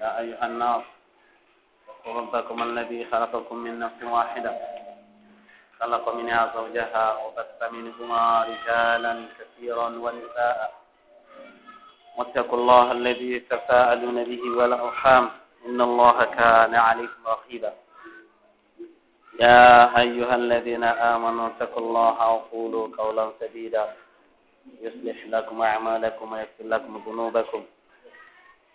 يا أيها الناس اتقوا ربكم الذي خلقكم من نفس واحدة خلق منها زوجها وبث منهما رجالا كثيرا ونساء واتقوا الله الذي تساءلون به والأرحام إن الله كان عليكم رقيبا يا أيها الذين آمنوا اتقوا الله وقولوا قولا سديدا يصلح لكم أعمالكم ويغفر لكم ذنوبكم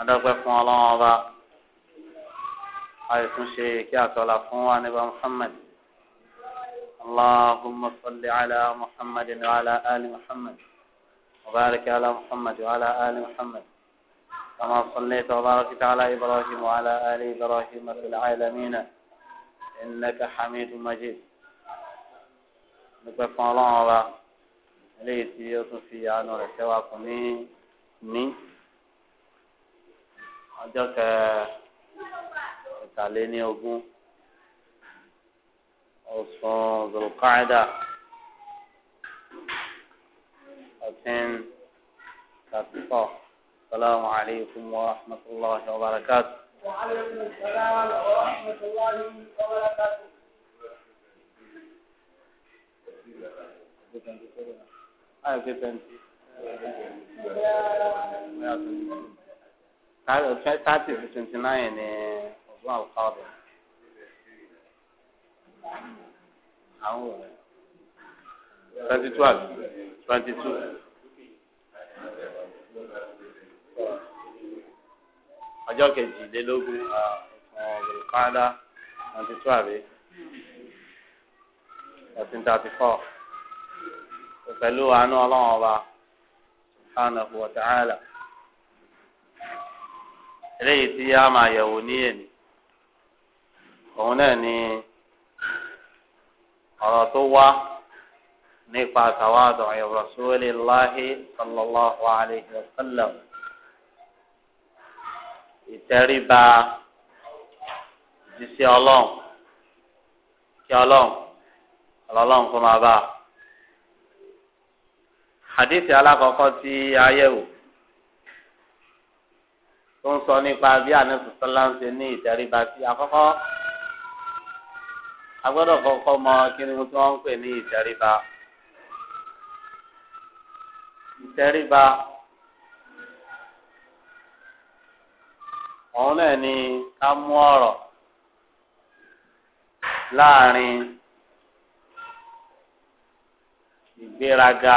adágbẹ́ fún ọlọ́wọ́n ọba àìtúnṣe kí àtọ́lá fún wa níbà muhammed allahumma salli ala muhammad wa ala ali muhammad wa barik ala muhammad wa ala ali muhammad kama sallayta wa barakta ala ibrahim wa ala ali ibrahim fil alamin innaka hamidun majid nípa fún ọlọ́wọ́n ọba eléyìí tí ó tún fi àánú rẹ̀ ṣẹ́wà kù ní ní. ọjọ́ ní ogún ọ̀sán zolokada ọ̀sán kàtúfà salamu alaykum wa rahmatulahi wa barakatu. wa alaykum salaam káàdì thirty to twenty nine ní ọdún àwùká ọ̀dọ̀. twenty two twenty two. ọjọ́ kejìlélógún ọ̀gbìn kánádà twenty two àbí thirteen thirty four pẹ̀lú àánú ọlọ́run ọba subhanahu wa ta'ala eléyìí tí a máa yẹ̀wò ní èmi òun náà ni ọ̀rọ̀ tó wá nípa tàwádọ̀ Rasulillahi sallallahu alayhi wa sallam ìtẹríba jíṣẹ́ ọlọ́run kí ọlọ́run ọlọ́run kó máa bá hadith alákọ̀ọ́kọ́ tí a yẹ̀wò tó ń sọ nípa bí ànẹ́sì sọ́lá ń ṣe ní ìtẹríba sí àkọ́kọ́ agbọ́dọ̀ kọ́kọ́ mọ kí ni wọ́n ń pè ní ìtẹríba ìtẹríba òun náà ni ká mú ọ̀rọ̀ láàrin ìgbéraga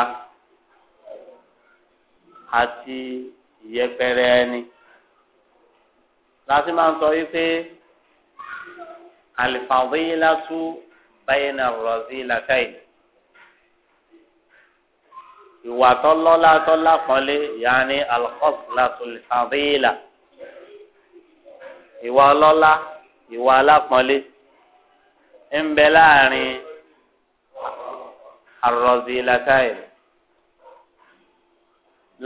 àti ìyẹpẹrẹ ẹni láti máa ń sọ wípé alifadilatu bayna ar-razilatayn ìwà tọ́lọ́lá tọ́lá kọ́lé yaani al-khaslatul fadila ìwà ọlọ́lá ìwà alápọ́nlé ń bẹ láàrin ar-razilatayn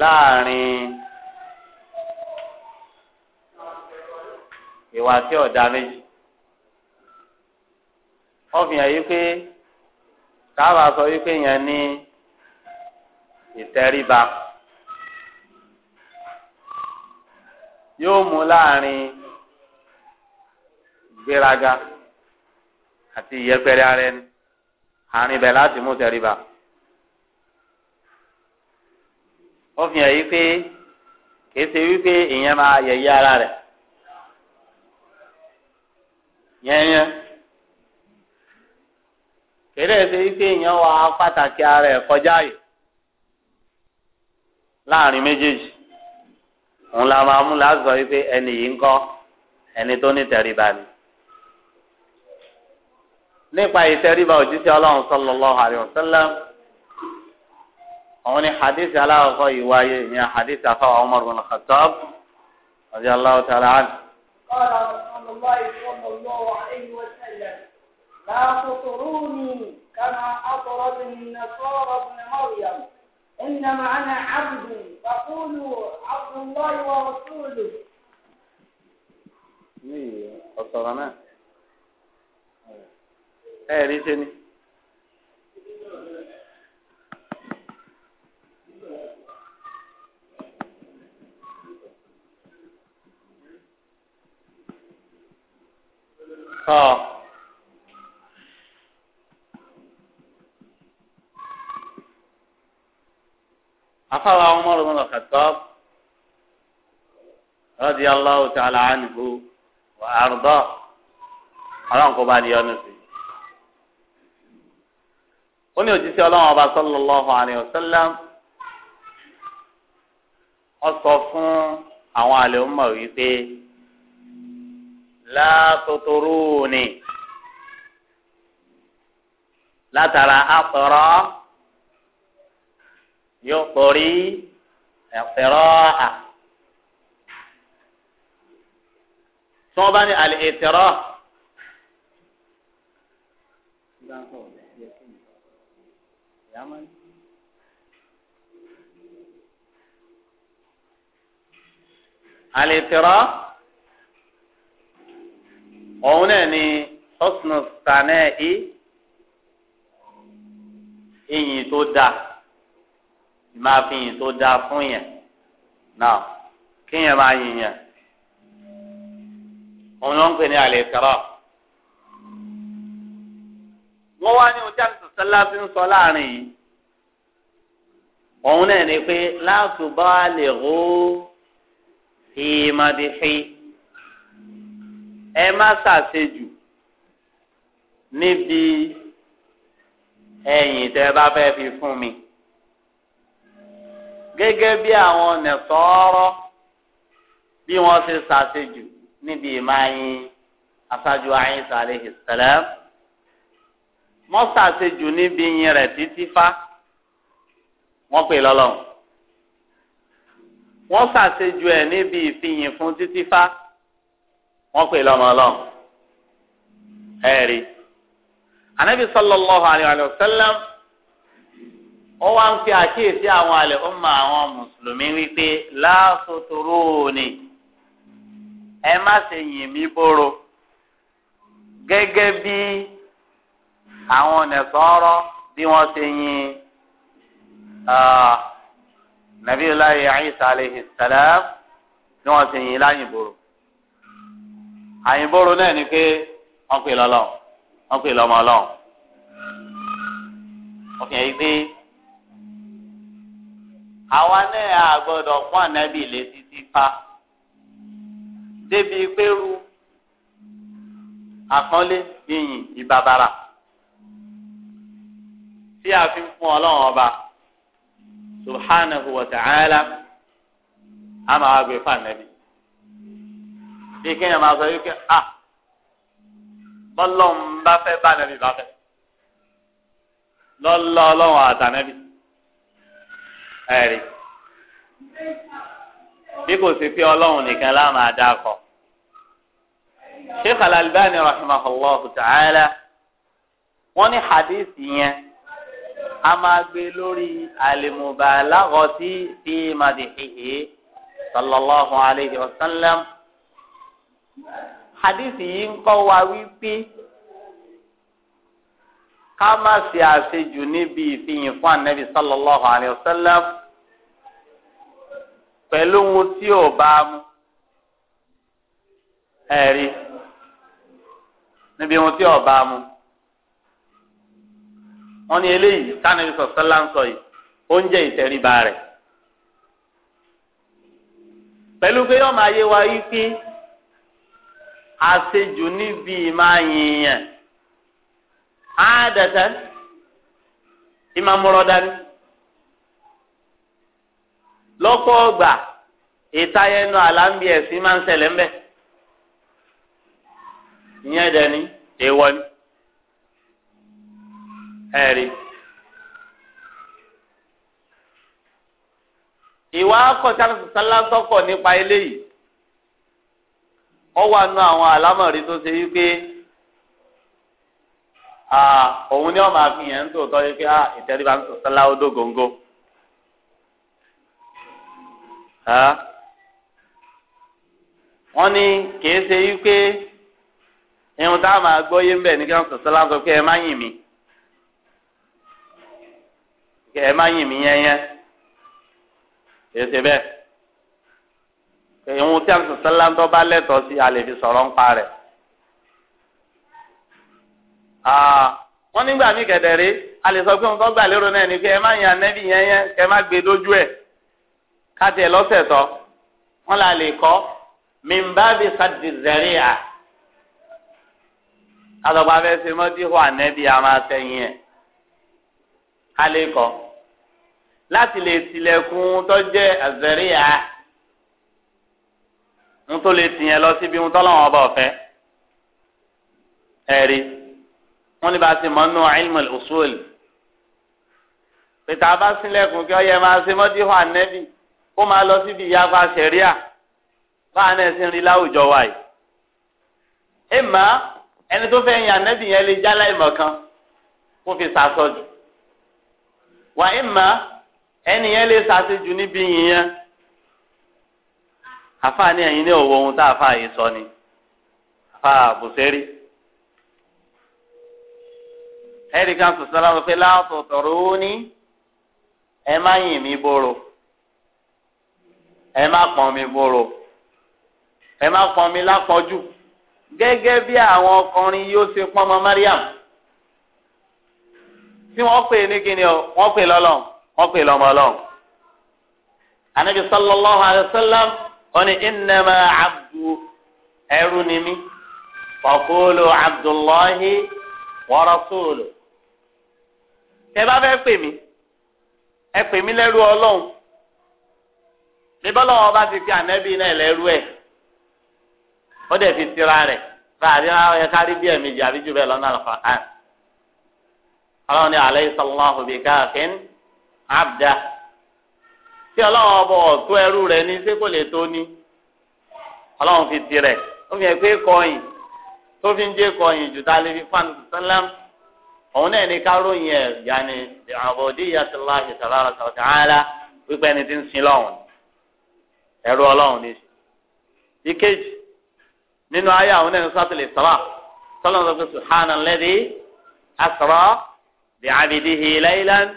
láàrin. ìwà tí ọ̀dà méjì wọ́n fi hàn yí pé káàbà sọ yí pé yẹn ní ìtẹríba yóò mú láàrin gbéraga àti ìyẹpẹrẹ ara ẹni àárín ibẹ̀ láti mú tẹríba wọ́n fi hàn pé kìí ṣe wípé ìyẹn máa yẹ̀yẹ́ ara rẹ̀ yẹnyẹn kéde ẹsẹ ike èèyàn wà pàtàkì ara ẹ kọjá yìí láàrin méjèèjì òun la máa mú lásán yìí pé ẹni yìí ń kọ́ ẹni tó ní tẹríba ni nípa ìtẹríba òjíṣẹ́ Ọlọ́run sallallahu alaihi wasallam àwọn ni hadith aláwọ kọ ìwáyé ìyẹn hadith afáwọn Umar bin Khattab radiyallahu ta'ala anhu. قال رسول الله صلى الله عليه وسلم لا تطروني كما أطرد النصارى ابن مريم إنما أنا عبد فقولوا عبد الله ورسوله ní ọ̀sọ̀rọ̀ náà ẹ̀rí tọ́ afáwa Umar ibn Khattab radiyallahu ta'ala anhu wa arda ọlọ́run kò bá di ọ́nù sí. ó ní òjíṣẹ́ ọlọ́run ọba sallallahu alayhi wa sallam ó sọ fún àwọn àlè ọmọ wípé. لا تطروني لا ترى أطرا يطري اقتراء صوبا الاعتراء الاعتراف òun náà ni ọ̀sùn sànẹ́ẹ̀ì ìyìn tó dáa máa fi ìyìn tó dáa fún yẹn náà kéèyàn máa yìn yẹn òun ló ń pè ní àlè kárọ̀ wọ́n wá ní ojú àti sọ́lá ń sọ láàrin yìí òun náà ni pé láàtúbọ̀ àlè hó ìmọ̀dé fi ẹ má ṣàṣejù níbi ẹ̀yìn tẹ́ bá fẹ́ fi fún mi gẹ́gẹ́ bí àwọn nẹ̀sọ́ọ́rọ́ bí wọ́n ṣe ṣàṣejù níbi ìmáyín aṣáájú àyínsá alayhi salam wọ́n ṣàṣejù níbi yín rẹ̀ títí fá wọ́n pè lọ́lọ́run wọ́n ṣàṣejù ẹ̀ níbi ìfihìn fún títí fá wọ́n pè lọ́mọ ọlọ́run ẹ̀rí anabi sallallahu alayhi wa sallam ó wá ń fi àkíyèsí àwọn àlè ọmọ àwọn mùsùlùmí wípé láàsòtòrò ni ẹ má ṣe yìn mí bóró gẹ́gẹ́ bí àwọn ọ̀nẹ̀sọ́rọ́ bí wọ́n ṣe yìn nàbí ọláyé Isa salam bí wọ́n ṣe yìn láyìn bóró àyìnbóró náà ni pé wọn pè lọlọ wọn pè lọmọ Ọlọ́run òfin yìí pé àwa náà àgbọ́dọ̀ fún ànábì létí fífa débi pẹrú àkọlé ìyìn ìbàbàrà tí a fi ń fún Ọlọ́run ọba subhanahu wa ta'ala a gbé fún ànábì bí kéèyàn máa sọ yìí pé ah bọ́lọ́n bá fẹ́ bá nàbì bá fẹ́ lọ́lọ́ ọlọ́run àtànàbì ẹ̀rí bí kò sí pé ọlọ́run nìkan láàmú àdàkọ. sheikh al-Albani rahimahullahu ta'ala wọ́n ní hadith yẹn a máa gbé lórí al-mubalaghati fi madihihi sallallahu alayhi wa sallam. hadith yìí ń kọ́ wa wípé ká má ṣe àṣejù níbi ìfihàn fún anabi sallallahu alayhi wa sallam pẹ̀lú ohun tí ò bá mu ẹ̀rí níbi ohun tí ò bá mu wọ́n ní eléyìí tánàbí sọ̀sọ́lá ń sọ oúnjẹ ìtẹríba pẹ̀lú pé wa yí àṣejù níbi ìmáyìnyàn àádẹ́tẹ́ ìmàmúrọ̀ dání lọ́pọ̀ ọgbà ìtayẹnu àlàmbí ẹ̀sìn máa ń ṣẹlẹ̀ ńbẹ̀ ìyẹn dẹni èèwọ̀ ni ẹ̀rí. ìwà akọ̀ṣà sálásọ́kọ̀ nípa eléyìí. ọ wà nù àwọn tó ṣe wípé òun ni wọn máa fi yẹn ń tòótọ́ wípé ìtẹríba ń sọ̀tọ́ odò góńgó wọ́n ní kìí ṣe yí pé irun tá a máa gbọ́ yé ń bẹ̀ ní kí wọ́n sọ̀sọ́ láǹsọ pé ẹ má yìn mí ẹ má yìn mí yẹn yẹn kìí ṣe bẹ́ẹ̀ ìhun tí a sọ sọlá ń tọ́ba lẹ́tọ̀ọ́ sí a lè fi sọ̀rọ̀ ń pa rẹ̀. wọ́n nígbà mí kẹ̀dẹ̀rẹ́ a lè sọ pé òun tó gbà lérò náà ni pé ẹ má yan anẹ́bí yẹn yẹn kẹ má gbé dójú ẹ̀ káti ẹ̀ lọ́sẹ̀ tọ́ wọ́n là lè kọ́ mimbabi sadi zẹ̀ríà alọ́ba fẹ́ ṣe mọ́tíhù anẹ́bí a máa sẹ́yìn ẹ̀ a lè kọ́ láti lè tilẹ̀kùn tó jẹ́ ń tó lè tìyẹn lọ síbi ń tọ́lọ́wọ́n ọba ọ̀fẹ́ ẹ̀rí wọ́n ní bá a ti mọ̀ nù ilmul usul pété a bá sílẹ̀kùn kí ọyẹ máa ṣe mọ́díhùn ànẹ́bì kó máa lọ síbi ìyapa ṣẹ̀ríà báà náà ṣe ń rí láwùjọ wa yìí. èèmà ẹni tó fẹ́ yan ànẹ́bì yẹn lè jálá ìmọ̀ kan kó fi sàsọ jù wà èèmà ẹni yẹn lè sàṣejù níbi yìnyẹn. afa ni ẹ̀yin ní òwò ohun tá afa yìí sọ ni afa àbùsẹ́rì ẹ̀rí kan sọ̀sọ́ láwọn pé láàtọ̀ tọ̀rọ̀ ó ní ẹ má yìn mí boro ẹ má pọ̀n mi boro ẹ má pọ̀n mi lápọ̀jù gẹ́gẹ́ bí àwọn ọkùnrin yóò ṣe pọ́n mọ́ Mariam tí wọ́n pè ní kíni o wọ́n pè lọ́lọ́run wọ́n pè lọ́mọ ọlọ́run anabi sallallahu alayhi wa sallam. wọ́n ní m abdu ẹrú ni mí faqulu abdullahi wa tẹ bá fẹ́ pè mí ẹ pè mí lẹ́rú ọlọ́run bíbọ́lá wọn bá ti fi ànẹ́bí náà lẹ́rú ẹ̀ ó dẹ̀ fi tira rẹ̀ bí tí ọlọ́run ọba ọ̀tún ẹrú rẹ̀ ní ṣé kò lè tó ní ọlọ́run fi tirẹ̀ ó fi hàn pé kọyìn tó fi ń jẹ́ kọyìn jù tá a lè fi fáànù sẹ́lẹ̀m òun náà ní káròyìn ẹ̀ yanni àbòdì yasọ́lá ìṣẹ̀lá ọ̀sán ara wípé ẹni tí ń sin lọ́hùn ẹrú ọlọ́run ní ṣe. ìkejì nínú ayé àwọn ẹni sátìlẹ̀ sọ́lá sọ́lá ń sọ pé subhanalladhi asra bi 'abdihi laylan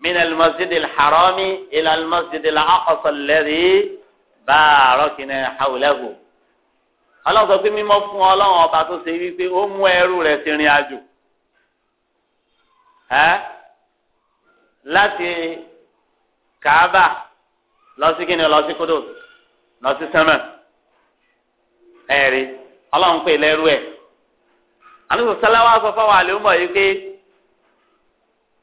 من المسجد الحرام إلى المسجد الأقصى الذي باركنا حوله ọlọ́run sọ pé mímọ́ fún ọlọ́run ọba tó ṣe wípé ó mú ẹrú rẹ̀ sí rìn àjò ẹ́ láti Kaaba lọ sí kíni lọ sí kódò lọ sí sẹ́mẹ̀ ẹ̀rí ọlọ́run pè lẹ́rú ẹ̀. àlùkò sálá wa sọ fáwọn àlè ń bọ̀ yìí pé.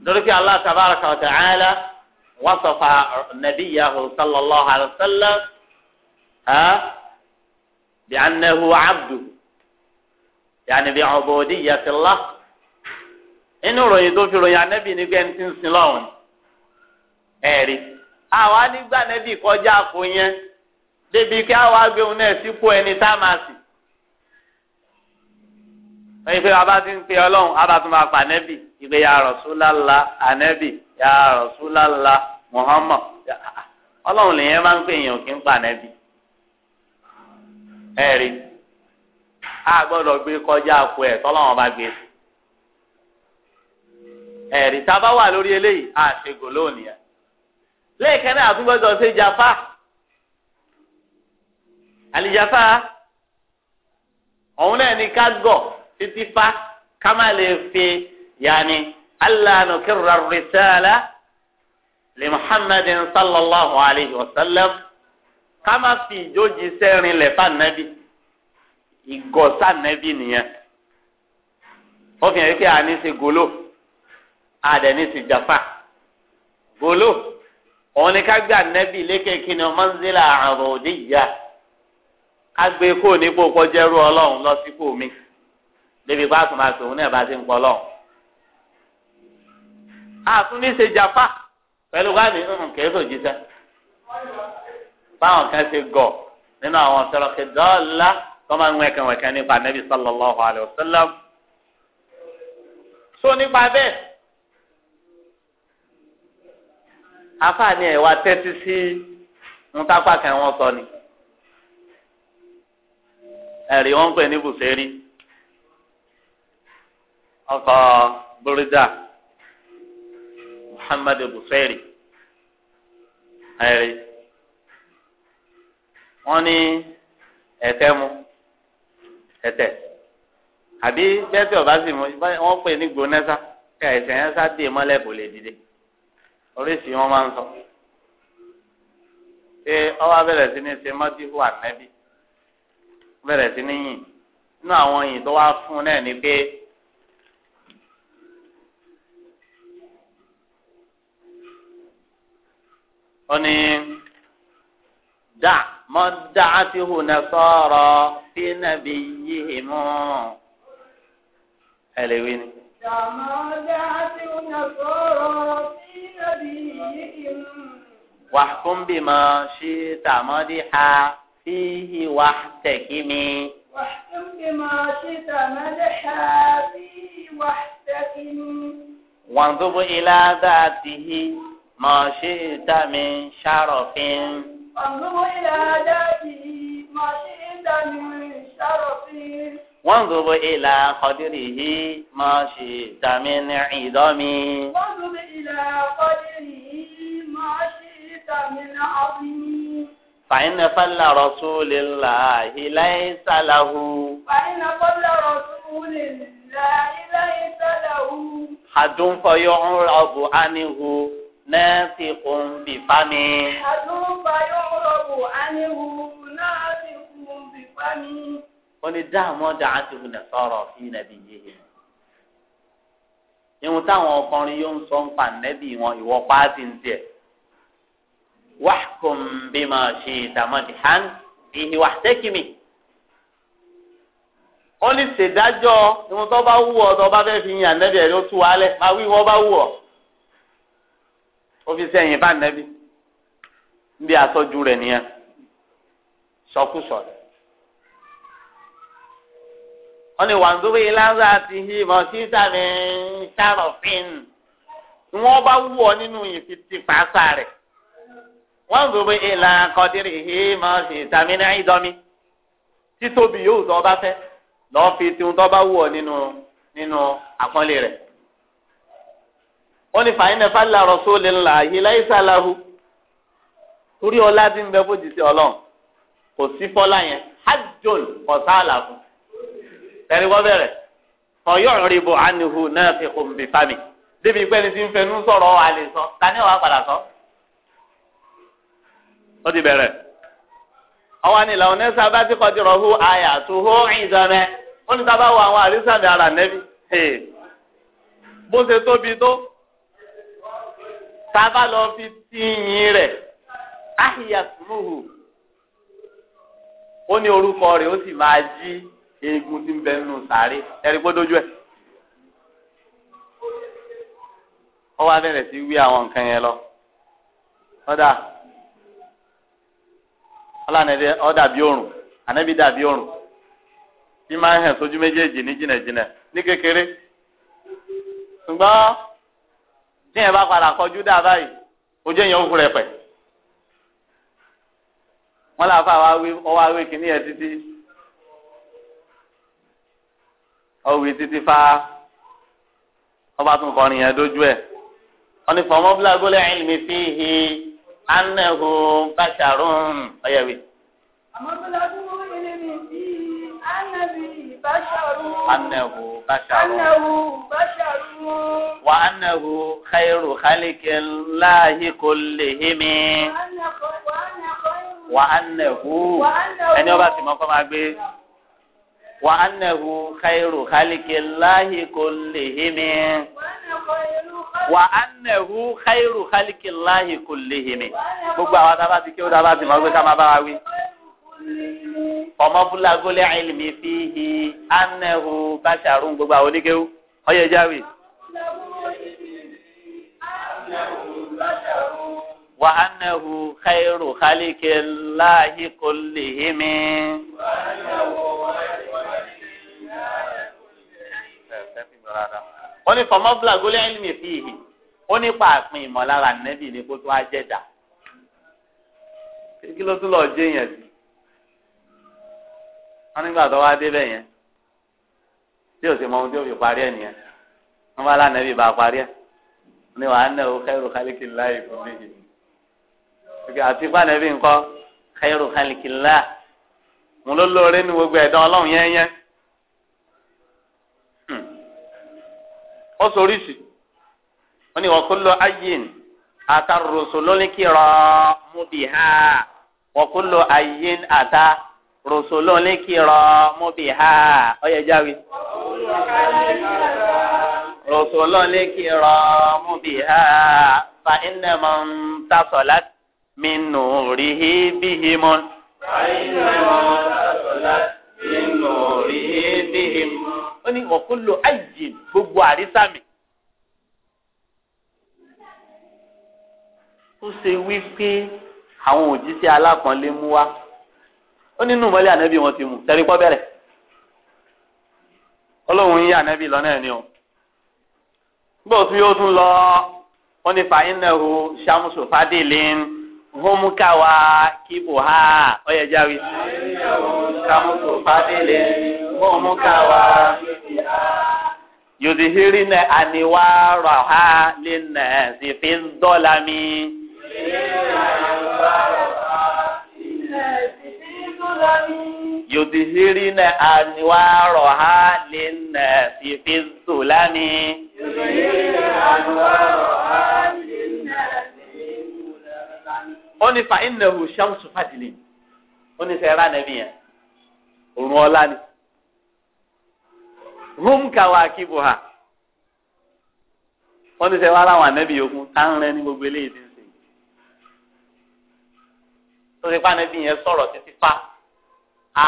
nítorí pé Allah tabaraka wa ta'ala wasafa nabiyahu sallallahu alayhi wa ha bi annahu abdu yaani bi ubudiyyati Allah inú ròyìn tó fi ya anabi ní pé ẹni tí ń sin lọ́wọ́ ẹ̀rí àwa nígbà nẹ́bí kọjá fún yẹn débi kí àwa gbé òun náà sípò ẹni tá a máa sìn. wọ́n yí pé bàbá ti ń pe ọlọ́run bàbá tún máa pa ànẹ́bì ìpè ya Rasulullah ànẹ́bì ya Rasulullah Muhammad ah, ah. ọlọ́run lèyẹn máa ń pè èèyàn kí ń pa ànẹ́bì ẹ̀rí a gbọ́dọ̀ gbé kọjá àpò ẹ̀ tọ́lọ́run bá gbé ẹ̀rí tá a wà lórí eléyìí a ṣe gò lónìí lẹ́ẹ̀kẹ́ náà àtúgbọ́dọ̀ ṣe jàfá àlìjàfá òun náà ní ká títí fa ká má lè fi yaani allah nukirra risala li muhammadin sallallahu alayhi wa sallam ká má fi ìjójì sẹ́rin lẹ̀ fa nàbí ìgọ̀sá nàbí nìyẹn wọ́n fi hàn wípé àní ṣe golo àdẹ̀ní ṣe jàfà golo òun ni ká gbà nẹ́bí lékèké ni manzila àròdìyà ká gbé kó nípò kọjẹ́rú ọlọ́run lọ sípò mi débi bá tún máa pè òun náà bá ti ń pọ̀ lọ́wọ́. àtún ní ṣe jàpá pẹ̀lú wá ní nǹkan èso jíṣẹ́ báwọn kan ṣe gọ̀ nínú àwọn sọ̀rọ̀kẹ́ dọ́ọ̀lá tó máa ń wẹ̀kẹ̀wẹ̀kẹ̀ nípa nẹ́bí sallallahu alaihi wasallam. só nípa bẹ́ẹ̀ afáàní ẹ̀ wá tẹ́tí sí ntápá kan wọ́n sọ ni ẹ̀rí wọ́n ń pè ní bùsẹ̀rí ọkọ̀ bùrìdà Muhammad Busairi ẹ̀rí wọ́n ní ẹ̀tẹ́ mu ẹ̀tẹ́ àbí bẹ́ẹ̀ tí ọba sì mú wọ́n pè ní gbonẹ́sà ká ẹ̀sẹ̀ yẹn sá dé mọ́lẹ̀ kò lè dìde oríṣi wọn máa ń sọ ṣé ọba bẹ̀rẹ̀ sí ní ṣe mọ́tíhù ànẹ́bí bẹ̀rẹ̀ sí ní yìn inú àwọn yìn tó wá fún náà ni pé. أني دع ما دعته نصارى في نبيهم ألوين دع ما دعته نصارى في نبيهم واحكم بما شئت مدحا فيه واحتكمي واحكم بما شئت مدحا فيه واحتكمي وانظر إلى ذاته ما شئت من شرف انظر إلى ذاته ما شئت من شرف وانظر إلى قدره ما شئت من عظم وانظر إلى قدره ما شئت من عظم فإن فل رسول الله ليس له فإن فل رسول الله ليس له حد فيعرض عنه nẹ́ẹ̀sì kùnbì fami. àdúgbò yóò rọrùn àníwò nẹ́ẹ̀sì kùnbì fami. ó ní dáhùn dáhùn ti hùn sọ̀rọ̀ fi nàbí yìí. ìhun táwọn ọkùnrin yóò ń sọ ń pa nẹ́bí wọn ìwọ pàtì ń tiẹ̀. wàhùn bímọ ṣe ìtàmọ́dì hàn ìhì wàhtẹ́kìmì. ó ní ṣèdájọ́ ìhun tó bá wù ọ́ tó bá fẹ́ fi yàn nẹ́bí ẹ̀ ló tú wálẹ̀ máa wí wọ́n bá wù ọ́ ó fi sẹ́yìn bá nẹ́bí bí asọ́jú rẹ̀ nìyẹn sọkúsọ rẹ̀. wọ́n ní wàǹdúró ìlànà àti ìmọ̀ sísà mi sàròfin ni wọ́n bá wù ọ́ nínú ìfitì pàṣà rẹ̀ wọ́n ń gbogbo ìlànà kọ́dírì ìmọ̀ sísà mi náà ìdọ́mi títóbi yóò tọ́ ọ bá fẹ́ lọ́ọ́ fi tiwọn tọ́ bá wù ọ́ nínú nínú àpọ́nlé rẹ̀ wọ́n ní fàáyín náà fàlà rọ̀sọ́lẹ̀ ńlá ayé láyé sàlàhù torí ọlá tí ń bẹ fòjì sí ọlọ́run kò sí fọ́lá yẹn hajjol ọ̀sá àlàfo tẹ̀lé wọ́n bẹ̀rẹ̀ ọ̀yọ́ rìbò ànihu náà fi kò mbì fami débi pé ti ń fẹnu sọ̀rọ̀ àlè sọ tani ọ̀wá padà sọ. ó ti bẹ̀rẹ̀ ọwọ́ ni làwọn ẹ̀sà bá ti kọ́ ti rọ̀ àyà tó hó ìzànẹ́ ó ní sábà wọ àwọn àrísàmì ara nẹ́bí bó ṣe tóbi tó. tábà lọ fi tíyìn rẹ áhìyà sùúrù ó ní orúkọ rẹ̀ ó sì máa jí eegun ti ń bẹ nínú sàárè ẹ̀rí pé dójú ẹ̀. ó wá sí wí àwọn nǹkan yẹn lọ ọ̀dà ọ̀làǹdẹ̀ ọdà bí òrùn ànábì bí òrùn tí máa ń hẹ̀ sójú méjèèjì ní ní ẹ bá padà kọjú dá báyìí ojú èèyàn òkú rẹ pẹ wọn làá fà wá awé kìíní ẹ títí ọwì títí fa ọba tún kọrin yẹn dójú ẹ wọn ni fọmọ bílágólẹ ẹlẹmi fíhi anahu basharun ọyẹwì. àmọ́ bílágólẹ ẹlẹmi fíhi anabi. أنه بشر أنه بشر وأنه خير خلق الله كلهم وأنه أنه بس ما كم أقول وأنه خير خلق الله كلهم وأنه خير خلق الله كلهم gbogbo àwọn tábà ti kí ọmọ fúlàgọlẹ àìlèmí fi hi anahu bàṣàrún gbogbo àwọn oníkéwú ọyẹ jáwé. wà anahu khairu khalike láàyè kò lè hí mi. wọ́n ní fọmọ́ fúlàgọlẹ àìlèmí fi ó nípa àpín ìmọ̀lára nẹ́bì ní kó tó kí ló tún lọ jẹ́ yẹn sí wọn nígbà tó wá débẹ̀ yẹn tí òsì mọ ohun tí ó fi parí ẹ̀ nìyẹn wọn bá lánàbí bá parí ẹ̀ ní wàá nà ó khairu khalqillah fún méjì òkè àti fànàbí nǹkan khairu khalqillah mo ló lóore ní gbogbo ẹ̀dán ọlọ́run yẹn yẹn hmm. ó soríṣi wọn ni wọn kó lọ ayé ni àtàrọ̀sọ kí rọ mú bì ha wọn kó lọ ayé àtà rùsùlù ní kìrọ mùbíhà ọ̀yẹ̀jáwé. rùsùlù ní kìrọ mùbíhà fa iná mọ̀ ń tasọ̀ láti mi nù rí i bí i mọ́. fa iná mọ̀ ń tasọ̀ láti mi nù rí i bí i mọ́. ó ní wọ́kúlò àyè gbogbo àrísàmì. ó ṣe wí pé àwọn òjíṣẹ́ alápọ̀nlé mú wá ó nínú mọ́lẹ́ ànábì wọn ti mú tẹ̀rí pọ́ bẹ̀rẹ̀ ọlọ́run yí ànábì lọ náà ni o gbọ́ tún yóò tún lọ wọ́n ní fàyínàwó sàmùsù fàdílìn hómùkàwá kíbùhá ọ̀yẹ̀jáwé sàmùsù fàdílìn hómùkàwá kíbùhá yòdìhírí nà àníwá rọ̀ ha lè nà sí fi ń dọ́là mi. yòdìhírínà àníwárọ̀ ha lè nà sí fi sùlámì. yòdìhírínà àníwárọ̀ ha lè nà sí fi sùlámì. ó ní fa ìnáwó ṣàmùsùn fàdílì ó ní sẹ́ra nàbí yẹn òrùn ọ̀la ni hum kawakibu ha wọ́n ti sẹ́ wá láwọn ànábì yòókù táǹrẹ́ ní gbogbo eléyìí ti ń sè tó ti pa ànábì yẹn sọ̀rọ̀ títí pa a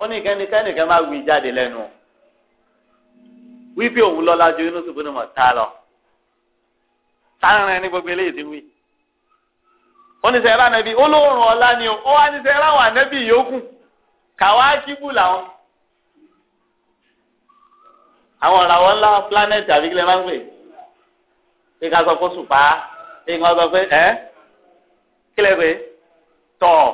ó ní kẹ́nikẹ́ni kẹ́ máa wí jáde lẹ́nu wípé òun lọ́la ju inú sùgbọ́n ní mọ̀ tá a lọ sáárín ní gbogbo eléyìí ti wí ó ní sẹ́yìn ránẹ́bí ó lóorùn ọ̀la ni ó wá ní sẹ́yìn ráwọn ànẹ́bí yòókù kàwáàkíbù làwọn àwọn ọ̀ràwọ̀ ńlá planẹ̀tì àbíkílẹ̀ máa ń pè é ká sọ fún sùpá é ká sọ pé ẹ́ kílẹ̀ pé tọ̀.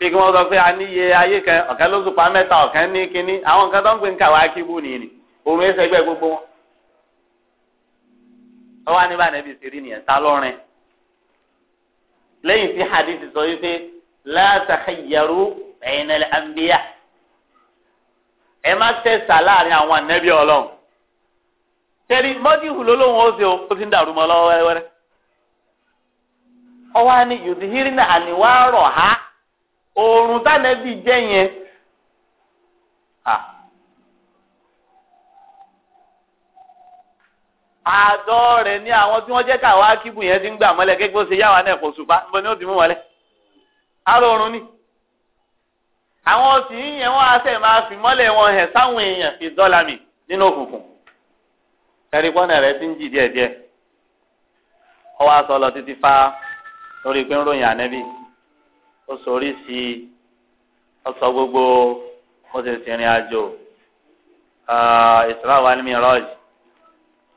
bí kí sọ pé a ayé kan ọ̀kan ló sùpá mẹ́ta ọ̀kan ní kínní àwọn nǹkan tó ń pè ń kàwá kíbu nìyí ni òun gbẹ gbogbo wọn. wọ́n wá nẹ́bí nìyẹn ta lọ́rin sọ ẹ̀yìnlẹ̀ ẹ má tẹ̀sà láàrin àwọn ànẹ́bí ọlọ́run ó ṣe ó ti ń dàrú mọ́ lọ́wọ́ ọwọ́ hírínà àníwá oòrùn tánẹ́bì jẹ́ yẹn ah. àádọ́ rẹ̀ ní àwọn tí wọ́n jẹ́ káwa kíbu yẹn ti ń gbà mọ́lẹ̀ kékeré ó yá wa náà kò ṣùpá níbo ni ó ti mú wọlé ara oòrùn ni àwọn òsì yìnyẹn wọn á sẹ̀ máa fi mọ́lẹ̀ wọn hẹ̀ sáwọn èèyàn fi dọ́là mi nínú òkùnkùn ẹ̀rí pọ́nà rẹ̀ ti ń jì díẹ̀díẹ̀ ọwọ́ aṣọ lọ títí fa lórí pé ń ròyìn ànẹ́bí. ó sorí sí ọsọ gbogbo ó sì sìnrìn àjò Isra wal Miraj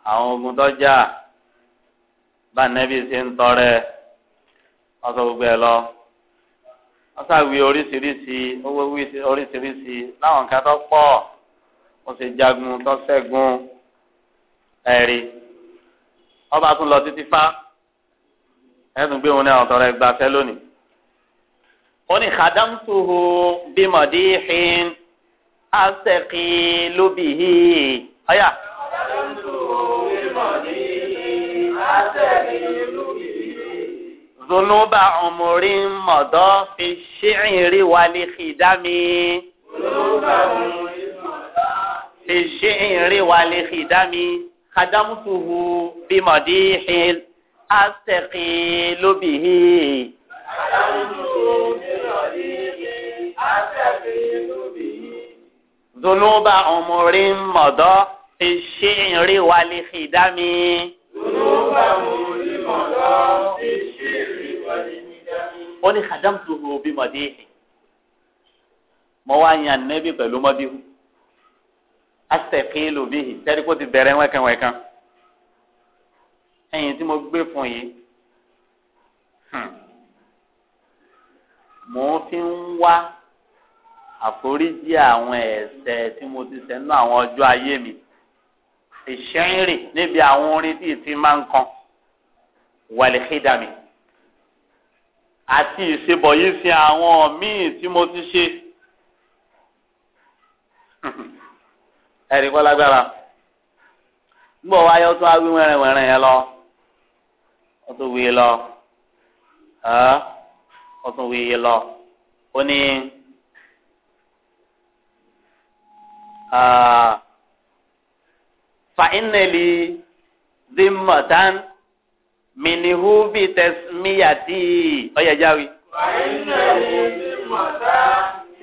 àwọn ogun tọ́jà bá nẹ́bí ṣe ń tọrẹ ọsọ gbogbo ẹ lọ wọ́n ṣàwí oríṣiríṣi owó oríṣiríṣi láwọn nǹkan tó pọ̀ ó sì jagun tó ṣẹ́gun ẹ̀rí ọba tún lọ títí fá ẹ̀sùn gbé òun ní àwọn tọrẹ gbafẹ́ lónìí ó ní khadamtuhu bimadihin asekilu bihi ọ̀yà. khadamtuhu bimadihin asekilu bihi. zunuba umurin mọ̀dọ́ fi ṣíìrì wálé xidami. zunuba umurin mọ̀dọ́ fi ṣíìrì wálé xidami. khadamtuhu bimadihin asekilu bihi. khadamtuhu. Zunuba ọmọrí mọ̀dọ́ hmm. fi ṣí ìrí wa lè fi dá mi. Zunuba ọmọrí mọ̀dọ́ fi ṣí ìrí wa lè fi dá mi. Ó ní kàdámtò òbí mọ̀dé yìí. Mo wá yan nẹ́bí pẹ̀lú mọ́bíhù. Astẹ̀kílù bíi tẹ́lẹ̀ kó ti bẹ̀rẹ̀ wẹ́kẹ́wẹ́kan. Ẹyin tí mo gbé fún yìí mò fi ń wá àforíjì àwọn ẹ̀ṣẹ̀ tí mo ti ṣẹ̀ àwọn ọjọ́ ayé mi ìṣẹ́yìnrì níbi àwọn orin tí ìtì máa ń kan wàlíkídàmì àti ìṣebọ̀ yìí fi àwọn míì tí mo ti ṣe ẹ̀rí kọ́ lágbára nígbà wáyé ó tún wí wẹ́rẹ̀wẹ́rẹ̀ yẹn lọ ó tún wí lọ ó tún wí lọ ó ní. Ah, fa ìnẹ̀lì zimmatan mìnìhú bí tẹ̀símíyàtì ọ̀yẹ̀jáwì. fa ìnẹ̀lì zimmatan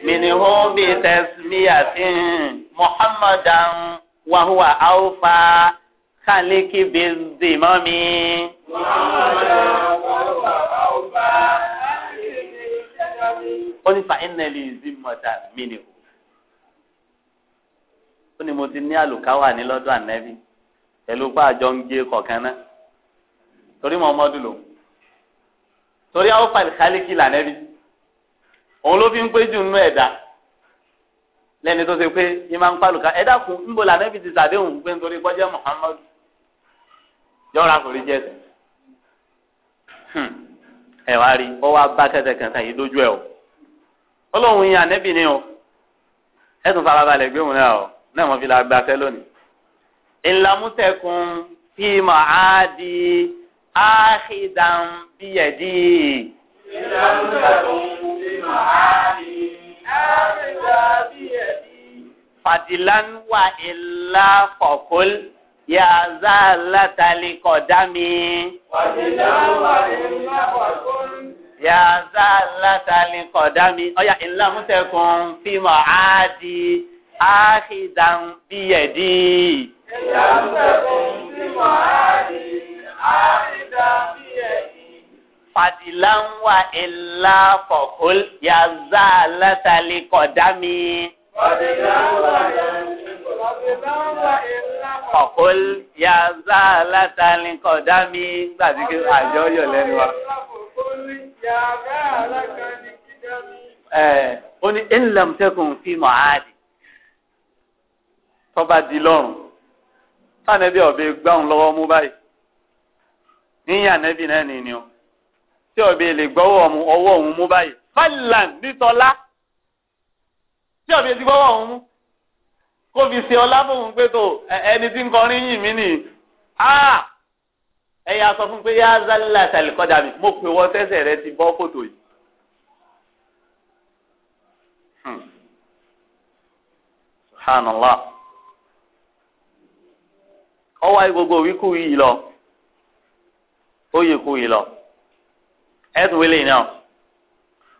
mìnìhú bí tẹ̀símíyàtì muhammadan wàhùwà áwùfà kálíkì bí zimami. muhammadan wàhùwà áwùfà kálíkì bí zimami. ó ní zimmatan mìnìhú ó ní mo ti ní àlùkáwà ní lọ́dọ̀ ànẹ́bí pẹ̀lú pé àjọ ń gé kọ̀ọ̀kan náà torí Muhammadu lò torí àwọn fàlìkálíkì lànẹ́bí òun ló fi ń pé jù nínú ẹ̀dá lẹ́ni tó ṣe pé yín máa ń pàlùkà ẹ̀dá kù ńbọ lànẹ́bí ti sàdéhùn pé nítorí kọjá Muhammadu yọ̀ọ́ra kò rí jẹ́sẹ̀ hmm. ẹ wá rí ọ wá bá kẹtẹkẹtẹ yìí lójú ẹ o ọlọ́run yín ànẹ́bí ni o ẹ tún farabalẹ̀ gbé wọn náà o náà mo fi la gbafẹ́ lónìí. ìlàmútẹ̀kùn fi mọ̀ á di áhìdàn bíyẹ̀dì. ìlàmútẹ̀kùn fi mọ̀ á di áhìdàn bíyẹ̀dì. fàdìlán wà ìlà fọ̀kúl yà zá látàlí kọ̀dámi. fàdìlán wà ìlà fọ̀kúl yà zá látàlí kọ̀dámi. ọ̀yà ìlàmútẹ̀kùn fi mọ̀ á di áhìdàn bíyẹ̀dì. ìyàwó ẹ̀kọ́ sí wàhálì áhìdàn bíyẹ̀dì. fàdìlà ń wà ilá fọ̀kúl yàzá látàlí kọ̀dámi. fàdìlà gbàdí kí àjọ yọ̀ lẹ́nu wa. ó ní ẹ̀ ń lọ́mùtẹ́kùn fíìmù àádì tọ́ba di lọ́rùn fáànẹ́bí ọ̀bẹ gbáhùn lọ́wọ́ mú báyìí níyàn nẹ́bí náà nìyí o tí ọ̀bẹ lè gbọ́wọ́ ọwọ́ òun mú báyìí fàlàn nítọ́lá tí ọ̀bẹ ti gbọ́wọ́ òun mú kó fi ṣe ọlá fóun pé tó ẹni tí ń kọrin yìn mí nìyí ẹ̀yà sọ fún pé yá zálà tàlíkọ́dà mi mo pè wọ́n tẹ́sẹ̀ rẹ ti bọ́ kòtò yìí. Hmm. subhanallah ọwọ́ ayé gbogbo wíkú yìí lọ ó yẹ kú yìí lọ ẹ̀dùn wílé náà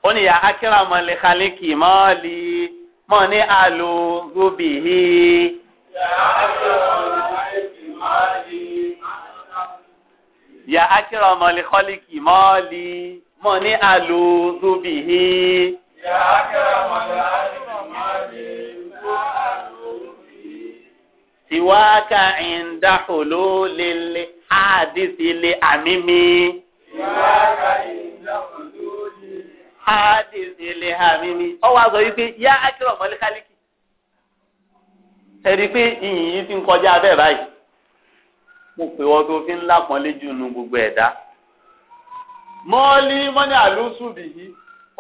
ó ní ya akíra mọ lè kálíkì mọ́ lè mọ́ ní àlò rúbì hí. ya akira mọ lè kálíkì mọ́ lè mọ́ ní àlò rúbì hí. ya akíra mọ lè kálíkì. siwaka ìndàkòló lele àdìsí lè àmìmí. siwaka ìndàkòló lele àdìsí lè àmìmí. ọwọ́ àgọ́ yìí pé yá akérò mọ́lẹ́kálíkì. ẹ̀rí pé ìyìn yìí ti ń kọjá abẹ́ báyìí. mo pè wọ́n tó fi ń lápọ́nlé jù nu gbogbo ẹ̀dá. mọ́ọ́lí mọ́ni àlùsùn bìyí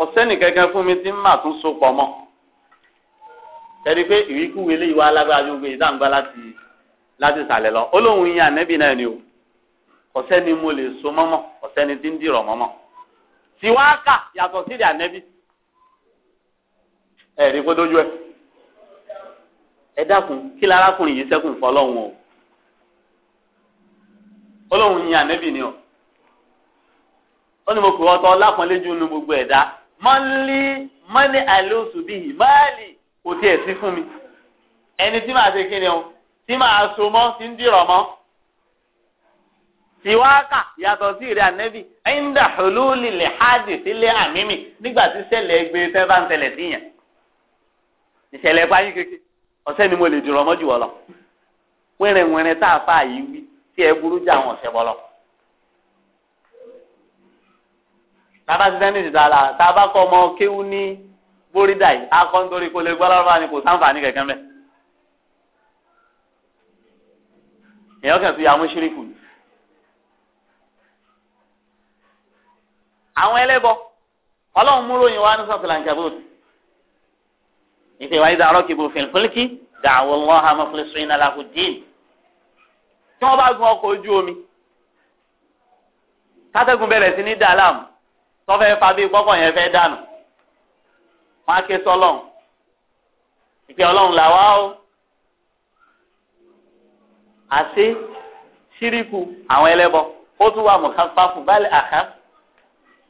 ọ̀sẹ́nì kankan fún mi ti ń mà tún so pọ̀ mọ́. ẹni pé ìwíkúwe lè wá alágbára ju gbé ìdáǹgbá e láti láti sàlẹ̀ lọ olóhùn yín ànẹ́bì o mo lè so mọ́mọ́ ọ̀sẹ́ni tí ń dìrọ̀ mọ́mọ́ tiwáàkà yàtọ̀ sí ìdí ànẹ́bì ẹ̀rí kó dójú ẹ dákun kí larákùnrin yìí o ọlọ́hun yìí ànẹ́bì ni o ó ní mo pè ọ́ tọ́ kò tiẹ̀ sí fún mi ẹni tí màá ṣe kí ni o tí màá so mọ́ tí ń dìrọ̀ mọ́ tiwaka yàtọ̀ sí ìrẹ́ ànẹ́bì ẹ̀yìndà hulúlì lè hádì sílé àmìmì nígbà tí ṣẹlẹ̀ gbé fẹ́ bá ń ṣẹlẹ̀ síyàn ìṣẹ̀lẹ̀ báyìí kékeré ọ̀sẹ̀ ni mo lè dìrọ̀ mọ́ jù wọ́n wẹ́rẹ̀wẹ́rẹ́ tá a fà yìí wí tí ẹ burú jẹ́ àwọn ọ̀sẹ̀ bọ́lọ̀. tábà ti dání ìdàlà tábà kọ́ ọmọ kéwú ní Boridae dà yìí akọ nítorí kò lè gbọ́ lọ́rọ́ ni kò sáǹfààní kẹ̀kẹ́ mẹ́. èèyàn kàn fi àwọn ṣíríkù ni. àwọn ẹlẹ́bọ ọlọ́run mú ròyìn wá ní sọ́tìlà nkẹ́bùt. ìfẹ̀wá ìdá rọ́kìbù dàwọ̀ dín. tí wọ́n bá gun ọkọ̀ ojú omi kátẹ́gùn bẹ̀rẹ̀ sí ní dàlámù tọ́fẹ́ yẹn fẹ́ dànù. wọn á ké sọ́lọ́run ìpè ọlọ́run làwa ó àti síríkù àwọn ẹlẹ́bọ ó tún wà mùkàfàfù báyìí àká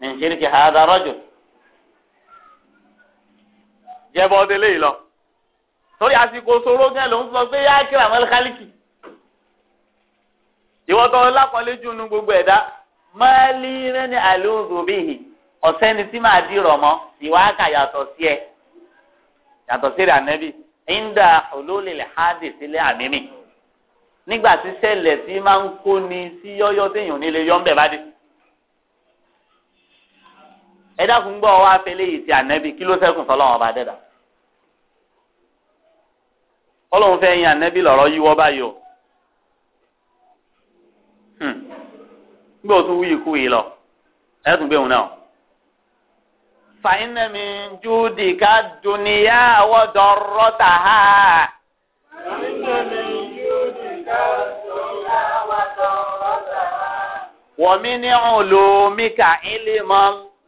nìjíríkì àádárọ́jù jẹ́bọ́ ọdẹ léyìí lọ torí àsìkò sọ̀rọ̀ gẹ́ ló ń sọ pé yá kíra mẹ́lẹ́ kálíkì ìwọ́tọ̀ lápọ̀lẹ́jù nu gbogbo ẹ̀dá máa lé rẹ́ni àlóhùn bíhì. ọ̀sẹ́ni tí màá dìrọ̀ mọ́ ìwáàkà yàtọ̀ sí ẹ yàtọ̀ sí rẹ̀ ìndà olólèlè sílẹ̀ àmìmì nígbà tí ṣẹlẹ̀ tí máa ń kó ni sí yọ́yọ́ téèyàn nílé yọ́ ń bẹ̀ ẹ dákun gbọ́ wá fẹlẹ́ yìí ti ànẹ́bí kí ló sẹ́kùn ọba dẹ́dà. ọlọ́run fẹ́ yin فإن من جودك الدنيا وضرتها فإن من جودك الدنيا وضرتها ومن علومك علم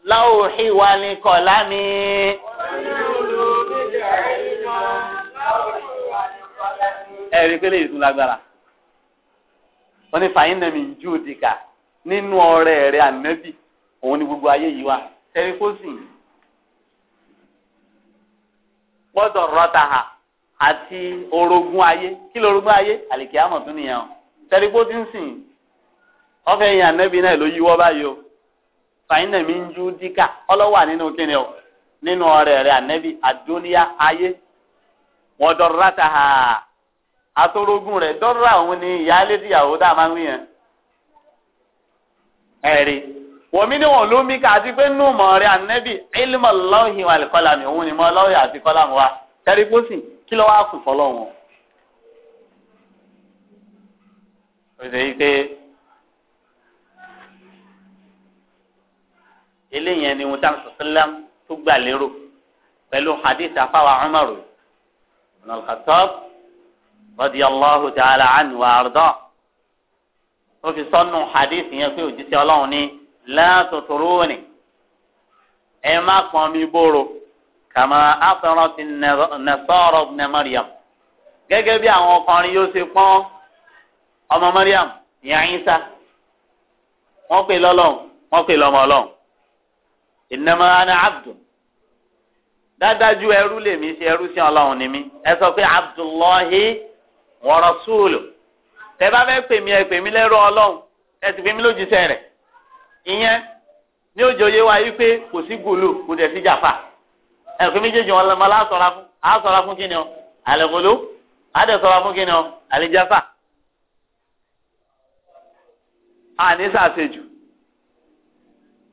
اللوح والقلم ẹ̀rí pé léyìí tún lágbára wọ́n ní fàyín nàmi jùdìkà nínú ọ̀rẹ́ rẹ̀ ànábì òun ni gbogbo ayé yìí wà tẹ́rí kó yìí. gbọ́dọ̀ rọ́ta hà àti orogun ayé kí lorogún ayé àlìkíyàmọ̀ tún nìyẹn o tẹ̀lé bó ti ń sìn ọ̀fẹ́ yẹn ànẹ́bí náà ló báyìí o ń ju díkà nínú kíni o nínú ọ̀rẹ́ rẹ̀ ànẹ́bí àdúnyá ayé àwọn ni tìyàwó máa ń wí yẹn ẹ̀rí. wòmí ni wọn ló mí ká àti pé nù mọ̀ rẹ̀ ànẹ́bì ilmọ̀ lọ́hìn wà lè kọ́lá mi òun ni mọ́ lọ́hìn àti kọ́lá mi wá tẹ́rí pósì kí ló wá kù fọ́lọ́ wọn. ó ṣe yí pé eléyẹn ni wọn táwọn sọsílám tó gbà lérò pẹ̀lú hadith afáwa Umaru ibn al-Khattab radiyallahu ta'ala anhu wa arda ó fi sọ́nù hadith yẹn pé òjíṣẹ́ ọlọ́run ní látòtòrónì ẹ má pọn mi bóró kàmá afẹ́rọ́ ti nẹ̀sọ́rọ̀ ní Mariam gẹ́gẹ́ bí àwọn ọkùnrin yóò ṣe pọ́n ọmọ Mariam ìyá Ìsá wọ́n pè lọ́lọ́hùn wọ́n pè lọ́mọ ọlọ́hùn ìnáma ana abdu dádájú ẹrú lèmi ṣe ẹrú sí ọlọ́hùn ni mí ẹ sọ pé abdullahi wa rasuluhu tẹ bá fẹ́ pèmí ẹ pèmí lẹ́rú ọlọ́hùn ẹ sì pèmí lójúṣe rẹ̀. ìyẹn ní òjò yé wa yí pé kò sí gòlò kò dẹ̀ sí jàfà ẹ̀kọ́ méjèèjì wọn lọ́mọ aláṣọra fún aṣọra fún kíni ọ àlẹ́gòló àdẹ̀sọra fún kíni ọ àlẹ́jàfà àníṣàṣejù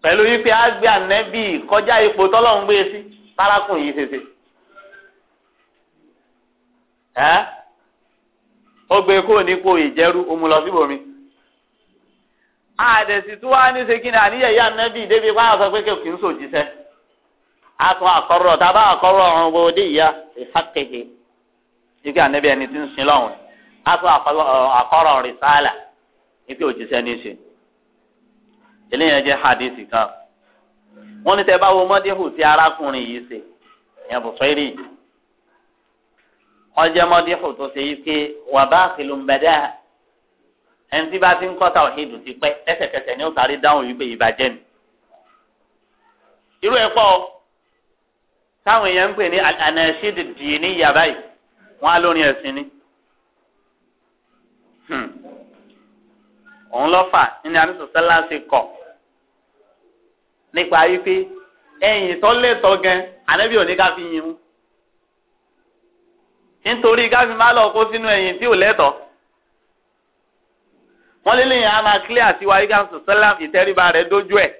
pẹ̀lú yí pé gbé ànẹ́bì kọjá ipò tọ́lọ̀ gbé àdẹ̀sí tí wàá ní ṣe ya àníyàn ìyá nẹ́bí débi wàá sọ pé kí n sòjíṣẹ́ àtún àkọ́rọ̀ tàbá àkọ́rọ̀ ọ̀hún wo dé ìyá ìfàkèké ike ànẹ́bí ẹni tí ń sin lọ́hùn àkọ́rọ̀ rìsáàlà ike ní ṣe eléyìí jẹ́ hadith kan wọ́n ní tẹ́ arákùnrin yìí ṣe bù fẹ́rì tó ṣe yí pé ẹni tí bá ti ń kọ́ táwọn hídùn ti pẹ́ lẹ́sẹ̀kẹsẹ̀ ni ó sáré dáhùn yìí pé ìbàjẹ́ ni. irú ẹ̀ pọ̀ táwọn èèyàn ń pè ní ànàṣídì dìí ní ìyá báyìí wọ́n á lórin ẹ̀sìn ni. Hmm. òun lọ́fà nínú anisọ̀sẹ́lá ṣe kọ̀ nípa wípé ẹ̀yìn tó lẹ́tọ̀ gan ànábì òní ká fi yin mu nítorí ká fi má lọ kó sínú ẹ̀yìn tí ò lẹ́tọ̀ọ́ wọ́n lé lẹ́yìn àmà clear sí wa yíká sọ̀sẹ́lám ìtẹ́ríba rẹ̀ dójú ẹ̀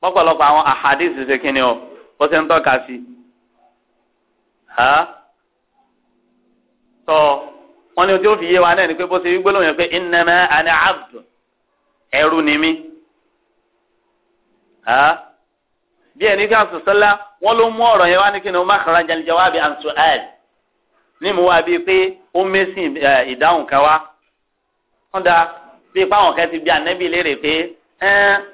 pọ̀pọ̀lọpọ̀ àwọn àhàdíìsì ṣe kíni o ó ṣe ń tọ́ka sí i. tọ́ wọ́n ní o tí ó fi yé wa náà ni pé bó ṣe wígbó lóyún pé innama ana abd ẹrú ni mí. bí ẹni ká sọ̀sẹ́lá wọ́n ló mú ọ̀rọ̀ yẹn wá ní kíni o makhrajal jawabi an su'al ní mo wá bíi pé ó mẹ́sìn ìdáhùn kan wá wọ́n da bí ipáwọn kan ti bí anabi léèrè pé ẹ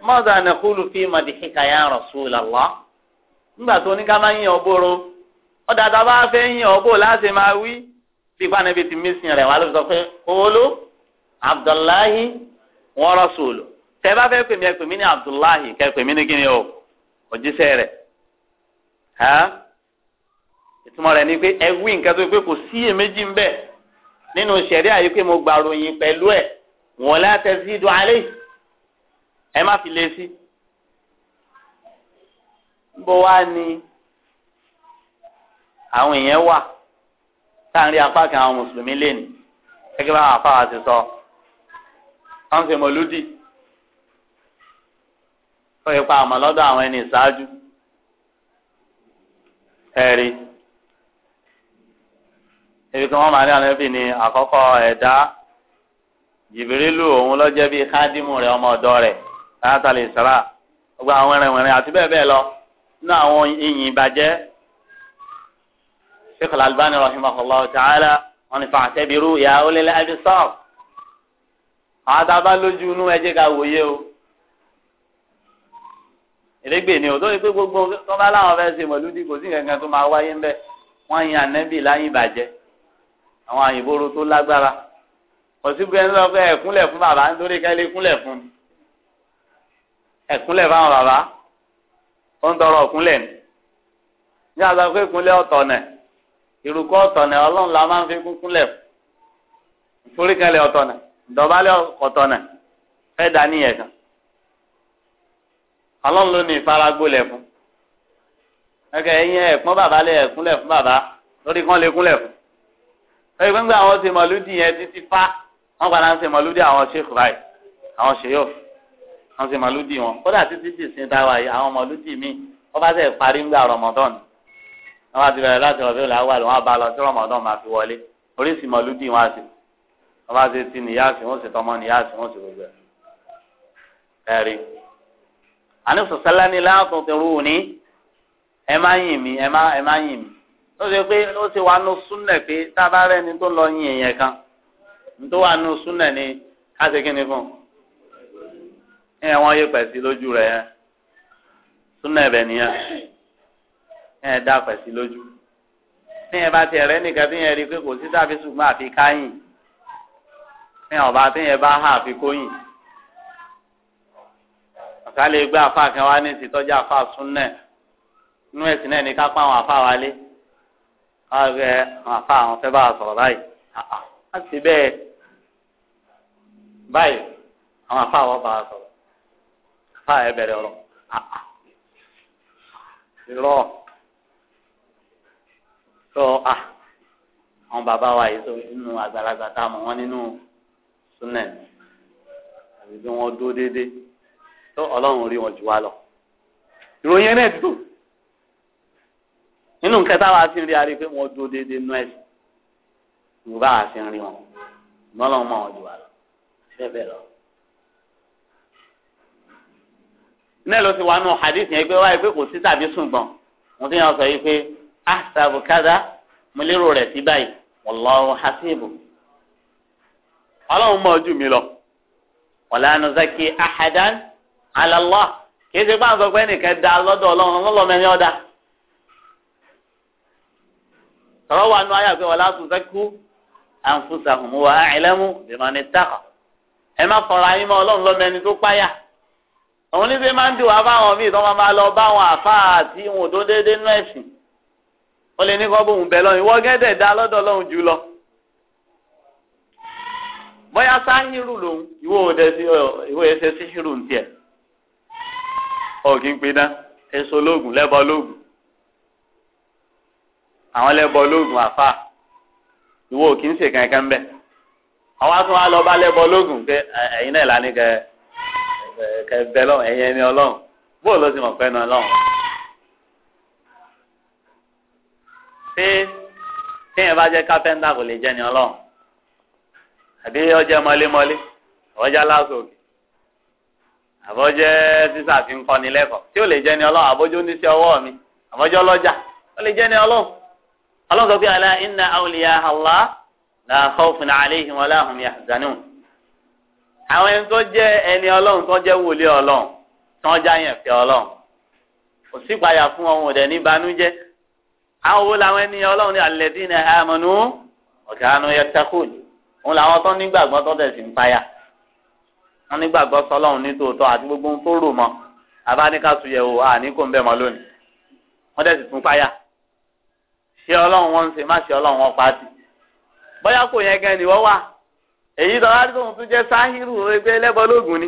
mọ́tà nàkúlù fi màdìhíkà ya Rasulullah nígbà tó ní ká máa yìn ọ̀bọ̀rọ̀ ọ̀dà tá a bá fẹ́ yìn ọ̀bọ̀ láti máa wí bí ipá anabi ti mísìn rẹ̀ wá ló sọ pé olú Abdullahi wa Rasuluhu tẹ́ bá fẹ́ pèmí ẹ pèmí ní Abdullahi kẹ́ pèmí ní kíni o òjíṣẹ́ rẹ̀ ìtumọ̀ rẹ̀ ni pé ẹ wí nǹkan tó pé kò sí èméjì ń bẹ́ẹ̀ nínú sẹ̀rí àyè pé mo gbà ròyìn pẹ̀lú ẹ̀ wọ́n látẹ̀ sí ìdùn alẹ́ ẹ má fi lé sí. bó wá ní àwọn èèyàn wà táàrin apá kan àwọn mùsùlùmí léni gẹ́gẹ́ bá àwọn afáwà ti sọ wọ́n mọ̀lúdì ó yẹ pa àmọ́ lọ́dọ̀ àwọn ẹni ìṣáájú ẹ̀rí ebi kan wọn máa ní ànábì ní àkọ́kọ́ ẹ̀dá jìbìrìlù òun lọ jẹ́ bíi kádìmù rẹ̀ ọmọ ọ̀dọ́ rẹ̀ látàlẹ ìsàrà gbogbo àwọn ẹrẹ̀wẹ̀rẹ̀ àti bẹ́ẹ̀ bẹ́ẹ̀ lọ nínú àwọn ìyìn ìbàjẹ́ sheikh al-Albani rahimahullah ta'ala wọn ni fa'tabiru ya ulil absar àwọn àtàbà lójú inú ẹ jẹ́ ká wòye o èrègbè ni o tó gbogbo tó bá láwọn fẹ́ẹ́ ṣe mọlúdì kò sí nǹkan tó máa wáyé ńbẹ̀ wọn yin ànábì láyìn ìbàjẹ́ àwọn àyìnbóró tó lágbára òsínbó ẹni lọ́wọ́ ẹ̀kúnlẹ̀ fún bàbá nítorí kẹ́lẹ́ kúnlẹ̀ fún ẹ̀kúnlẹ̀ fáwọn bàbá ó ń tọrọ ọ̀kúnlẹ̀ ni ní àgbà pé ìkúnlẹ̀ ọ̀tọ̀nẹ̀ ìrùkọ́ ọ̀tọ̀nẹ̀ ọlọ́run la máa ń fi kúnkúnlẹ̀ nítorí kẹ́lẹ́ ọ̀tọ̀nẹ̀ ìdọ̀bálẹ̀ ọ̀tọ̀nẹ̀ fẹ́ dání yẹn kan ọlọ́run ló ní ìfaragbolẹ̀ fún ẹ̀kẹ́ ẹ̀yìn ẹ̀kún bàbá lẹ̀ ẹ̀kúnlẹ̀ fún bàbá lórí kán lè kúnlẹ̀ fún ẹ gbẹ́ngbẹ́ àwọn ṣe mọ̀lúdì yẹn títí fá wọ́n padà ń ṣe mọ̀lúdì àwọn ṣèkù báyìí àwọn ṣèyọ̀ wọ́n ṣe mọ̀lúdì wọn kódà títí sì sin táwa yìí àwọn mọ̀lúdì mi wọ́n bá sẹ̀ parí ń gbà rọmọdán wọ́n bá ti bẹ̀rẹ̀ láti ọ̀bẹ̀ làwà lọ́wọ́ bá lọ sí rọmọdán máa fi wọlé oríṣi mọ̀lúdì wọn á sì wọ́n bá ṣe ti nìyáàsì wọ́n sì tọmọ nìyáàsì wọ́n sì gbogbo ẹ̀ ẹ̀rí. àníṣòṣẹ́lá ni láàtún ti rú ni ẹ má yìn mí ẹ má yìn mí ó ṣe pé ó ti wà nù súnà pé tábà rẹ ni tó lọ yin èèyàn kan nítorí wà nù súnà ni ká ṣe kíni fún un ẹ wọn yé pẹ̀sí lójú rẹ yẹn súnà ẹ̀bẹ̀ nìyẹn ẹ dá pẹ̀sí lójú ní ẹ bá tiẹ̀ rẹ nìkan tí yẹn rí i pé kò sí tàbí ṣùgbọ́n àfi káyìn ní ọba tí yẹn bá hà àfi kóyìn ọ̀ká lè gbé àfa kan wá ní ìsìtọ́jú àfa súnà nú ẹ̀sìn náà ní ká pa àwọn àfa wálé ọ̀rẹ́ àwọn afá àwọn fẹ́ bá a sọ̀rọ̀ báyìí a sì bẹ́ẹ̀ báyìí àwọn afá àwọn bá a sọ̀rọ̀ afá ẹ bẹ̀rẹ̀ ọ̀rọ̀ irọ́ tó a àwọn bàbá wa yìí tó nínú àgbàlagbà tá a mọ̀ wọ́n nínú súnẹ̀ àbí bí wọ́n dó déédéé tó ọlọ́run rí wọn jù wá lọ ìròyìn ẹ̀ náà ti tó nínú nǹkan táwa sì ń rí arí pé wọ́n dúró déédéé nú ẹ̀sìn ìwọ bá a sì ń rí wọn mọ́lọ́n mọ́ ọ̀jọ̀ àlọ́ bẹ́ẹ̀ bẹ́ẹ̀ lọ. iná ló ti wà nù hadith yẹn pé wáyé pé kò sí tàbí ṣùgbọ́n mo ti yàn sọ yìí pé ahsabu kada mo lérò rẹ̀ sí báyìí wallahu hasibu ọlọ́run mọ̀ ojú mi lọ wala nuzaki ahadan ala kì í ṣe pé pé ẹnìkan da lọ́dọ̀ ọlọ́run ọlọ́run mẹ́rin ọ̀dà tọ́wọ́ wà nù ayé àgbẹ̀ wà látún sẹ́kù àǹfùsàhùn wà àìlẹ́mú ìmọ̀ni tàkà ẹ má fọ̀rọ̀ ayé mọ́ ọlọ́run lọ́mọ ẹni tó páyà òun ní bí máa ń dùn wá báwọn míì tó máa máa lọ báwọn àfáà àti ìwọ̀n tó déédéé nú ẹ̀sìn ó lè ní kọ́ bóun bẹ̀ lọ́run ìwọ́ gẹ́dẹ̀ dá lọ́dọ̀ lọ́run jù lọ bóyá sáhírù lòun ìwọ òde sí ìwọ ẹsẹ síhírù ń tiẹ̀ ọ̀gìn pinna èso lóògùn lẹ́bọ̀ lóògùn àwọn ẹlẹ́bọ lóògùn àfà ìwọ ò kì í ṣe kankan ń bẹ̀ àwọn atún wa lọ bá lẹ́bọ lóògùn pé ẹ̀yin náà lá ní kẹ kẹ bẹ lọ́wọ́ ẹ̀yin ẹni ọlọ́run bóò ló ti mọ̀ pẹ́ nu ọlọ́run. ṣé téèyàn bá jẹ́ kápẹ́ńtà kò lè jẹ́ ni ọlọ́run àbí ọjẹ́ mọ́lémọ́lé ọjà lásòkè àbọ̀jẹ́ sísà fi ń kọ́ni lẹ́kọ̀ọ́ tí ò lè jẹ́ ni ọlọ́run àbójú ní sí ọwọ́ mi àbọ̀jọ́ lọ́jà ó lè jẹ́ ni ọlọ́run ọlọ́sọ pé ala inna awliya Allah la khawfun alayhim wa la hum yahzanun. àwọn ẹni tó jẹ́ ẹni ọlọ́run tó jẹ́ wòlíì ọlọ́run tó ń jáyàn fẹ́ ọlọ́run kò sí ìpayà fún ọmọ òdẹ ní banújẹ́. àwọn wo làwọn ẹni ọlọ́run ní alladhina amanu wa kanu yattaqun òun làwọn tó nígbàgbọ́ tó dẹ̀ sì ń payà wọn nígbàgbọ́ sọlọ́run ní àti gbogbo ohun tó rò mọ́ abáníkàtúyẹ̀wò àníkò ń bẹ̀ mọ́ lónìí wọ́n dẹ̀ sì payà ṣé ọlọ́run wọn ń ṣe má ṣe ọlọ́run wọn pa tì bóyá kò yẹn gan ni wọ́n wà èyí tó wáá tóun tún jẹ́ sáhírù ẹgbẹ́ ẹlẹ́bọ ni a tún òògùn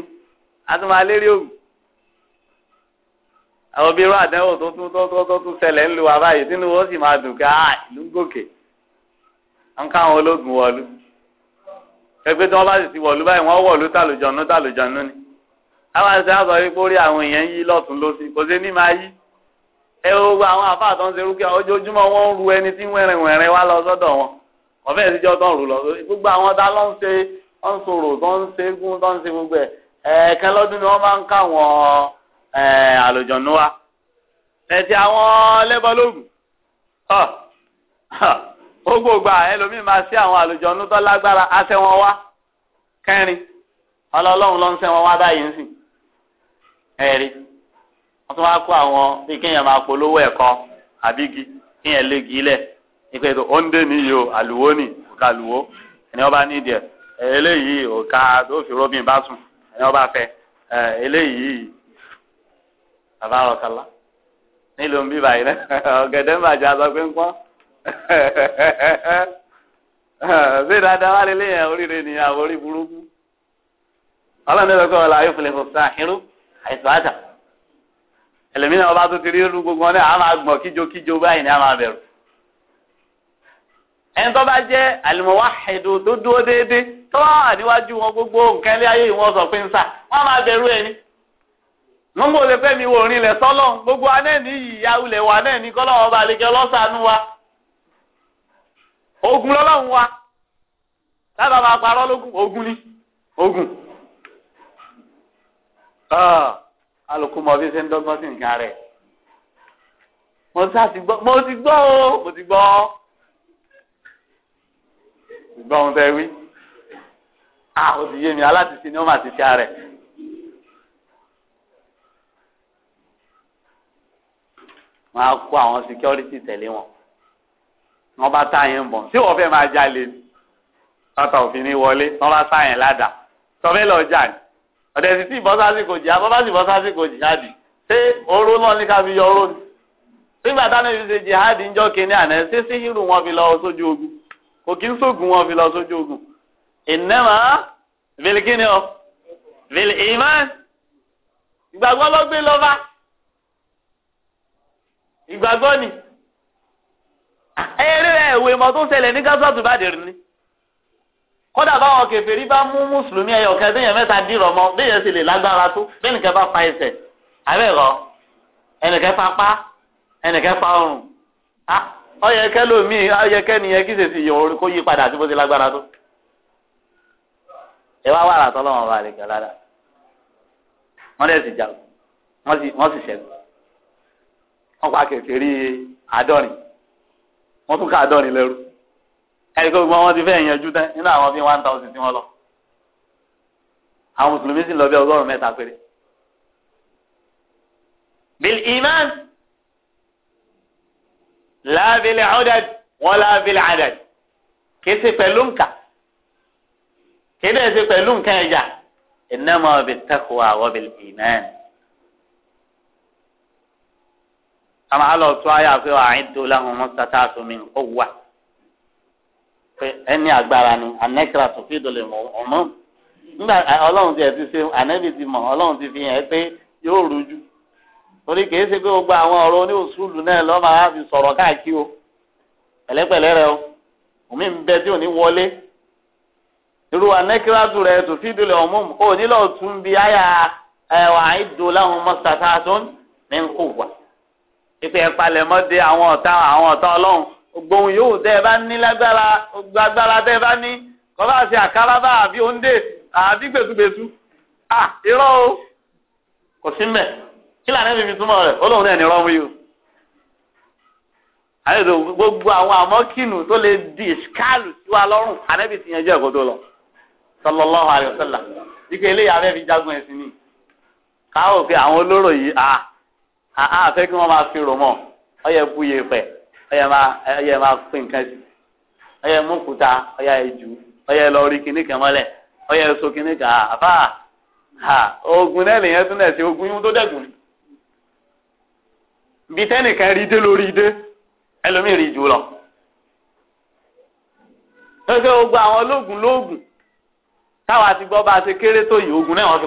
àwọn bí irú àdánwò tó tún tó tó tó tún ṣẹlẹ̀ ń lu wa báyìí ó sì máa dùn ká ìlú gòkè ń káwọn ológun wọ̀lú ẹgbẹ́ tí wọ́n bá sì ti wọ̀lú báyìí wọ́n wọ̀lú tàlùjọ̀nú tàlùjọ̀nú ni àwọn àti sábà wípé ó àwọn èèyàn yí lọ́tún lọ́sí kò sí ní máa yí ẹ gbogbo àwọn àfáà tó ń ṣerú kí ojoojúmọ́ wọ́n ń ru ẹni tí wẹ́rẹ̀ wẹ́rẹ̀ wá lọ sọ́dọ̀ wọn ọ̀fẹ́ ìsíjọ́ tó ń rù lọ gbogbo àwọn tá ló ń ṣe tó ń sòrò tó ń ṣe gún tó ń ṣe gbogbo ẹ̀ ẹ̀ẹ̀kan lọ́dún ni wọ́n máa ń ká àwọn àlòjọ̀nú wa ẹ̀tì àwọn lẹ́bọ̀lógún ó gbogbo ẹlòmíì máa ṣe àwọn àlòjọ̀nú tó lágbára aṣẹ́ wọn wá kẹrin ọlọ́ọ̀lọ́run ló ń ṣẹ́ wọn wá báyìí ń sìn ẹ̀rí wọ́n tún wá kó àwọn bí kéèyàn máa polówó ẹ̀kọ́ àbígi kéèyàn léegi lẹ̀ ìpè tó ó ń dé níyì o àlùwò ni òkà àlùwò ẹni ọba nídìí ẹ eléyìí òkà tó fi robin bá sùn ẹni ọba fẹ ẹ eléyìí bàbá rọkàlá nílò ń bí báyìí rẹ ọ̀gẹ̀dẹ̀ ń bàjẹ́ aṣọ pé ń pọ́n bí dáadáa wá lélẹ̀ yẹn oríire ni àwọn orí burúkú ọlọ́run ní ọkọ̀ ọ̀la ayọ́fẹ́lẹ́ fún sáà irú àìsàn àjà ẹlòmíràn ọba tó ti rí irú gbogbo náà á máa gbọ̀n kíjokíjo báyìí ni á máa bẹ̀rù. ẹni tó bá jẹ́ àlùmọ̀wáhìdù tó dúró déédéé tó bá wà níwájú wọn gbogbo nǹkan ilé ayé wọn sọ pé ń sà wọ́n máa bẹ̀rù ẹni. wọ́n mú olè fẹ́mi wò rìn lẹ̀ sọ́lọ̀ gbogbo anẹ́ẹ̀ni ìyá ulẹ̀ wà náà kọ́lọ́wọ́ ọba àlejò ọlọ́sàánú wa. ogun lọ́lọ́run wa tábà máa parọ́ lógún ogun ni ogun. Ah alùpùpù mọ fi ṣe ń dọ́gbọ́n sí nǹkan rẹ̀ mo sá ti gbọ́ mo ti gbọ́ o mo ti gbọ́ gbọ́ ohun tẹ́ wí ah o ti yé mi alátìsí ni ó mà ti ṣe rẹ̀. wọn á kó àwọn security tẹ̀lé wọn wọn bá táyẹn bọ̀ tí wọ́n fẹ́ máa jalè ni tọ́tà òfin ní wọlé wọn bá táyẹn ládàá tọ́fẹ́ lọ́ọ́ jà ni ọ̀dẹ̀ sì tí ìbọn sásìkò jì àbọ̀ bá sì bọ́ sásìkò jìhádì ṣé oró náà ní ká fi yọ oró ni nígbà táwọn ibi ṣe jìhádì ń jọ kínní àná ṣé sí hírù wọn fi lọ sójú ogun kò kí ń sógun wọn fi lọ sójú ogun ìnẹ́mà bíi kíni o bíi ìmán ìgbàgbọ́ ló gbé lọ́ba ìgbàgbọ́ ni ẹ̀rí ẹ̀wé mọ́ tó ṣẹlẹ̀ ní gásọ́ọ̀tù bá dèrè ni kódà báwọn kèfèrí bá mú mùsùlùmí ẹyọ kan déyàn mẹ́ta dìrọ̀ mọ́ déyàn sì lè lágbára tó bẹ́ẹ̀nìkan bá fa ẹsẹ̀ àbẹ̀rọ ẹnìkan fa pa ẹnìkan fa ọrùn ọyẹkẹ lómi ọyẹkẹ nìyẹn kí sèṣì yọ orí kó yí padà àti bó ti lágbára tó ẹ wá wàrà tọ́lọ́wọ́n wà lè gbàlá dà wọ́n lè sì jà wọ́n sì ṣẹ́gun wọ́n pa kèfèrí àádọ́rin wọ́n tún ká àádọ́rin lẹ́rú ẹ̀rí kó gbọ́n wọn ti fẹ́ yanjú tán nínú àwọn bíi one thousand tí wọ́n lọ àwọn mùsùlùmí sì lọ bí ọgọ́rùn-ún mẹ́ta péré bil iman la bil adad wala bil adad kìí ṣe pẹ̀lú nǹkan kìí dẹ̀ ṣe pẹ̀lú nǹkan ẹ̀jà innama bit taqwa wa bil iman. àmọ́ àlọ́ tó ayé àfihàn àìdó lahum mastata'tum min pé ẹni agbára ni anẹ́kìlá tó fi dọ̀lẹ̀ mọ̀ ọ̀mọ́ nígbà ọlọ́run ti ẹ̀ ti ṣe ànẹ́bì ti mọ̀ ọlọ́run ti fi hàn pé yóò rújú torí kìí ṣe pé gbogbo àwọn ọ̀rọ̀ ní òṣùlù náà lọ́ máa fi sọ̀rọ̀ káàkiri o pẹ̀lẹ́pẹ̀lẹ́ rẹ o omi ń bẹ tí ò ní wọlé irú anẹ́kìlá tó rẹ tó fi dọ̀lẹ̀ ọ̀mọ́ ò nílò tún bí àyà ẹ̀wà àìdò láwọn mọ́sítàtà tó ń ní kò wà pípẹ́ palẹ̀mọ́ de àwọn ọ̀tá àwọn ọ̀tá ọlọ́run gbòhùn yòówù tẹ́ ẹ bá ní lágbára gbogbo agbára tẹ́ ẹ bá ní kọ́ bá ṣe àkàràbà àbí òǹdè àbí gbèsùgbèsù à irọ́ o kò sí mẹ́ kí lànà mímí túmọ̀ rẹ̀ ó lóun náà ní rọ́ọ̀mù yìí o. àyẹ̀dò gbogbo àwọn àmọ́kìnù tó lè di skáàlù sí wa lọ́rùn ànẹ́bì ti yanjú ẹ̀kọ́ tó lọ sallallahu alaihi wasallam ike eléyà abẹ́ fi jagun ẹ̀sìn ni káwọ́ pé àwọn olóró yìí à àfẹ́ kí wọ́n máa fi rò mọ́ ọ yẹ bu yẹ pẹ̀. ọyẹ ma ọyẹ máa si ọyẹ mú kúta ọyẹ ẹjù lọ kan mọ́lẹ̀ ọyẹ so kan ah, ha ogun náà lèyẹn tún ogun yín tó dẹ̀gùn bí tẹ́nìkan rí dé lórí dé ẹlòmíì lọ. ogun àwọn lóògùn táwa ti gbọ́ bá a ṣe kéré tó yìí ogun náà wọ́n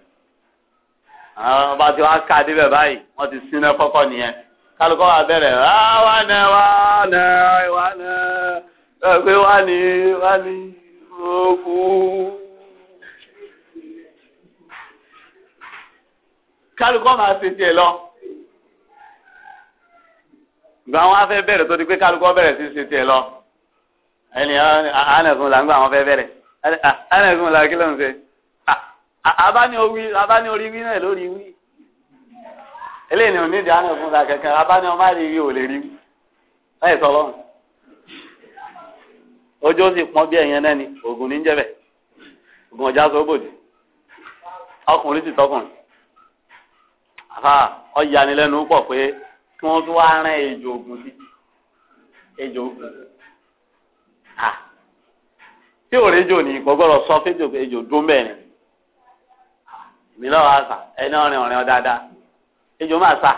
àwọn ọba tí wọ́n ká débẹ̀ báyìí wọ́n ti síná kọ́kọ́ nìyẹn kálukọ́ wa bẹ̀rẹ̀ wá nẹ wá nẹ wá nẹ pé wá ní wá ní òkú. kálukọ́ máa ṣe tiẹ̀ lọ gba àwọn afẹ́ bẹ̀rẹ̀ tó di pé kálukọ́ bẹ̀rẹ̀ sí ṣe tiẹ̀ lọ ẹnìyàn ànẹ̀kùn là ń gba àwọn afẹ́ bẹ̀rẹ̀ ànẹ̀kùn là kí ló ń ṣe. abáni orí abáni orí wí náà lórí wí eléyìí ni ò ní ìdáná fún ta kankan abáni ọmọ àlè rí ò lè rí láì sọ ojú ó sì pọ́n bí ẹ̀yẹn náà ni ògùn ní jẹ́bẹ̀ ògùn ọjà sọ bòdì ọkùnrin sì tọkùnrin àfà ọ̀yanilẹ́nu pọ̀ pé kí wọ́n tún wá rán ejò ògùn sí ejò ògùn tí òrejò ní kò sọ fẹ́jọ ejò dún bẹ́ẹ̀ ni. mi náà wá sà ẹni ọ̀rìn ọ̀rìn ọ̀ dáadáa ejò máa sà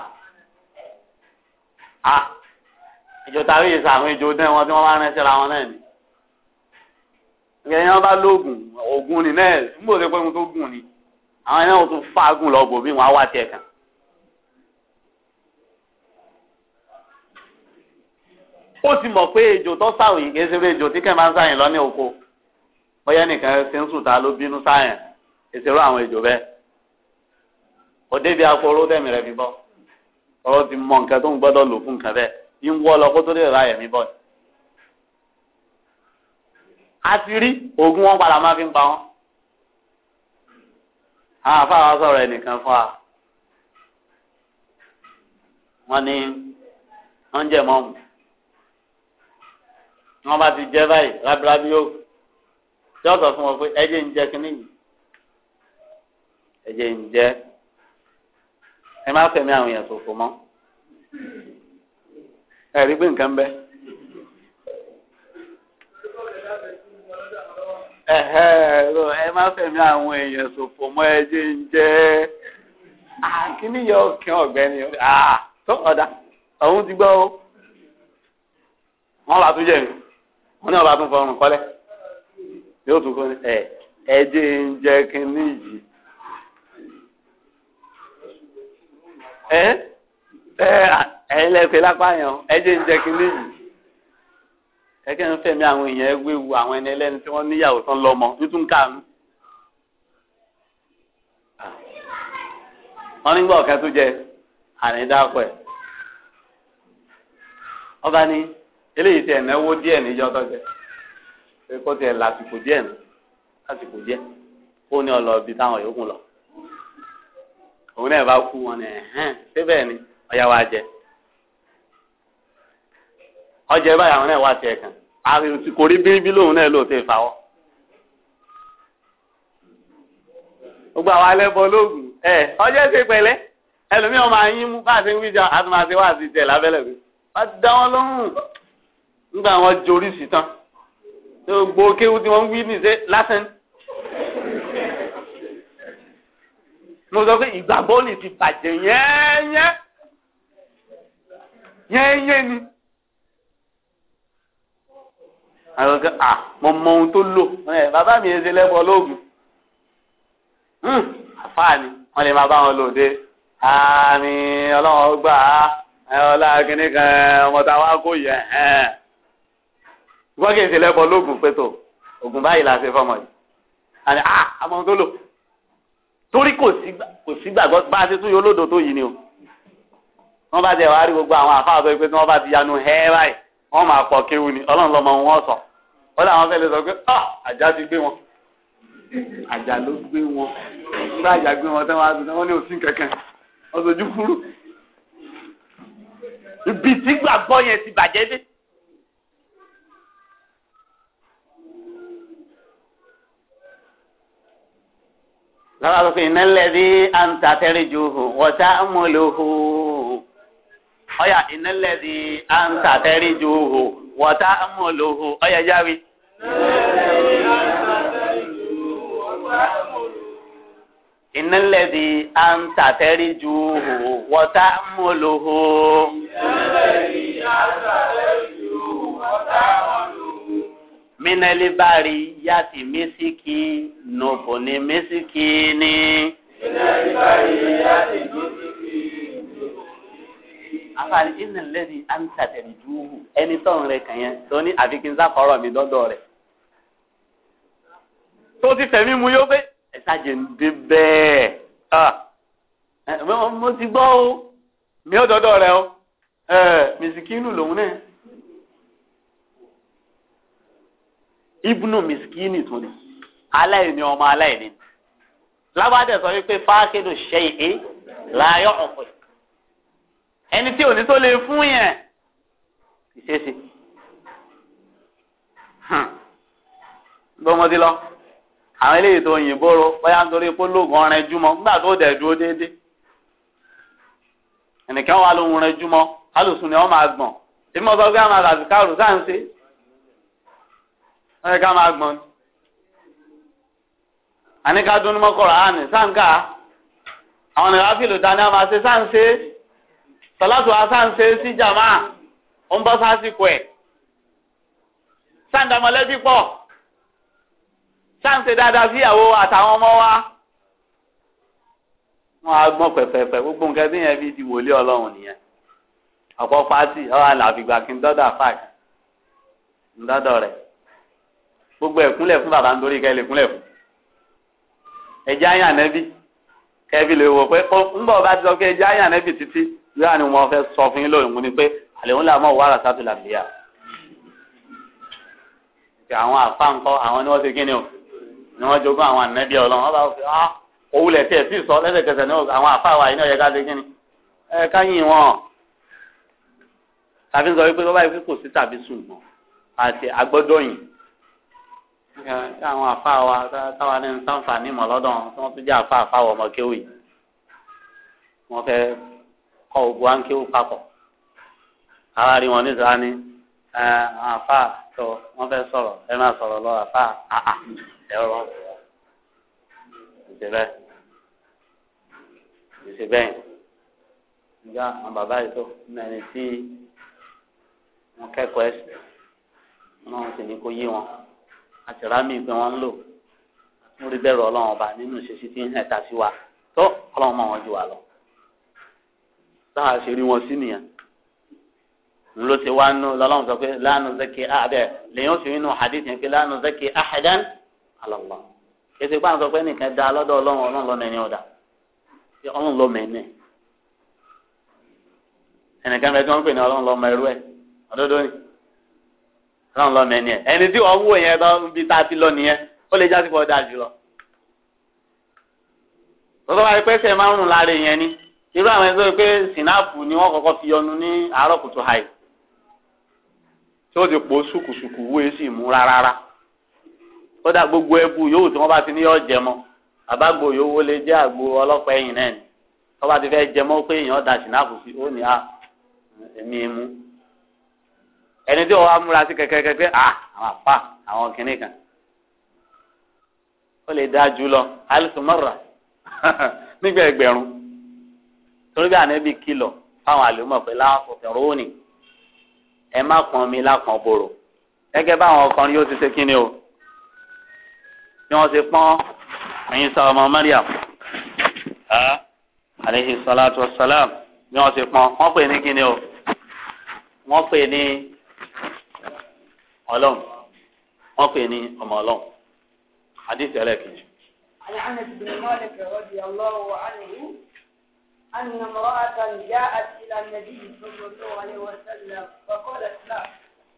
á ejò tàbí àwọn ejò dẹ́ wọn tí wọ́n bá rẹ́ síra wọn náà ni ìgbẹ́ni wọn bá lóògùn ògùn ni náà ń bò lè pé wọn tó gùn ni àwọn ẹni wọn tún fáagùn lọ bò bí wọn á wà tiẹ̀ kàn. ó ti mọ̀ pé ejò tó sáwìn kì í ṣe pé ejò tí kẹ́ẹ̀ máa ń sáyìn lọ ní oko bóyá nìkan ṣe ń sùn ta ló bínú sáyìn ìṣerú àwọn ejò bẹ́ẹ̀ òde bíi akoro tẹ̀mí rẹ̀ fi bọ́ ọ̀rọ̀ ti mọ nǹkan tó ń gbọ́dọ̀ lò fún nǹkan bẹ́ẹ̀ yín wọ́ lọ kó tó lè ra ẹ̀mí bọ́ ni. a ti rí oògùn wọn padà máa fi ń pa wọn. àwọn afáwa sọ̀rọ̀ ẹnìkan fún wa wọ́n ní wọ́n ń jẹ mọ́mù wọ́n bá ti jẹ́ báyìí rábírábí yóò yọ̀ọ̀tọ̀ fún wọn pé ẹ jẹ́ ń jẹ kínní yìí ẹ jẹ́ ń jẹ́. ẹ ma fẹ̀mí àwọn èèyàn ṣòfò mọ́ ẹ rí pé nǹkan bẹ́ẹ̀. ẹ má àwọn èèyàn ẹ ń kíní yọ tó òun ti gbọ́ o bá tún jẹ̀ mi wọ́n ní ọba tún fọrùn kọ́lẹ̀ yóò tún ẹ ẹ ń kíní ẹ ẹ ẹlẹ́fẹ̀ lápá yẹn ẹ jẹ́ ń jẹ́ kínní yìí kẹ́kẹ́ ń fẹ̀mí àwọn èèyàn ẹgbẹ́wu àwọn ẹni ẹlẹ́ni tí wọ́n níyàwó tán lọ́mọ nítorí káàánú. wọ́n nígbà ọ̀kẹ́ tó jẹ ànídàpọ̀ ẹ̀ ọba ní eléyìí tiẹ̀ náwó díẹ̀ níjọ́ tó pé kó tiẹ̀ lásìkò díẹ̀ lásìkò díẹ̀ kó ní ọlọ́ọ̀bí táwọn yòókù lọ òun náà bá kú wọn ni ẹhẹn síbẹ̀ ni ọ̀yà wa jẹ ọjẹ báyìí àwọn náà wá tiẹ̀ kàn àrùn tí kò rí bíríbí lòun náà lóòótọ́ ìfàwọ́ gbogbo àwọn alẹ́ bọ lóògùn ẹ ọjọ́ ṣe pẹ̀lẹ́ ẹlòmíràn máa yín mú bá a ṣe ń wíjà a ti máa ṣe wá àti jẹ lábẹ́lẹ̀ mi wọ́n ti dá wọn lóhùn nígbà wọn jorí sí tán gbogbo kéwù tí wọ́n ń wí nìṣe lásán mo sọ pé ìgbàgbọ́ ni ti bàjẹ́ yẹ́ẹ́yẹ́ yẹ́ẹ́yẹ́ ni. àwọn kan à mo mọ ohun tó lò ẹ bàbá mi ṣe lẹ́bọ̀ lóògùn hmm, àfààní wọn lè máa bá wọn lò dé àmì ọlọ́wọ́n gbà á ọlá kìnnì kan ọmọ tá a wá kó yẹ gbọ́n kì í ṣe lẹ́bọ̀ lóògùn pẹ̀tọ̀ ògùn báyìí la ṣe fọmọ yìí àmì à àmọ́ ohun tó lò torí kò sí gbàgbọ́ bá a ṣe tún yọ olódò tó yìí ni o wọ́n bá tẹ̀ wá rí gbogbo àwọn àfáà sọ pé tí wọ́n bá ti yanu hẹ́ẹ́ báyìí wọ́n máa pọ̀ kéwu ni ọlọ́run lọ́mọ wọn sọ wọ́n làwọn fẹ́ lè sọ pé ah àjà ti gbé wọn àjà ló gbé wọn nígbà àjà gbé wọn tẹ́ wọ́n á sọ wọ́n ní òsín kankan ọ̀sọ̀jú kúrú ibi tí gbàgbọ́ yẹn ti bàjẹ́ dé. lọ́wọ́ àti pé ìnẹ́lẹ́dí àǹtà tẹ́rìjú wọ́tá múlòhù ọ̀yà ìnẹ́lẹ́dí àǹtà tẹ́rìjú wọ́tá múlòhù ọ̀yà jáwé. ìnẹ́lẹ́dí àǹtà tẹ́rìjú wọ́tá múlòhù. ìnẹ́lẹ́dí àǹtà wọ́tá múlòhù minali bari yati misiki noboni misiki ni. minali bari yati misiki noboni. afaali ina lẹni an tatẹni juuhu ẹni tọn rẹ kanyẹ tóni àfikinsa kọrọ mi dọdọ rẹ. tó ti fẹ̀mí mu yóò fẹ́ ẹ̀sà jẹ̀ ń dé bẹ́ẹ̀. Ah. mo ti gbọ́ o mi ò dọ́dọ̀ rẹ o misikinu lòun náà. ibnu miskini tún ni aláìní ọmọ aláìní lábàdẹ sọ wípé fákédò ṣẹyẹ láyọ ọpẹ ẹni tí òní tó lè fún yẹn ìṣesí gbọmọdé lọ àwọn eléyìí tó yìnbó ro bóyá nítorí polóògùn ọrìn júmọ nígbà tó dẹ̀ dúró déédéé ẹnìkan wà lóhun rẹ júmọ alùsùn ni wọn máa gbọn èmi ọsọ gbé àwọn àlàzìkárò sáà ń ṣe ẹ ká máa gbọ́n àní ká dún mọ́ Kùránì sáǹkà àwọn nìyà fìlù dání a máa ṣe sáǹṣe sọlátù wa sáǹṣe sí jàmá ó ń bọ́ sásìkò ẹ̀ sáǹdà mọ̀lẹ́bí pọ̀ sáǹṣe dáadáa síyàwó àtàwọn ọmọ wa wọn á gbọ́n pẹ̀pẹ̀pẹ̀ gbogbo nǹkan tí yẹn fi di wòlé ọlọ́run nìyẹn ọ̀pọ̀ pátì ọ̀hún àlàfígbà kí n dọ́dà fáì ń dọ́dọ̀ rẹ̀ gbogbo ẹ̀kúnlẹ̀ fún bàbá nítorí ká ẹ lè kúnlẹ̀ fún ẹjẹ́ àyàn ànẹ́bí kẹ́bí lè wò pé ńgbà ọba ti sọ pé ẹjẹ́ àyàn ànẹ́bí títí yóò ní wọn fẹ́ sọ fún yín lóyún ni pé àlẹ́hùn làmọ́ wàrà sátú làbíyà àwọn àfáǹkọ́ àwọn ni wọ́n ti kíni o ni wọ́n jogún àwọn ànẹ́bí ọlọ́run ọba òfin ah owó lẹ̀ tí ẹ̀ sì sọ lẹ́sẹ̀kẹsẹ̀ ní àwọn àfáàwà yìí náà yẹ ká ti kíni ẹ ká yìn wọn tàbí sọ wípé bọ́bá yìí kò sí tàbí sùn mọ́ àti agbọ́dọ̀ yìí kí àwọn àfa wa táwa ní sànfàní mọ̀ lọ́dọ̀ tí wọ́n tún jẹ́ àfa àfa wọ̀ ọmọ kéwì wọ́n fẹ́ kọ́ ògùn à ń kéwì papọ̀ àwa rí wọn níta ní àfa tó wọ́n fẹ́ sọ̀rọ̀ ẹ máa sọ̀rọ̀ lọ àfa àà ẹ̀rọ ìṣẹ̀lẹ̀ ìṣẹ̀bẹ̀yìn nígbà àwọn bàbá yìí tó mẹ́rin tí wọ́n kẹ́kọ̀ọ́ ẹ̀sìn wọ́n sì ní kó yé wọn àti rámì pé wọ́n ń lò lórí bẹ̀rù ọlọ́run ọba nínú ìṣesí tí ń hẹ̀ ta sí wa tó ọlọ́run mọ̀ wọ́n ju wa lọ. táwa ṣe rí wọn sí nìyẹn ló ti wá nù lọ́lọ́run sọ pé la nuzakki àbẹ lèyìn oṣù nínú hadith yẹn pé la nuzakki ahadan ala Allah èsì pàǹ sọ pé nìkan da lọ́dọ̀ ọlọ́run ọlọ́run lọ́nà ẹni ọ̀dà ọlọ́run lọ́mọ ẹni ẹnìkan bẹ tí wọ́n ń pè ní ọlọ́run lọ́mọ ẹrú ẹ ọdọ́dọ́ ni. ọlọ́run lọ mẹni ẹ̀ ẹni tí wọ́n ń wò yẹn lọ bí tá a ti lọ nìyẹn ó lè jásí pọ̀ dáa jùlọ. tọ́tọ́ wáyé pé sẹ́ẹ̀ yẹn ni irú àwọn pé sinapu ni wọ́n kọ́kọ́ fi yọnu ní àárọ̀ kùtù hàì tí ó ti pò sùkùsùkù wúwe sí mú rárára gbogbo yòówù tí wọ́n bá ti ní yọ jẹmọ yòówù lè àgbo ọlọ́pàá ẹ̀yìn náà ni wọ́n bá ti fẹ́ jẹmọ pé èèyàn sinapu sí ó ah, ẹni tí wọn wá múra sí kẹkẹ kẹkẹ à ah, àwọn àpá àwọn kìnnì kan ó lè dáa jù lọ alisumara nígbà ẹgbẹ̀rún torí bí ànábì kìlọ̀ fáwọn àlùmọ pé láfọfẹrúnì ẹ má pọn mi lápọn bòrò gẹ́gẹ́ báwọn ọkùnrin yóò ti ṣe kíni o bí wọn ti pọn ẹyin sọ ọmọ Mariam aleyhi salatu wa salam bí wọn ti pọn wọn pè ní kíni o wọn pè ní. ọlọ́run wọ́n pè ní ọmọ ọlọ́run hadith ẹlẹ́ẹ̀kejì. عن بن مالك رضي الله عنه أن امرأة جاءت إلى النبي صلى الله عليه وسلم فقالت له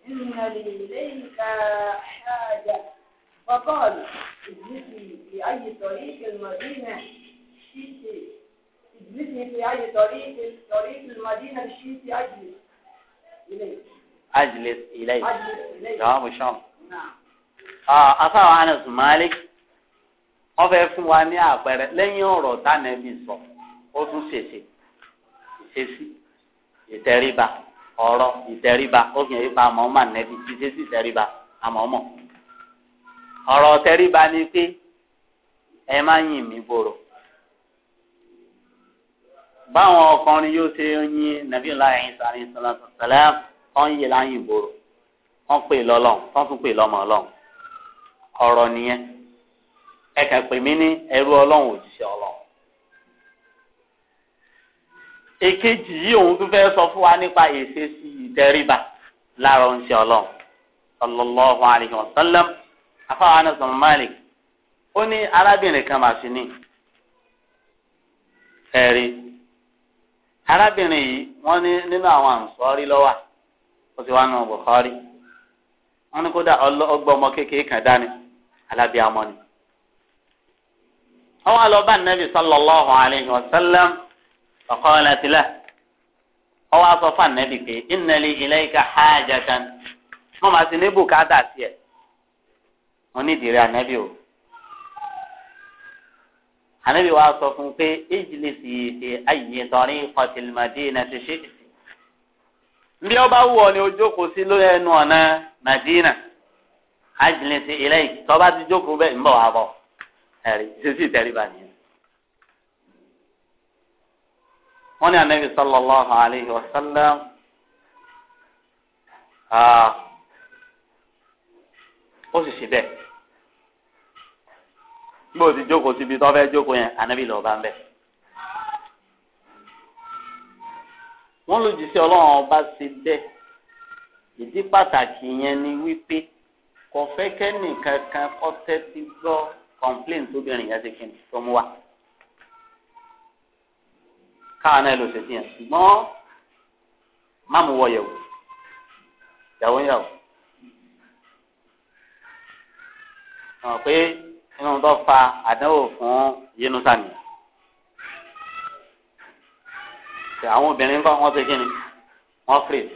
إن لي إليك حاجة فقال في أي طريق المدينة في أي طريق طريق المدينة الشيخ أجلس إليك ajlis ilay jawabu sham afáwọn anas malik wọn fẹẹ fún wa ní àpẹẹrẹ lẹ́yìn ọ̀rọ̀ tánẹbí sọ ó tún ṣèṣe ìṣesí ìtẹríba ọ̀rọ̀ ìtẹríba ó fi hàn yípa àmọọmọ ànẹbí ìṣesí ìtẹríba àmọọmọ ọ̀rọ̀ tẹríba ni pé ẹ má yìn mí bòrò báwọn ọkùnrin yóò ṣe yin nàbí ọlá ẹyin sàrin sàlá sàlá wọ́n yẹ láyìn ìgboro wọ́n pè lọ́lọ́run wọ́n tún pè lọ́mọ ọlọ́run ọ̀rọ̀ nìyẹn ẹ kàn pè mí ní ẹrú ọlọ́run òjíṣẹ́ ọlọ́run. èkejì yìí òun tún fẹ́ sọ fún wa nípa ìṣesí ìtẹríba lára oúnjẹ ọlọ́run sallallahu alayhi wa afáwọn anasọ malik ó ní arábìnrin kan màá sí ní ẹ̀rí arábìnrin yìí wọ́n ní nínú àwọn àǹsọ́rí lọ́wọ́ ó sì wá nù Bukhari wọn ní kódà ọgbọ ọmọ kékeré kan dání alábíàmọ ni. àwọn alọ́ba nàbì sallallahu alayhi wa sallam ọ̀kọ́lá tilẹ̀ ọwọ́ aṣọ fún ànábì pé ìnàlẹ̀ ilayka hajatan wọn máa sì ní bùkátà sí ẹ̀ wọn ní ìdìrẹ́ ànábì o. ànábì wa sọ fún un pé ijlisi fi ayyi tariqatil madinati shi'ti bí ọba wù ọ ni o jókòó sí lórí ẹnu ọ̀nà Madina ajìlẹsẹ eléyìí tọba ti jókòó bẹ́ẹ̀ ń bọ̀ wá bọ̀ ẹ̀rí ṣèṣì ìtẹríba nìyẹn. wọ́n ní anabi sallallahu alayhi wa sallam ó sì ṣe bẹ́ẹ̀ bí o ti jókòó síbi tó fẹ́ jókòó yẹn anabi lọ́ọ́ bá ń bẹ́ẹ̀. wọ́n lòdìsí ọlọ́run ọba ṣe bẹ́ẹ̀ ìdí pàtàkì yẹn ni wípé kò fẹ́ kẹ́nìkan kan kọ́ tẹ́tí gbọ́ complaint tóbìnrin yẹn ti kí ni tó mú wa káwọn náà lò ṣètì yẹn ṣùgbọ́n má mú wọ yẹ̀wò yàwó yàwó hàn pé inú tó fa àdánwò fún Yínúsà nìyẹn. ṣe àwọn obìnrin kan wọ́n ṣe kí ni wọ́n fèrè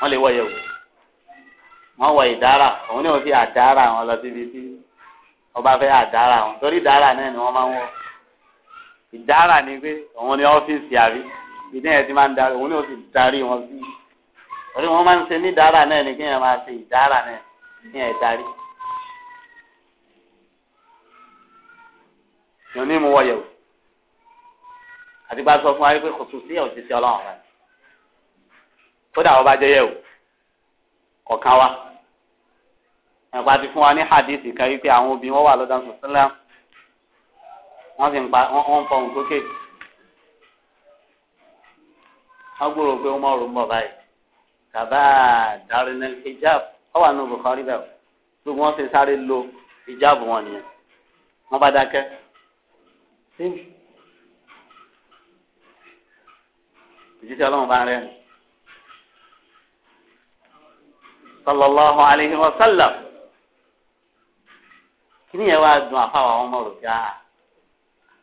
wọ́n lè wọ yẹ̀wò wọ́n wọ ìdára òun ni wọ́n fi àdára wọn lọ síbi tí wọ́n bá fẹ́ àdára wọn torí ìdára náà ni wọ́n máa ń wọ ìdára ni pé òun ni ọ́fíìsì àbí ìdí yẹn ti máa ń darí òun ni ó sì darí wọn sí torí wọ́n máa ń ṣe ní ìdára náà ni kí yẹn máa ṣe ìdára náà kí yẹn darí. yòó ní mo wọ yẹ̀wò àti sọ fún wa pé kòtù òṣìṣẹ́ ọlọ́run rẹ̀ kódà ọba jẹyẹ o ọ̀kan wa ẹ̀pá ti fún wa ní hadithi kan wípé àwọn obìnrin wọ́n wà lọ́dọ̀ sọ̀sílẹ̀ wọ́n sì ń pa wọ́n ń fọhùn sókè wọ́n gbúrò pé wọ́n mọ̀rún bọ̀ báyìí kàbá darinel hijab wọ́n wà nínú Bukhari bẹ́ẹ̀ gbogbo wọn sì sáré lo hijab wọn nìyẹn wọ́n bá dákẹ́. òjíṣẹ́ ọlọ́run bá rẹ̀ sallallahu alayhi wa sallam kí nìyẹn wá dùn àfàwà ọmọ rò já ah,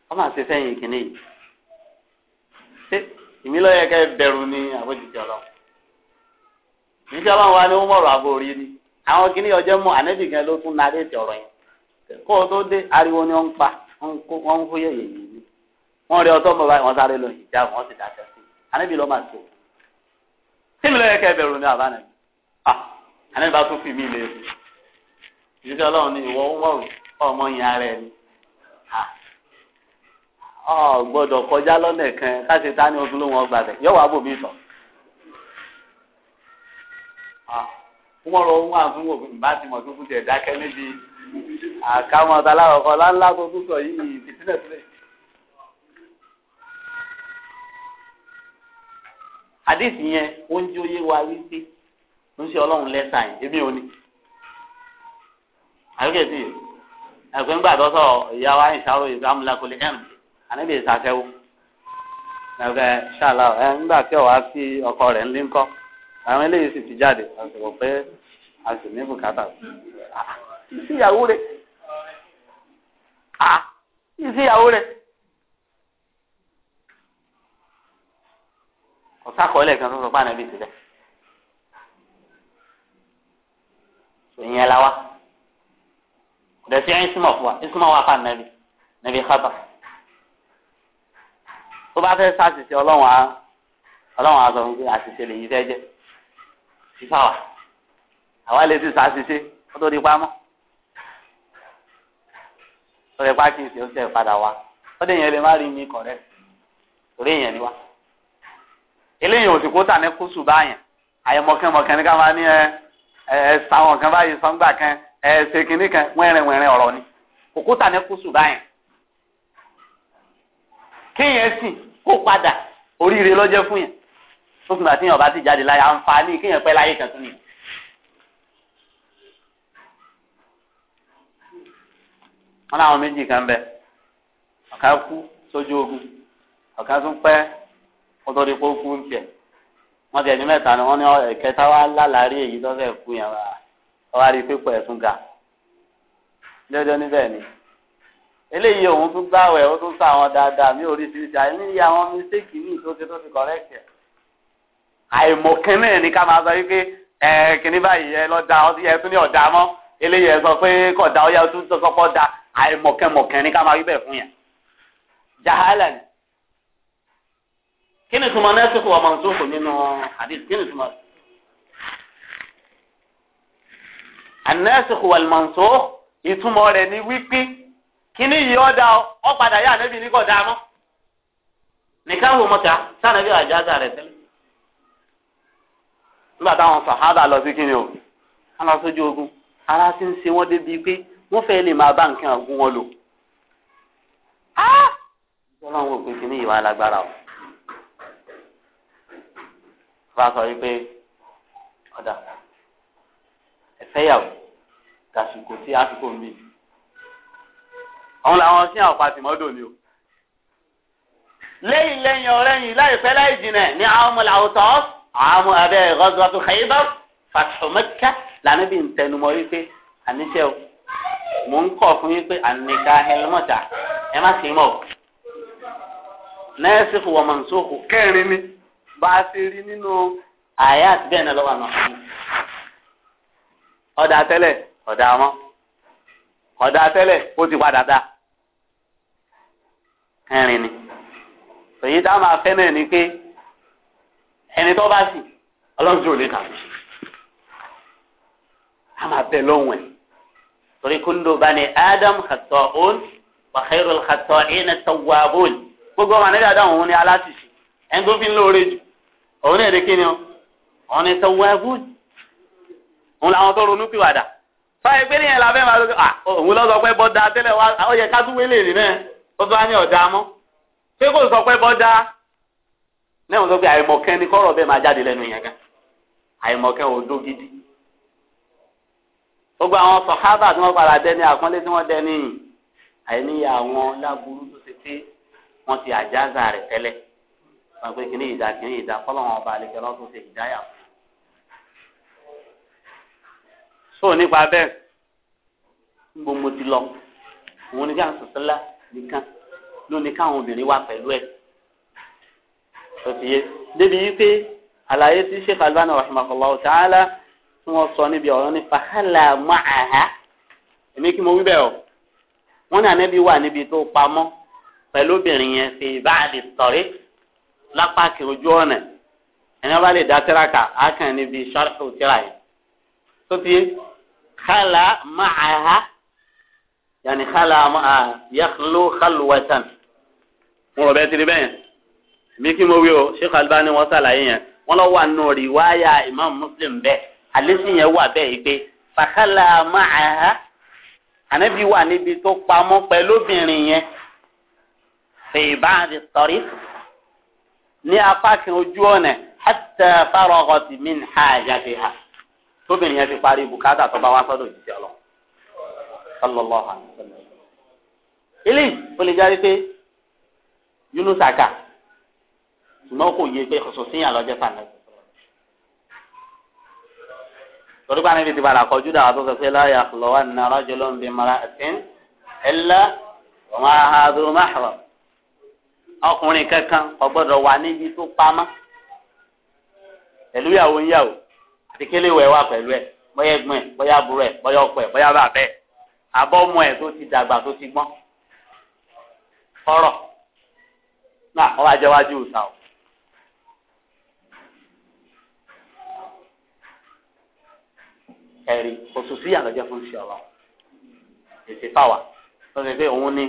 wọ́n máa ṣe sẹ́yìn kìíní yìí ṣé ìmí lọ́yẹ̀ kẹ́ bẹ̀rù ni àbójútì ọlọ́run òjíṣẹ́ ọlọ́run wa ni ó mọ̀rọ̀ àbò orí ni àwọn kìíní ọjọ́ mọ́ ànẹ́bì gan ló tún narí ètò ọ̀rọ̀ yẹn kó o tó dé ariwo ni wọ́n ń pa wọ́n ń fúyẹ̀ yẹ̀yẹ̀ yìí wọ́n rí ọtọ́ mọ̀ báyìí wọ́n sáré lọ ìjà wọ́n sì dákẹ́ anabi lọ́ọ́ máa ṣe tèmi lọ́ọ́ yẹ kẹ́ bẹ̀rù ní àbá nàbí ah anabi bá tún fi mí lé ebi ìdíjọ́ ọlọ́run ní ìwọ wọ́ọ̀rù ọmọ yẹn ara ẹni ah, ọ gbọ́dọ̀ kọjá lọ́nà kan káṣe tá ní ọdún lóhùn ọgbà rẹ̀ yọ̀wọ̀ abò mi sọ. Ah, wọ́n rọ ohun àfihàn òfin bá ti mọ̀ tó kú tẹ̀ dákẹ́ níbi àkàmọ́ta ah, láwọ̀ kan láńlá tó tún sọ yìí ìfìsílẹ̀ sílẹ̀. hadith yẹn ó ń jóye wa wípé ń ṣe ọlọ́run lẹ́sà yẹn èmi ò ní. àbíkẹ́sì ẹ̀gbẹ́ ńgbà tó sọ ìyá wa ìṣàrò ìgbàmúlákọ̀lẹ̀ ẹ̀m ṣàlà ẹ̀ tí ọ̀wá sí ọkọ rẹ̀ ńlé ńkọ́ àwọn eléyìí sì ti jáde àṣìwọ̀ pé àṣì ní bùkátà ah, rẹ̀ ah, ọ̀sákọ̀ọ́lẹ̀ kan tó sọ pé ànábì ti bẹ̀. ìyẹn la wa ọ̀dẹ̀ ìsúnmọ̀ fún wa ìsúnmọ̀ wa fún ànábì ànábì kábà. tó bá fẹ́ sàṣìṣe ọlọ́run á ọlọ́run á sọ fún pé àṣìṣe lèyí fẹ́ jẹ́ fífà wa àwa lè ti sàṣìṣe ó tó di pamọ́ ó lè pa kí n ṣe ó ṣe padà wa ó dé yẹn lè má rí mi kọ̀rẹ́ torí èèyàn ni wa eléyìí ò tà ní kùsù báyẹn àyẹ̀mọ̀kẹ́mọ̀kẹ́ ní ká máa ní ẹ sàwọn kan báyìí sọ́ngbà kan ẹ ṣe kan wẹ́rin wẹ́rin ọ̀rọ̀ ni kókó tà ní kùsù báyẹn. kéèyàn sì kó padà oríire lọ́jẹ́ fún yẹn tó kùnà tí yẹn ọba ti jáde láyé àǹfààní kéèyàn pẹ́ láyé kan tún ni. wọn láwọn méjì kan bẹ ọ̀kan kú sójú ogun ọ̀kan tún pẹ́ kótó di kó kú tiẹ̀ wọ́n tiẹ̀ ní mẹ́ta ni wọ́n ní ẹ̀kẹta wá lálàárí èyí tó fẹ́ kú yẹn wá wá rí pípọ̀ ẹ̀sùn ga lọ́jọ́ níbẹ̀ ni eléyìí òun tún gbàwẹ̀ ó tún sọ àwọn dáadáa mi ò rí ti ti àyè ní iye àwọn mistake míì tó ti tó ti correct ẹ̀ àìmọ̀ kẹ́mẹ́ ni ká máa sọ wípé ẹ̀ kìnní báyìí ẹ lọ da ọtí ẹ tún ní ọ̀dà mọ́ eléyìí ẹ sọ pé kódà ó yà ó tún sọ kọ́kọ́ da àìmọ̀kẹ́mọ̀kẹ́ ni ká máa rí bẹ́ẹ̀ fún yẹn jahala ni kí ni túmọ̀ náà sọ̀kò ọmọ nsọ́kò nínú hadith kí ni túmọ̀ sọ̀kò. anẹ́sìkò wàlùmọ̀nsọ́ ìtumọ̀ rẹ̀ ni wípé kíní yìí ọ̀dà ọ̀padà yà níbi ní kò dáná nìkan wò mọ̀tà sànàbí àjáza rẹ̀ tẹ́lẹ̀. nígbà táwọn sàhábà lọ sí kíni o wọn sójú ogun ara ti ń ṣe wọn débi pé wọn fẹ́ lè máa bá nǹkan ọ̀gùn wọn lò. ọlọ́run ò pé kíní yìí wà lágbára o bá sọ wípé ọ̀dà ẹ̀fẹ́yàwó dàsìkò tí àsìkò ń bì àwọn làwọn sí àwọn pàtìmọ́dò ni o lẹ́yìn lẹ́yìn ọ̀rẹ́ yìí láìpẹ́ láì jìnà ní àwọn ọmọ làwọn tọ́ àwọn abẹ́ ghazwatu Khaybar fathu lànà bí ntẹnumọ́ wípé àníṣe o mò ń kọ̀ fún yín pé àníkà helmọ́ta ẹ má sì mọ̀ nẹ́ẹ̀sì fún wọn mọ̀ nsókò kẹrin ni bá a ṣe rí nínú àyà àti bẹ́ẹ̀ náà lọ́wọ́ àná ọ̀dà tẹ́lẹ̀ ọ̀dà mọ́ ọ̀dà tẹ́lẹ̀ ó ti padà dá ẹ̀rìn ni èyí tá a máa fẹ́ náà ni pé ẹni tó bá sì ọlọ́run tí ò lè kàwé a máa bẹ lọ́wọ́ ẹ̀ torí kúndò bá ní adam kàtọ́ òun wàhálà kàtọ́ ìnà tọ́wọ́ àbóyìn gbogbo ọmọ nígbà dáhùn òun ni aláṣìṣe ẹni tó fi ń lóore jù òun náà èdè kí ni o òun ni tọwọ́ ẹ̀bùn òun làwọn tó ronú pìwàdà fáyé pé níyẹn la fẹ́ máa lókè à òun lọ pé bọ́ da tẹ́lẹ̀ wá ó yẹ ká tún rí náà ó tún wá ní ọ̀dà mọ́ pé kò sọ pé bọ́ da náà wọ́n sọ pé àìmọ̀kẹ́ ni kọ́rọ̀ bẹ́ẹ̀ máa jáde lẹ́nu yẹn gan àìmọ̀kẹ́ ò dó gidi gbogbo àwọn sọ̀hábà tí wọ́n padà dẹni àkọ́lé tí wọ́n dẹni yìí àìníyà àwọn láburú tó ti pé wọ́n ti àjáza rẹ̀ tẹ́lẹ̀ wọn pe kìnìún ìdá kìnìún ìdá kọlọ́wọ́n ọba àlejò ọlọ́tún ṣe ìdáyà. so nípa bẹ́ẹ̀ gbogbo mo ti lọ òun ní káà sọ̀tẹ́lá nìkan ló ní káwọn obìnrin wà pẹ̀lú ẹ̀ sọ̀tìyẹ débi wípé àlàyé tí sheikh albani rahimahullah ta'ala tí wọ́n sọ níbi ọ̀rọ̀ ní fàhálà máàhá èmi kí mo wí bẹ́ẹ̀ o wọ́n ní ànẹ́bí wà níbi tó pamọ́ pẹ̀lú obìnrin yẹn fi báàdì sọ̀rí lápá kí ojú ọ̀nà ẹni wọn bá lè dá tíraka àákàn níbi sharhu tíra yẹn tó ti khala ma'aha yàní khala ma'aha yakhlu khalwatan wọn ò bẹ tiri bẹ́ẹ̀ mi kí mo wí o Sheikh Albani wọn sàlàyé yẹn wọn lọ wà nù riwaya Imam Muslim bẹ́ẹ̀ àlẹ́sì yẹn wà bẹ́ẹ̀ yìí pé fakhala ma'aha ànábi wà níbi tó pamọ́ pẹ̀lú obìnrin yẹn fèèbá àti tọ́rí ní apá kan ojú ọ̀nà hatta faragat min hajatiha tóbìnrin yẹn ti parí bùkátà tó bá wá sọ́dọ̀ òjijì ọlọ sallallahu alaihi wasallam. ilé o lè jáde pé Yunus aka ṣùgbọ́n kò yé pé kòsòsíyàn lọ́jọ́ fàánà. torí pa níbi tí balà kọjú dàgbà tó sọ pé la yakhluwanna rajulun bi imra'atin illa wa ma'aha dhu mahram ọkùnrin kankan kò gbọ́dọ̀ wà níbi tó pamọ́ pẹ̀lú ìyàwó ń yàwó àti kí léwọ ẹ wà pẹ̀lú ẹ bóyá ẹ̀gbọ́n ẹ bóyá àbúrò ẹ bóyá ọkọ ẹ bóyá bàbá ẹ àbọ ọmọ ẹ tó ti dàgbà tó ti gbọ́n ọ̀rọ̀ náà wọn wá jẹwájú ìta o. ẹ̀rí òṣùṣù yàtọ̀ jẹ́ fún ṣe ọ̀rọ̀ èsì fáwà lọ́sẹ̀ pé òun ní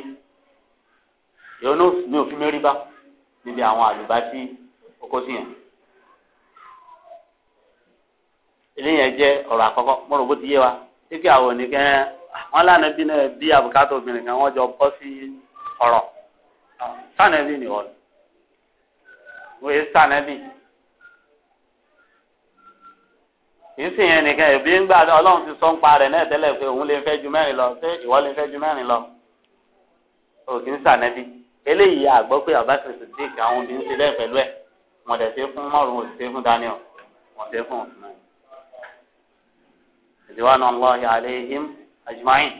yọ̀nù mi ò fi mérí bá níbi àwọn àlùbá tí kókó sí yẹn. eléyẹn jẹ́ ọ̀rọ̀ àkọ́kọ́ mo rò bó ti yé wa kíkẹ́ àwọn oníkẹ́ wọn lánàá bí náà bí àbùkátà obìnrin kan wọ́n jọ bọ́ sí ọ̀rọ̀ sànẹ́bí ni wọ́n wọ́n yé sànẹ́bí. kì í sì yẹn nìkan ẹ̀bí ń gbà ọlọ́run ti sọ ń pa rẹ̀ náà tẹ́lẹ̀ pé òun lè fẹ́ ju mẹ́rin lọ ṣé ìwọ lè fẹ́ ju mẹ́rin lọ òkì ń sànẹ́bí eléyìí àgbọ́ pé abakar sidik àwọn obìnrin ti bẹ́ẹ̀ pẹ̀lú ẹ̀ wọ́n dẹ̀ ṣe fún márùn ún ṣe fún daniel wọ́n ṣe fún usman ìdíwánu allahi aleihim ajmain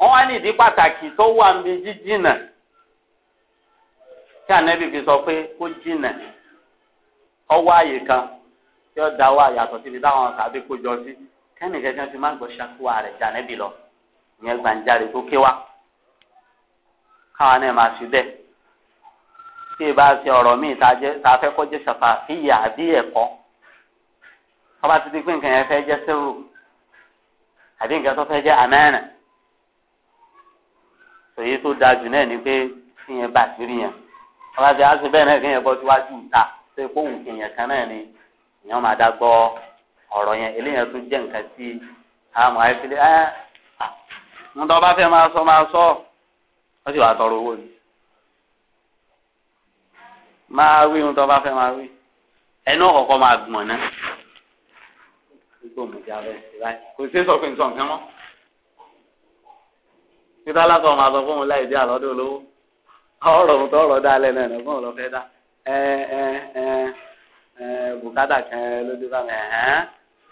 wọ́n wá ní ìdí pàtàkì tó wà ń bi jíjìnà tí ànábì fi sọ pé kó jìnà ọwọ́ àyè kan tí ó dáwọ́ àyàtọ̀ síbi táwọn tàbí kó jọ sí kẹ́nìkẹ́kẹ́ fi má gbọ́ ṣàkóso rẹ̀ jànẹ́bì lọ ìyẹn gbàǹjarè tó ké wá. káwọn náà máa fi bẹ́ẹ̀ tí ì bá ṣe ọ̀rọ̀ míì tá a fẹ́ kó jẹ́ ẹ̀kọ́ wọ́n bá ti di pé nǹkan yẹn fẹ́ jẹ́ sẹ́rù àbí nǹkan tó fẹ́ jẹ́ èyí tó da jù náà ni pé kí yẹn bá sí rí yẹn wọ́n bá ti á sí bẹ́ẹ̀ náà kí yẹn síwájú ìta ni èèyàn máa dá gbọ́ ọ̀rọ̀ yẹn eléyẹn tún jẹ́ nǹkan tí ẹ́ ń tọ́ bá fẹ́ máa sọ máa sọ wọ́n sì wá tọrọ owó ni máa wí ohun tó bá fẹ́ máa wí ẹnu ọ̀kọ̀ọ̀kọ̀ máa gbọ̀n náà gbogbo mọ̀jà rẹ̀ láì kò sí sọ pé nǹkan kan mọ́ nítorí alákọ̀ọ́ máa sọ fún òun láì dé àlọ́dún olówó ọ̀rọ̀ ohun tó rọ̀ dálẹ̀ náà ẹ̀nà fún òun lọ fẹ́ dá ẹ ẹ ẹ ẹ bùkátà kan lójú bá mi ẹ̀hẹ́n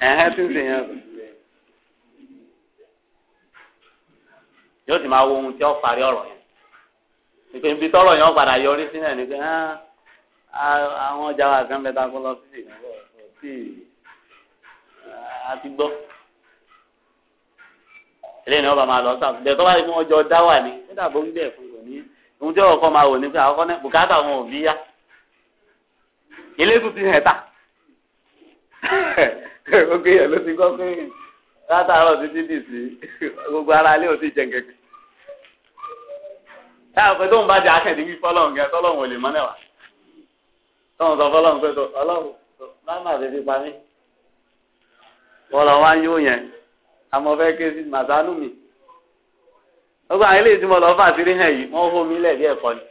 ẹ̀hẹ́n tí ń sè yẹn kù. yóò sì máa wo ohun tí ó parí ọ̀rọ̀ yẹn ìpè ń bi tọrọ yẹn padà yọrí sí náà ni pé ah, àwọn ọjà wa kan bẹ́ẹ̀ tá a kó lọ sí sí àti gbọ́ eléyìí ni wọn bá máa lọ sáà bẹ́ẹ̀ tó bá yẹ kí wọn jọ dá wà ní nígbà tó ń bẹ fún kò ní ohun tí ọkọ máa wò ní pé àkọ́kọ́ náà bùkátà wọn ò bí yá eléyìí ti hẹ̀ ta gbogbo yẹn ló ti gbọ́ pé látàárọ̀ títí dì sí gbogbo ara ilé ò ti jẹ kẹkẹ táwọn pé tóun bá di akẹ́dì wí fọlọ́run kẹ tọ́lọ́run ò lè mọ́ náà wá tóun sọ fọlọ́run pé tó ọlọ́run má má fi fi pa mí wọ́n lọ wá ń yó yẹn àmọ́ fẹ́ ké sí màsánù mi gbogbo àwọn eléyìí tí mo lọ fà sírí hàn yìí wọ́n fún mi lẹ́ẹ̀dí ẹ̀kọ́ ni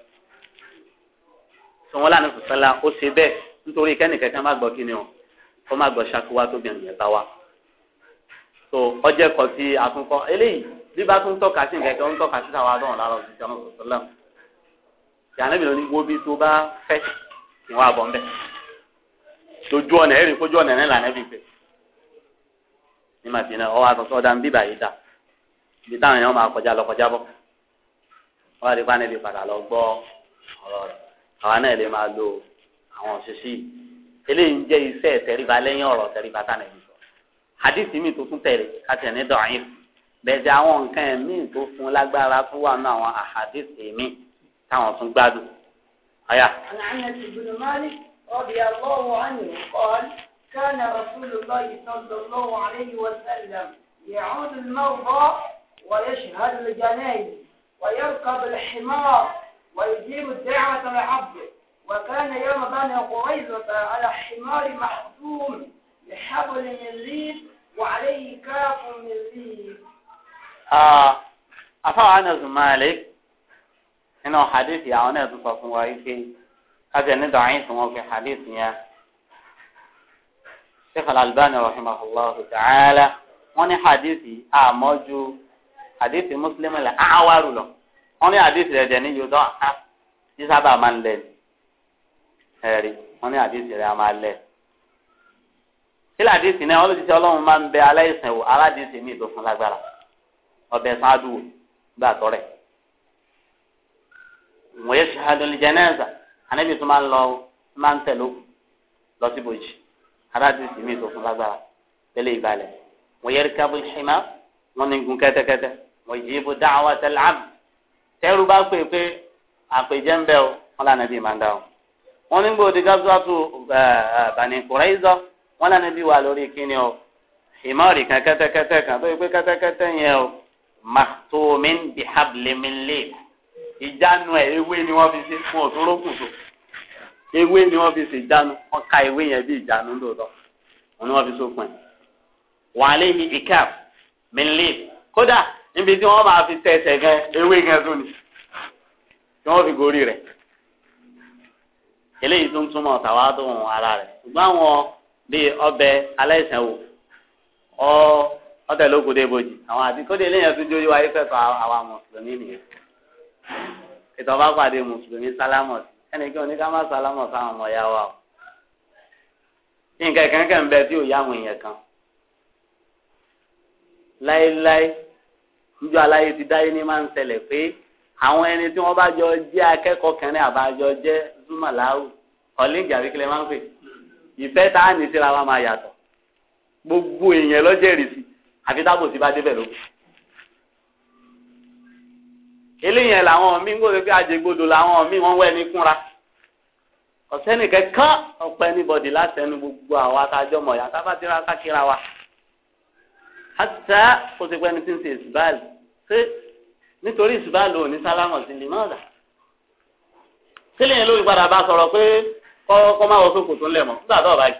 sọ wọn lánàá fòfẹ́lá ó ṣe bẹ́ẹ̀ nítorí kẹ́nìkẹ́kẹ́ má gbọ́ kí ni o kó má gbọ́ ṣakúwá tóbi àmì ẹ̀ta wa so ọjẹ́ kan tí a tún kọ́ eléyìí bí bá tún tọ́ka sí nǹkan kan ń tọ́ka sí táwọn adọ́run lára òsì sọ́nà sọ́lá yàrá mi lóní wo bí tó bá fẹ́ kí wọ́n abọ́ ń bẹ̀ lójú ọ̀nà ẹ̀rìn kójú ọ̀nà ẹ̀rìn lànà ẹ̀bí fẹ́ ní màtínà ọ̀ àtọ̀tọ̀ ọ̀dà ń bíbà yìí dà ibi táwọn èèyàn máa kọjá lọ kọjá bọ̀ wọ́n á rí pa níbi padà lọ gbọ́ ọ̀rọ̀ rẹ̀ àwa náà lè máa lo àwọn òṣìṣì eléyìí ń jẹ́ iṣẹ́ tẹríba lẹ́yìn ọ̀rọ̀ tẹríba tánà yìí sọ àdìsí mi tó tún tẹ̀lé àti ẹ̀ ní dọ̀ àyìn fún bẹ̀sẹ̀ àwọn nǹkan ẹ̀mí tó fún lágbára tó wà ní àwọn àhàdìsì mi táwọn tún gbádùn. ọ̀yà. Anas ibn Malik radiyallahu anhu qala kana Rasulullah sallallahu alayhi wa sallam ya'ud وكان يوم بني قريظة على حمار محزوم لحبل من ليل وعليه كاف من ليل Ah, afáwọn anazu malik nínú hadith yìí àwọn náà tún sọ fún wa yìí pé kájẹ ní dàáyìn tí wọn fi hadith yẹn sheikh al-albani rahimahullah ta'ala wọn ní hadith yìí àmọ́jú hadith muslim la àwárù lọ wọn ní hadith rẹ̀ jẹ́ ní yòdọ́ àá ní sábà máa ń lẹ̀ ẹ̀rí wọn ní hadith rẹ̀ máa lẹ̀ kí ládìsí náà wọn lè ti sẹ́ ọlọ́run máa ń bẹ aláìsàn wò aládìsí mi ìdòfun lágbára ọbẹ̀ sáádù gbà tọ́rẹ̀. wọ́n yẹ ṣahadu lè jẹ́nẹ́ẹ̀sà anábì tó máa ń lọ máa ń tẹ̀lé òkú lọ sí bòjì aláàdì sì mí tó fún lágbára tẹ́lẹ̀ ìbàlẹ̀ wọ́n yẹ kábù ṣìmá wọ́n ní gun kẹ́tẹ́kẹ́tẹ́ wọ́n yìí bó dá àwọn àtẹlẹ́ àbù tẹ́rù bá pè pé àpèjẹ́ ń bẹ́ o wọ́n lànà bí màá dá o wọ́n ní gbòdì gáfúráfù bàní kùrẹ́ìzọ́ wọ́n lànà bí wà lórí kíni o ìmọ̀ọ́rì kan kẹ́tẹ́kẹ́tẹ́ kan tó yẹ pé kẹ́tẹ́kẹ́tẹ́ yẹn o mahtumin bihabliminle ìjánu ẹ ewé ni wọ́n fi ṣe fún òtúrò kùtù ewé ni wọ́n fi ṣe ìjánu wọ́n ka ewé yẹn bí ìjánu lóòótọ́ wọ́n ni wọ́n fi sópin wàhálẹ yìí ìkàp minle kódà níbi tí wọ́n máa fi tẹsẹ̀ gan ewé gan tó ni tí wọ́n fi gorí rẹ̀ eléyìí tó ń túmọ̀ tàwa tó ń ara rẹ̀ ṣùgbọ́n àwọn bíi ọbẹ̀ aláìsàn wò ọ́ ọtẹ ló kù dé bojì àwọn àti kó dé léyìn tó jóyè wáyé fẹsọ àwa mùsùlùmí nìyẹn ìtọ́ bá pàdé mùsùlùmí sálámọ̀ sí ẹnì kí oníkà má sálámọ̀ sáwọn ọmọ ya wa o nǹkan kẹ̀kẹ́ ń bẹ tí ò yá àwọn èèyàn kan láéláé níjọ́ aláyé ti dáyé ní máa ń ṣẹlẹ̀ pé àwọn ẹni tí wọ́n bá jọ jẹ́ akẹ́kọ̀ọ́ kẹrin àbájọ jẹ́ zumalawu ọ̀lẹ́ǹgì àbíkílẹ̀ gbogbo èèyàn lọ́jẹ́rìí sí àfi tábò sí bá débẹ̀ ló. eléyẹn làwọn míín gbọ́dọ̀ pé àjẹgbọ́dọ̀ làwọn míín wọ́n wẹ̀ ní kúnra ọ̀sẹ́nìkẹ́ kán ọ̀pẹ́ níbọ̀dì látẹnu gbogbo àwọn atajọ́ mọ̀ yàtá bá ti ra kákìra wa. àtẹ kó ti pẹ́ ní tí ń ṣe ìsìbáàlì ṣé nítorí ìsìbáàlì ò ní sálámọ̀ sí lè náà dà. sílẹ̀ yẹn ló padà bá sọ̀rọ̀ pé kọ́ kọ́ máa wọ sókòtò ńlẹ̀ mọ́ nígbà tó ọ̀bá yìí.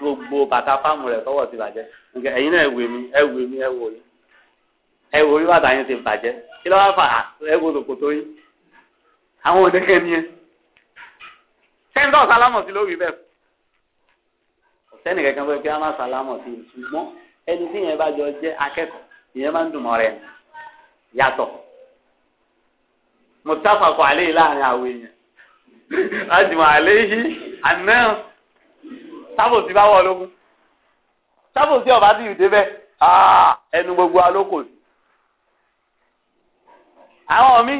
gbogbo bàtà fáàmù rẹ̀ tọwọ́ ti bàjẹ́ nǹkan ẹ̀yin náà ẹ̀wò mi ẹ̀wò mi ẹ̀wò yìí ẹ̀wò orí bàtà yẹn ti bàjẹ́ kí ló wá fà á ẹ̀wò lòkòtò yìí àwọn òdekẹ́ ni ẹ sẹ́ńtọ̀ sálámọ̀ sí lórí bẹ́ẹ̀ sẹ́ni kankan fẹ́ kí a máa sálámọ̀ sí ṣùgbọ́n ẹni tí yẹn bá jọ jẹ́ akẹ́kọ̀ọ́ ìyẹn máa ń dùn mọ́ rẹ̀ yàtọ̀ mùtáfà kọ̀ àlẹ́ láàrin àwọn èèyàn láti mọ̀ àlẹ́ yìí àná sábòsí bá wọ̀ lókun sábòsí ọ̀bá ti yùdé bẹ́ẹ̀ ah, ẹnu gbogbo alóko sí. àwọn mi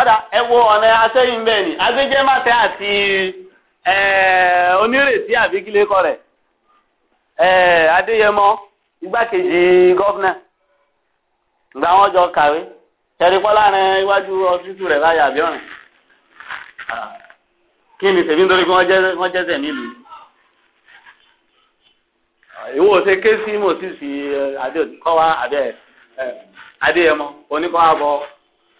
ọ̀dà ẹ wo ọ̀nà asẹ́yìn bẹ́ẹ̀ ni agbẹ́jẹ́ màtẹ́ àti onírètí àbíkílẹ́kọ̀ rẹ̀ adéyẹmọ igbákejì gọ́fúnà ìgbà wọn jọ kàwé tẹ̀rípọ́ láàrin iwájú ọfíìsì rẹ̀ láyà ah. kí ni tèmi nítorí pé wọ́n jẹ́ ìwọ ṣe ké sí mòsísì eh, adéòdìkọ́wá abẹ́ eh, adéyẹmọ oníkọ́wá bọ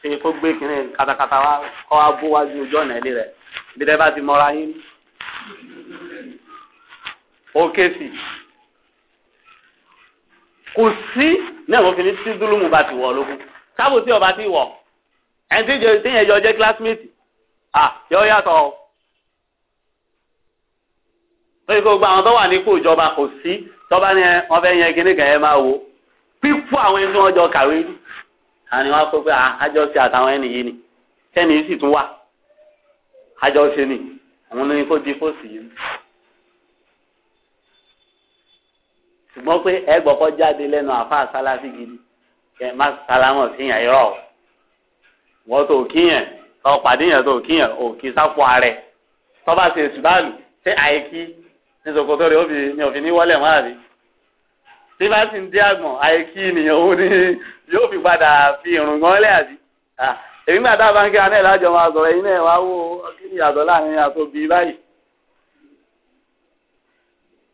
ṣe kó gbé kínní katakata wa kọ́ wa bó wájú ojú ọ̀nà ilé rẹ̀ bí dẹ́ bá ti mọ́ra yín ó ké sí kò sí náà mo fi ní tí dúlùmù bá ti wọ̀ lógún sábò tí ọba ti wọ̀ ẹni tí yẹn jọ jẹ́ kílásímẹ́tì ah yọ yàtọ̀ o lórí gbogbo àwọn tó wà nípò ìjọba kò sí tọ́ba ni wọ́n fẹ́ yẹn kíní kẹ́yẹ́ máa wò pípọ́ àwọn ẹni tí wọ́n jọ kàwé rí àní wọ́n fẹ́ pé àjọṣe àtàwọn ẹni yìí ni kẹ́ni yìí sì tún wà àjọṣe ni àwọn olóyin kó di fóòsì yìí. ṣùgbọ́n pé ẹ jáde lẹ́nu àfa sáláfì gidi kẹ má sálámọ̀ síyàn irọ́ wọ́n tó kíyàn tọ́ pàdéyàn tó kíyàn òkì sápò ààrẹ tọ́ba ṣe ṣùgbọ́n àlù ṣé àìkí ní sokoto rẹ obì ni òfin ní wọlé wọn àbí tí bá sì ń dé àgbọn àìkí ènìyàn òun ni yóò fi padà fi irun gan lẹ àbí èmi gbàdá báńkì àná ẹ̀ lájọ máa sọ̀rọ̀ ẹ̀yin náà wá wo kíni ìyàtọ̀ láàrin àtòbí báyìí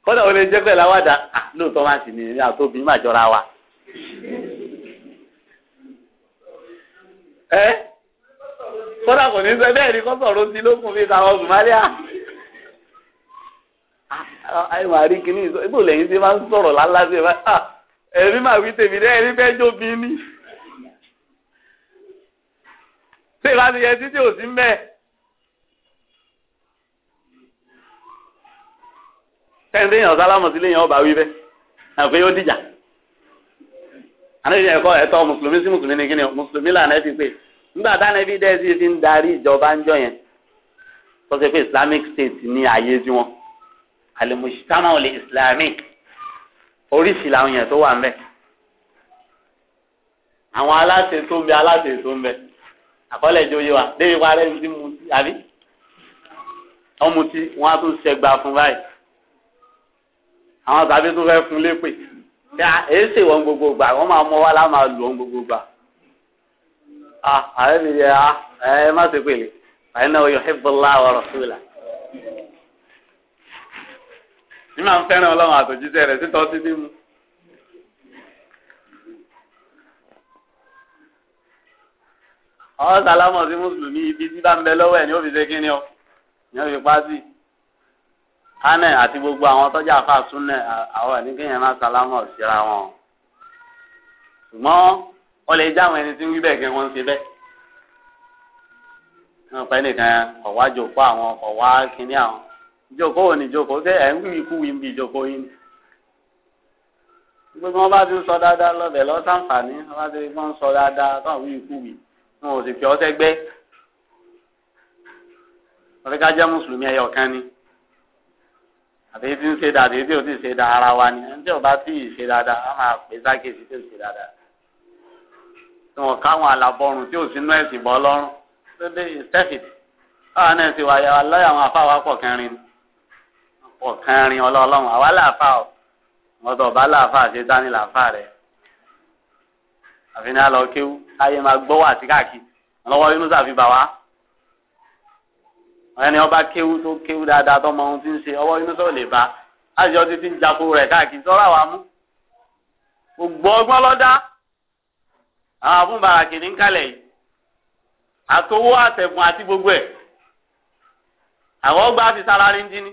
kódà ó lè jẹ́ pẹ̀lú àwàdà lóòótọ́ máa sì ní àtòbí máa jọra wa. ẹ kódà kò ní sẹ bẹ́ẹ̀ ni kó sọ̀rọ̀ sí lókun bíi tàwọn ọ̀gùnmálíà ayé ah, màá rí kíní ìsọ ibò lẹ́yìn tí máa ń sọ̀rọ̀ lálásẹ̀ bá a ah, ẹ̀rí màá wí tèmi dẹ́ ẹ̀rí fẹ́ jó bí ní. ṣé ìbá ti yẹ títí ò sí mbẹ́? kẹ́hìndé yàn sálámù sílé yàn ọba wí bẹ́ ẹ̀ pé yóò dìjà àníyàn ẹ̀kọ́ ẹ̀tọ́ mùsùlùmí sí mùsùlùmí ni kí ni mùsùlùmí là náà fi pè nígbà táwọn ẹbí dẹ́sí fi ń darí ìjọba ń jọ yẹn tó pé Islamic State ní ààyè tiwọn alimusitama olè islami oríṣi làwọn yẹn tó wà ń bẹ àwọn aláṣẹ tó ń bẹ aláṣẹ tó ń bẹ àkọọlẹ ìjòyè wa débi wa rẹ ń ti mutí àbí wọn mutí wọn á tún ṣẹgbà fún báyìí àwọn tàbí tó fẹ́ fún lépè èyí ṣe wọn gbogbo gbà wọn máa mọ wa láwọn máa lù wọn gbogbo gbà ààrẹ mi yẹ ẹ má ṣe pèlè àyẹnà yóò hibbu Allah wa rasulahu ní máa fẹ́ràn ọlọ́run àtòjíṣẹ́ rẹ̀ títọ́ títí mu. ọ̀hún sàlámọ̀ sí mùsùlùmí ibi tí bá ń bẹ lọ́wọ́ ẹ̀ ní òfìsè kínní o ní òfìsè pásì kánẹ̀ àti gbogbo àwọn tọ́jà fàásùn nẹ̀ àwọn ẹ̀ní kéèyàn máa sàlámọ̀ síra wọn. ṣùgbọ́n wọ́n lè já àwọn ẹni tí ń wí bẹ́ẹ̀ kí wọ́n ń ṣe bẹ́ẹ̀. wọ́n pẹ́ nìkan ọ̀wá jòkó àwọn ọ̀wá kínní àwọn ìjókòó ò ní ìjókòó ṣé ẹ̀ ń wí ikú wí bí ìjókòó yín ni gbogbo wọn bá ti ń sọ dáadáa lọ́bẹ̀ lọ́sàǹfààní wọn bá ti ń sọ dáadáa tó àwọn ikú wí wọn ò sì fi ọsẹ gbẹ́ ọ̀rẹ́ jẹ́ mùsùlùmí ẹyọ kan ni àti tí ń ṣe dáa àti tí ò ti ṣe dáa ara wa ni ẹni tí ò bá tí ì ṣe dáadáa á máa pè sákèsí tí ò ṣe dáadáa tí wọn káwọn alábọrùn tí ò sí nọ́ọ̀sì bọ́ lọ́rùn tó dé ìsẹ́fìtì ọ̀kan rin ọlọ́ọ̀lọ́run àwa làáfà ọ wọn tó bá làáfà ṣe dání làáfà rẹ àfihàn àlọ́ kéwú káyé máa gbọ́ wà sí káàkiri ọlọ́wọ́ inú sàfi bà wá ẹni ọba kéwú tó kéwú dáadáa tó mọ ohun tí ń ṣe ọwọ́ inú sọ̀rọ̀ lè bá àjọ títí ń jako rẹ̀ káàkiri tọ́ra wa mú gbogbo ọgbọ́n lọ́dá àwọn àfúnbàrà kìíní ń kalẹ̀ yìí àtowó àtẹ̀kùn àti gbogbo ẹ̀ àwọn ọgbà ti sára rí ń dín ní.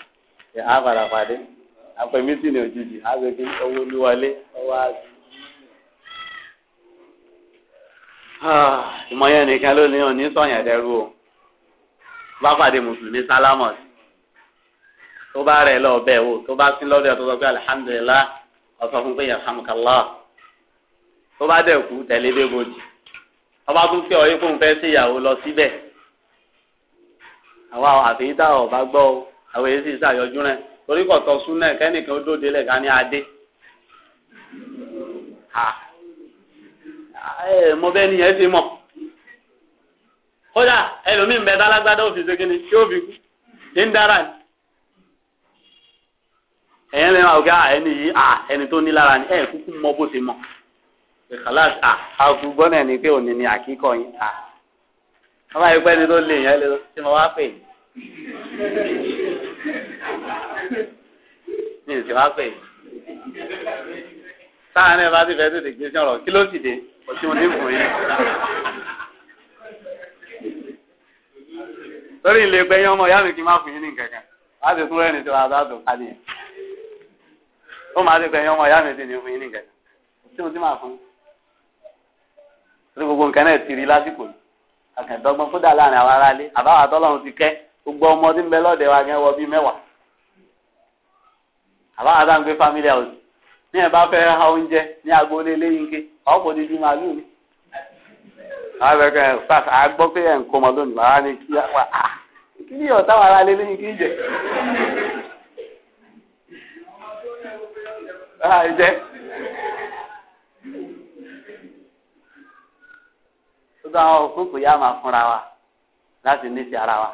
ṣe á padà pàdé àpèmísì ní òjijì á gbé kí owó ní wọlé ọwọ́ á sí. Ah, ìmọ̀ yẹn nìkan ló ní òní sọ̀yàn o bá pàdé mùsùlùmí sálámọ̀ sí tó bá rẹ̀ lọ bẹ́ẹ̀ o tó bá sí lọ́dọ̀ tó sọ pé alihamudulilayi ọ̀sọ́ fún pé yarhamukallah tó bá dẹ̀ kú tẹ̀lé dé bojì ọba tún fẹ́ ọ yín fóun fẹ́ sí ìyàwó lọ síbẹ̀ àwa àfihàn ọba gbọ́ o àwọn èyí sì ṣàyọjú rẹ̀ torí kò tọ́ sún náà kẹ́nìkan ó dóde lẹ̀ ká ní adé. mo bẹ́ẹ̀ ni yẹn ti mọ̀ kódà ẹlòmíín bẹ́ẹ̀ dálágbádá òfin ṣe kíni tí ó fi kú ní dára ni. ẹ̀yẹ́n lè máa wò ẹni yìí ẹni tó ní lára ni ẹ̀ kúkú mọ bó ti mọ̀ kàlàs à àgùgbọ́n náà ni pé òní ni àkíkọ yín à. wọ́n máa yí tó lè yẹn lè tí mo wá pè yín mi ò sì wá pè é sáà náà bá ti fẹ́ tètè gbé sọ̀rọ̀ kí ló sì dé òsì wọn ní fún yín. lórí ilé gbẹ́yìn ọmọ ìyá mi kì í má fún yín ní nǹkan kan á ti tún tí wàá bá tó ká nìyẹn ó máa ti gbẹ̀yìn ọmọ ìyá mi ti ní fún yín ní nǹkan kan tí mo ti máa fún yín gbogbo nǹkan náà ti rí lásìkò yìí àkàndọ́gbọ́n kódà láàrin àwọn aráalé àbáwá tọ́lọ́run ti kẹ́ gbogbo ọmọdé ń bẹ wa gẹ́ wọ bíi mẹ́wàá àbá àdá ń gbé family house ní bá ha oúnjẹ ní agboolé léyìnké ọ̀pọ̀ dídí màálù mi. àbẹ̀kẹ́ ẹ̀ sars àgbọ́ pé ẹ̀ ń kó ọmọ bàbá ni kí wà á ah, kí ni ọ̀tá wà lálẹ́ jẹ. Ah, àwọn yá máa fúnra wa láti ní ara wa.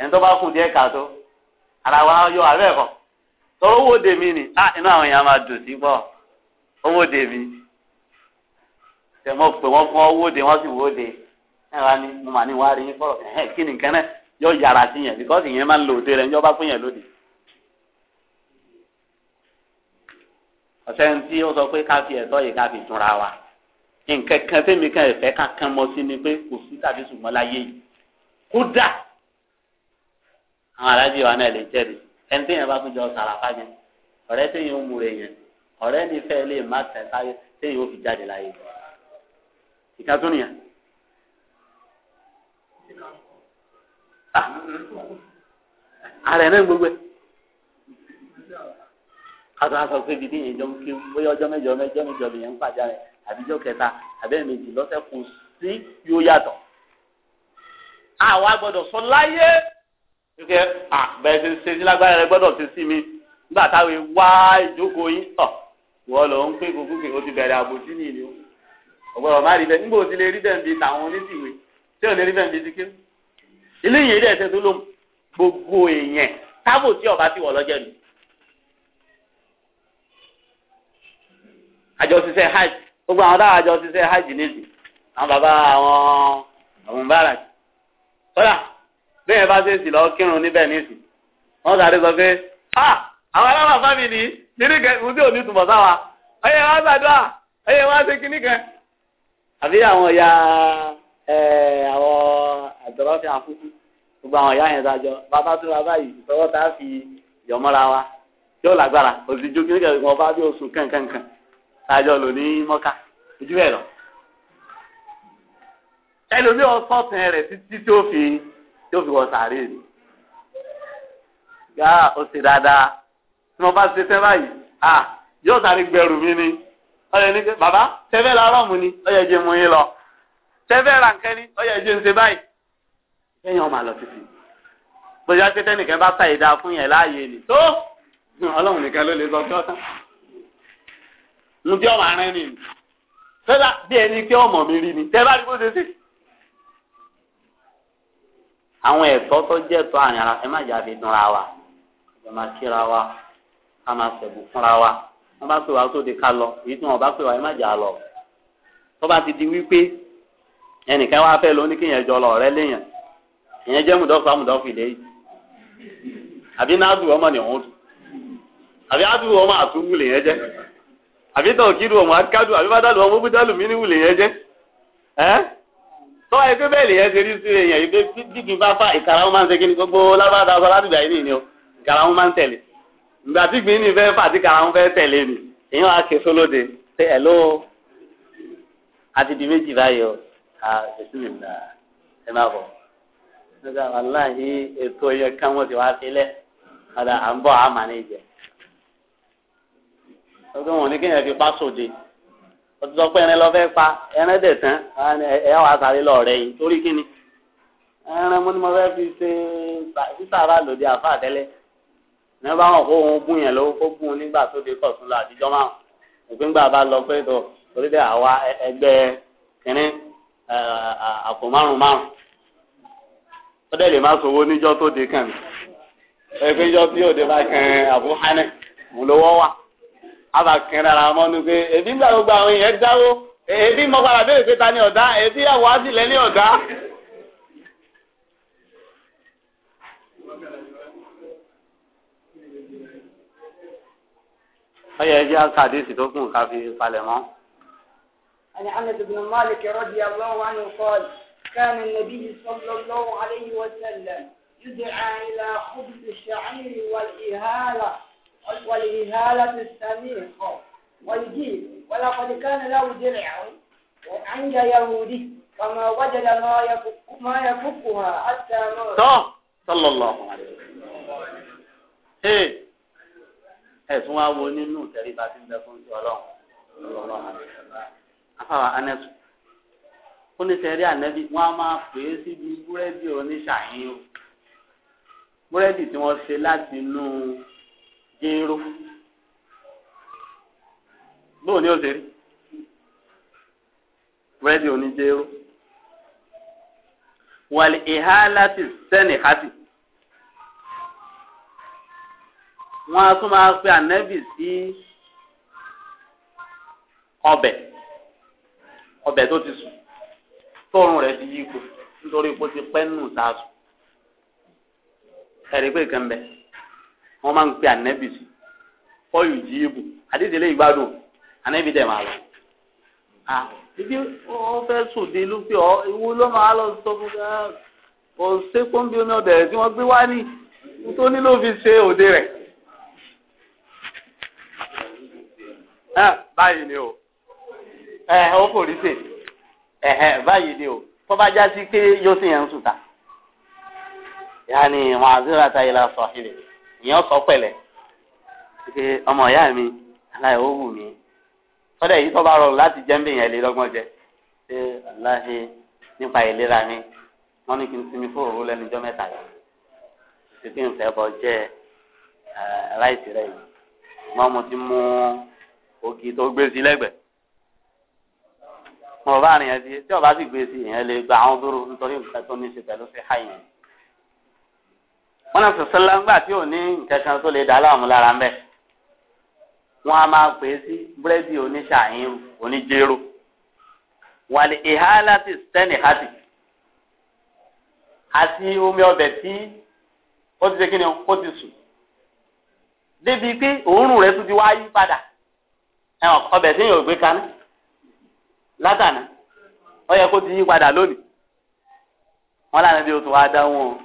ẹni tó bá kù díẹ̀ kàtó ara wa yọ àárẹ̀ kan tọrọ owó dèmi ni a ah, inú àwọn èèyàn máa dùn sí pọ̀ owó dèmi tẹmọ pé wọn fún owó dè wọn sì wó dè ẹ wá ní mo mà ní wàá rí yín kọrọ ẹ kí ni nǹkan náà yọ yàrá sí yẹn bíkọ́sì yẹn máa ń lo òde rẹ ní ọba fún yẹn lóde. ọ̀sẹ̀ tí ó sọ pé ká fi ẹ̀tọ́ yìí ká fi dunra wa nǹkan kan tẹ́mi kan ẹ̀fẹ́ ká kán mọ́ sí ni pé kò sí tàbí ṣùgbọ́n láyé yìí kódà àwọn alájì wa náà lè jẹ́bi ẹni tí yẹn bá tún jọ sàràfà yẹn ọ̀rẹ́ tí yẹn ń mú rẹ̀ yẹn ọ̀rẹ́ ní fẹ́ lè má tẹ̀ sáyé tí yẹn ó fi jáde láyé ìka tó nìyẹn. ààrẹ náà gbogbo ẹ̀ kátó a sọ pé bíbí yẹn jọ ń kí bóyá ọjọ́ mẹ́jọ mẹ́jọ mẹ́jọ lèyẹn ń pàjá rẹ̀ àbíjọ́ kẹta àbẹ́ẹ̀mejì lọ́sẹ̀ kù sí yóò yàtọ̀ àwa gbọ́dọ̀ sọ láyé kíkẹ́ àbẹ̀ ti ṣe sí lágbára rẹ gbọ́dọ̀ ti sí mi nígbà táwọn wá ìjókòó yín tọ̀ wọ́n lọ ń pè kókó kí o ti bẹ̀rẹ̀ àbòsí ní ìlú ọ̀gbọ́dọ̀ má rí bẹ́ẹ̀ nígbà tí lè rí bẹ́ẹ̀ bíi tàwọn oníṣìwé tí ò lè rí bẹ́ẹ̀ bíi ti kéwù ilé yìí dẹ̀ ṣe tó ló gbogbo èèyàn tábò tí ọba ti wọ̀ lọ́jọ́ ni. àjọ ṣiṣẹ́ hajj gbogbo àwọn táwọn àjọ ṣiṣẹ́ hajj nìyí àwọn bàbá àwọn àwọn mubarak sọ́dà bẹ́ẹ̀ bá ṣe sì lọ kírun níbẹ̀ nísì wọ́n sáré sọ pé ah àwọn aláwọ̀ fámìlì nínú ìkẹ́kùn tí ò ní túnbọ̀ sáwa ẹ̀yẹ wá gbàdúrà ẹ̀yẹ wá ṣe kíní kan. àbí àwọn ìyá àwọn àdọ̀rọ̀ fi gbogbo àwọn ìyá yẹn dájọ́ bàbá tó bàbá yìí ìfọwọ́ tá a fi yọ̀mọ́ra wa yóò lágbára òsìjú kíní kan wọn bá bí oṣù kankankan tájọ́ lò ní mọ́ká ojú bẹ́ẹ̀ ẹlòmíràn sọ̀tàn rẹ̀ títí tó fi tí ó fi wọ sàárè ni gá o ṣe dáadáa tí mo bá ṣe tẹ́ báyìí ah yóò sáré gbẹrù mi ni ọyọ ní pé bàbá tẹ́fẹ́ làárọ̀ mu ni ọyọ jẹ mu yín lọ tẹ́fẹ́ ra nǹkan ni ọyọ jẹ ń ṣe báyìí kẹ́yìn ọmọ àlọ́ títì bóyá pé tẹ́nìkan bá ta ìdá fún yẹn láàyè ni tó ọlọ́run nìkan ló lè sọ fí ọ̀tá mo jẹ́ ọmọ arẹ́rìn ni fẹ́lá bí ẹni pé ọmọ mi rí ni tẹ́ bá rí bó ṣe sí. àwọn ẹ̀tọ́ tó jẹ́ ẹ̀tọ́ àrìn ara ẹ má jà fi dunra wa ẹ má kíra wa ká má ṣẹ̀bù fúnra wa wọ́n bá pè wá ká lọ èyí tí bá pè wá ẹ má jà lọ tó bá ti di wípé ẹnìkan wá fẹ́ lọ ní kéèyàn jọ lọ ọ̀rẹ́ léèyàn ìyẹn ilé yìí àbí ọmọ ni òun àbí ádù ọmọ ọmọ akádù àbí ọmọ mí tọ́wọ́ ẹgbẹ́ bẹ́ẹ̀ lè yẹn ṣe rí sí èèyàn ìgbé dígì bá fà ìkàrà wọn máa ń ṣe kíni gbogbo lábàdà ọsọ láti gbà yín ni o ìkàrà wọn máa ń tẹ̀lé ìgbà tí gbìn ní fẹ́ fà tí ìkàrà wọn fẹ́ tẹ̀lé ni èèyàn á ké sólóde ṣe ẹ̀ ló àti di méjì báyìí o à ṣèṣì mi nà ẹ má bọ̀ nígbà wàláhì ètò yẹn kán wọ́n ti wá sílẹ̀ padà à ń bọ̀ àmà ní ìjẹ ọdún wọn ní kéèyàn fi pásòde ọtútọ pé ẹrin lọ fẹ́ pa ẹrin dẹ tán ẹ wàá sáré lọ rẹ yìí torí kíni ẹrin mo ni mo fẹ́ fi ṣe sísàrà lòdì àfa àtẹlẹ ní bá wọn kó òun bùn yẹn lówó kó bùn nígbà tó dé kọsùn lọ àtijọ́ máa òpíngbà bá lọ pé tó torí bẹ àwa ẹgbẹ́ kínní àpò márùn márùn ó dẹ̀ lè má sowó níjọ́ tó dé kàn mí ẹgbẹ́jọ́ tí òde bá kàn àbúhánẹ̀ òun lówó wà abàkẹ́rẹ́ ara mọ́ ni pé èbí nígbà gbogbo àwọn èèyàn dáwó èbí mo padà béèrè pé ta ni ọ̀dá èbí àwọ̀ àtìlẹ́ ní ọ̀dá. ọyọ ẹjẹ akadéṣì tó kù ká fi palẹ̀ mọ́. عن أنس بن مالك رضي الله عنه قال كان النبي صلى الله عليه وسلم يدعى إلى خبز الشعير والإهالة والإهالة السميقة والجيل ولقد كان له درع عند يهودي فما وجد ما يفك ما يفكها حتى مات صلى الله عليه وسلم ايه ẹ̀sùn wa wo nínú ìtẹríba tí ń bẹ fún ti ọlọ́run ọlọ́run afáwa anẹ́sù ó ní sẹ́rí ànẹ́bí wọ́n á máa pè é síbi búrẹ́dì oníṣàyín o búrẹ́dì tí wọ́n ṣe láti inú irú bóun ni ó ṣe rí búrẹ́dì oníjẹ irú wàlì ìhá láti sẹ́nì hátì wọ́n á tún máa pe ànẹ́bì sí ọbẹ̀ ọbẹ̀ tó ti sùn tóorùn rẹ̀ ti yí ipò nítorí ipò ti pẹ́ nù sáà sùn ẹ̀rí pé kan bẹ́ẹ̀ wọ́n máa ń pe ànẹ́bì sí fọ́ọ̀yù jí ibù àdéhùn lè gbádùn ànẹ́bì dẹ̀ máa lọ. ibi wọ́n fẹ́ sòde ló pé ọ ìwo ló máa lọ sọ fún ká ọ ṣé pọ́ńbí omi ọ̀dẹ̀ tí wọ́n gbé wá ní tó ní ló fi ṣe òde rẹ̀. báyìí ni o ó kò rí sè báyìí ni o tó bá já sí pé yóò sì yẹn ń sùn ta. yàní wọn àti la sọ ìrèlè ìyẹn sọ pẹ̀lẹ́ pé ọmọ ìyá mi aláìwọ wù mí sọdẹ yìí tó bá rọrùn láti jẹ ń yẹn lé lọ́gbọ́n jẹ ṣé aláṣẹ nípa ìlera mi wọn ní kí n sinmi fún òru lẹ́nu ọjọ́ mẹ́ta yìí ṣé kí n fẹ́ bọ jẹ aláìsí eh, rẹ yìí mọ ti mú ògì tó gbé sí lẹ́gbẹ̀ẹ́ mo bá rìn yẹn sí tí ọba sì gbé sí yẹn lè gba àwọn dúró nítorí nǹkan tó ní í ṣe pẹ̀lú sí háyìn yẹn wọn náà sọsọ lágbà tí ò ní nǹkan kan tó lè dá láàmú lára mbẹ wọn a máa pè é sí búrẹ́dì oníṣàyìn oníjẹrò wàlẹ ìhà láti sẹni hàtì àti omi ọbẹ̀ tí ó ti ṣe kí ni ó ti sùn débi pé òórùn rẹ̀ tún ti wá yí padà ẹwọn ọbẹ̀ tí yẹn ò gbé kaná látàná ó yẹ kó ti yí padà lónìí wọn lànà bí o tún wá dáhùn o.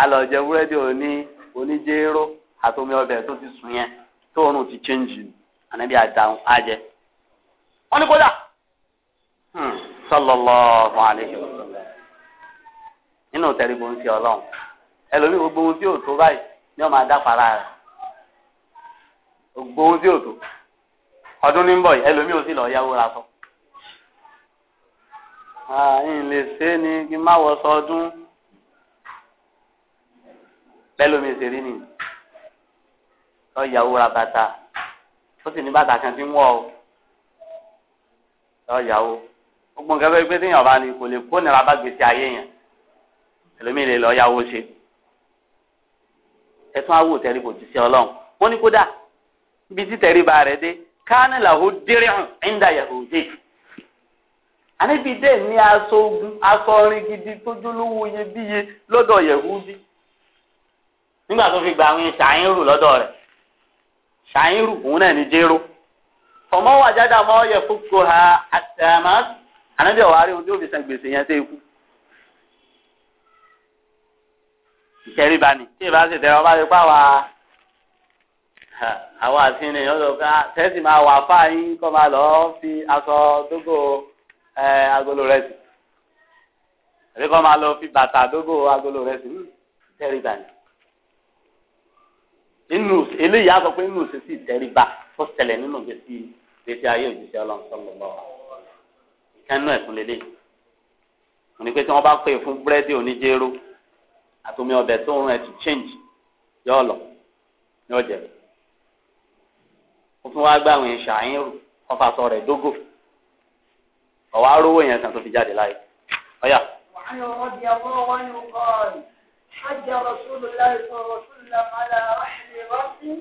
alọ̀jẹ búrẹ́dì òní oníjẹ́rọ àtomi ọbẹ tó ti sùn yẹn tó òórùn ti chẹ́ǹjì ànábì àdáhùn ajẹ. wọn kódà hmm, nínú tẹrígbó ń ẹlòmíì gbogbo ohun tí ò tó báyìí ni wọ́n máa dápara rẹ̀ gbogbo ohun tí ò tó ọdún ní ń bọ̀ yìí ẹlòmíì ò sì yáwó ra sọ. àyìn lè ṣe ni kí n má wọ lẹ́lómi ìṣeré nìyí lọ́yàwó ra bàtà ó sì ní bàtà kan tí ń wọ̀ ọ́ lọ́yàwó gbogbo nǹkan fẹ́ gbé téèyàn bá ní kò lè kó nira bá gbèsè ayé yẹn ẹlòmíì lè lọ́yàwó ṣe ẹ̀tún awò tẹ̀rí kò jíṣẹ́ ọlọ́run wọ́n ní kódà ibi tí tẹ̀rí ba rẹ̀ dé káánì làwọn dérè hàn ẹ̀ńdà yàtọ̀ òde àníbi dé ní aṣọ ogun aṣọ orin gidi tó jólówó iyebíye lọ́dọ̀ yẹ̀húdí nígbà tó fi gba àwọn ṣàyínrù lọ́dọ̀ rẹ̀ ṣàyínrù òun náà ní jéró fọmọ wà jáde àmọ́ yẹ fúkọ ha àtẹ̀mọ́ ànábì ọ̀wá rí ohun tí ó fi san gbèsè yẹn tẹ́ ikú. ìtẹríba ni tí ìbá sì tẹ̀rọ bá ti pa wá àwọn àfihàn èèyàn lọ ká ah, tẹ́sí máa wà fáyín kọ́ máa lọ́ọ́ fi aṣọ dógò agolo rẹ̀ sí àbí kọ́ máa lọ fi bàtà dógò agolo rẹ̀ sí ìtẹríba ni inú eléyìí á sọ pé inú ṣe sí ìtẹríba tó ṣẹlẹ̀ nínú gbèsè gbèsè ayé òjíṣẹ́ ọlọ́run sọ́lọ́ lọ́wọ́ kánú ẹ̀kún lélẹ̀ òní pé tí wọ́n bá pè fún búrẹ́dì oníjẹ́rú àtomi ọbẹ̀ tó ń rún ẹ̀ ti change yọ lọ yọ jẹ ó tún wáá gbà àwọn èèyàn ṣàyẹ̀rù ọfà sọ rẹ̀ dógò ọ̀wá rówó yẹn kan tó fi jáde láyé ọ̀yà. wàá yọ ọ́ di wọn ní ọkọ rẹ̀. حج رسول الله صلى الله عليه وسلم على رحل رأسه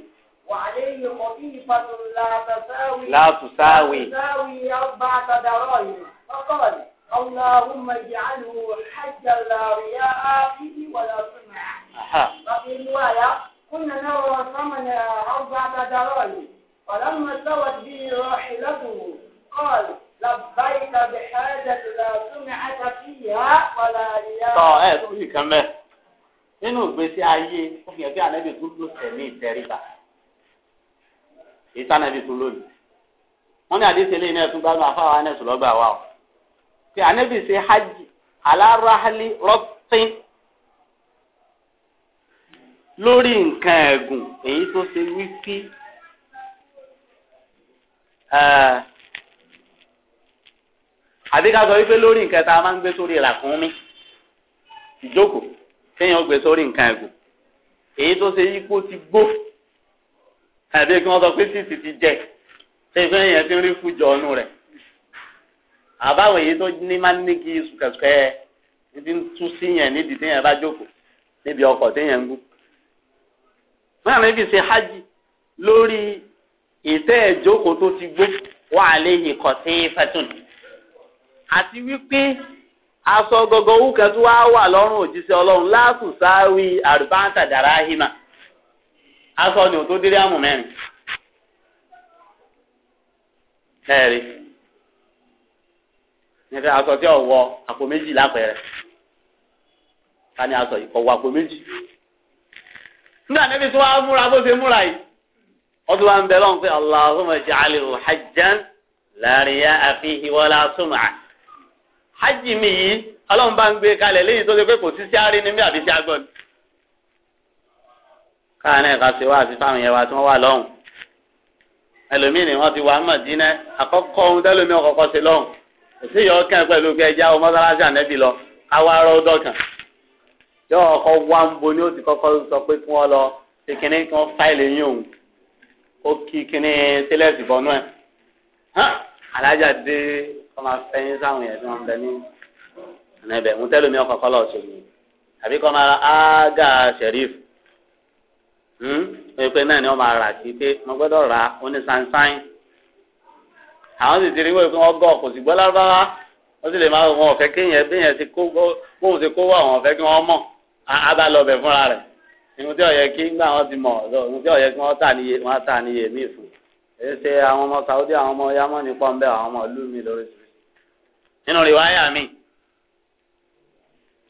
وعليه خطيفة لا تساوي لا تساوي تساوي أربعة دراهم فقال اللهم اجعله حجا لا رياء فيه ولا سمعة وفي رواية كنا نرى ثمن أربعة دراهم فلما سوت به راحلته قال لبيك بحاجة لا سمعة فيها ولا رياء فيه إيه nínú ìgbésí ayé ó fi hàn tún lò tẹ̀lé ìtẹríba èyí tánàbì tún lónìí wọn ní àdéhùn eléyìí náà tún gbádùn àfáwọn wa o pé ànábì ṣe hajj alárahali rọtín lórí nǹkan ẹ̀gùn èyí tó ṣe wípé eh, àbí sọ wípé lórí nǹkan tá a máa ń kéèyàn gbé sórí nǹkan ẹ̀gùn èyí tó ṣe yípo ti gbó àbí kí wọ́n sọ pé títì ti jẹ ṣèfẹ́ yẹn ti rí fújọ ọ̀nù rẹ̀ àbáwọ̀ èyí tó ní máa ní kí sùkẹ̀sùkẹ̀ ti ń tú sí yẹn nídìí téèyàn bá jókòó níbi ọkọ̀ téèyàn ń gún. wọ́n àmì fi ṣe hajj lórí ìtẹ́ ìjókòó tó ti gbó wà léyìn kọ̀tí fẹ́tùn àti wípé asọ gọgọ owó tó wá wà lọ́rùn òjíṣẹ́ ọlọ́run àrùbáńtà asọ ni ò tó dérí àmù mẹ́rin. ẹ̀rí nífẹ̀ẹ́ asọ tí ò wọ àpò méjì lápẹ̀rẹ̀ ká ní asọ yìí kò wọ àpò méjì. nígbà níbi tí wàá múra bó ṣe múra yìí wá ń hajj mi yìí ọlọ́run bá ń gbé kalẹ̀ léyìí tó ṣe pé kò sí sí àárín níbi àbí sí agbọ́n. káà náà ká ṣe wá àti fáwọn yẹn wa tí wọ́n wà lọ́hùn. ẹlòmíì ni wọ́n ti wà mọ̀dínà àkọ́kọ́ ohun tẹ́lómíì ọkọ̀ọ̀kọ́ ṣe lọ́hùn. kò sí ìyọ́ kẹ́ pẹ̀lú pé ẹja o mọ́sálásí ànẹ́bí lọ káwá rọ́ dọ̀kàn. yọ ọkọ̀ wá ń bo ni ó ti kọ́kọ́ sọ pé kí wọ́n lọ ṣe kí wọ́n fáìlì yín òun. ó kí kinní sílẹ̀ alájà dé ọmọ afẹ́yìn sáwọn yẹn tí wọ́n ń bẹ ní ẹ̀nẹ́bẹ̀ ń tẹ́lómi ọkọ̀ kọ́lọ̀ ọ̀ṣọ́gun àbí kọ́ máa ága sheriff hmm? pé náà ni wọ́n máa rà sí pé wọ́n gbọ́dọ̀ rà ó ní sáńsáń àwọn sì ti rí wọ́n pé wọ́n gọ̀ kò sì gbọ́ lárúbáwá wọ́n sì lè máa wọn ọ̀fẹ́ kéèyàn béèyàn ti kó bóun ti kó wà wọn ọ̀fẹ́ kí wọ́n mọ̀ abalọ̀bẹ̀ fúnra rẹ̀ ìmùtí ọ̀yẹ́ kí gbà wọ́n ti mọ̀ ọ̀dọ́ ìmùtí èsè àwọn ọmọ Saudi àwọn ọmọ Yamani pọ́ńbẹ́ àwọn ọmọ ìlú mi lórí ti nínú rìwáyà mi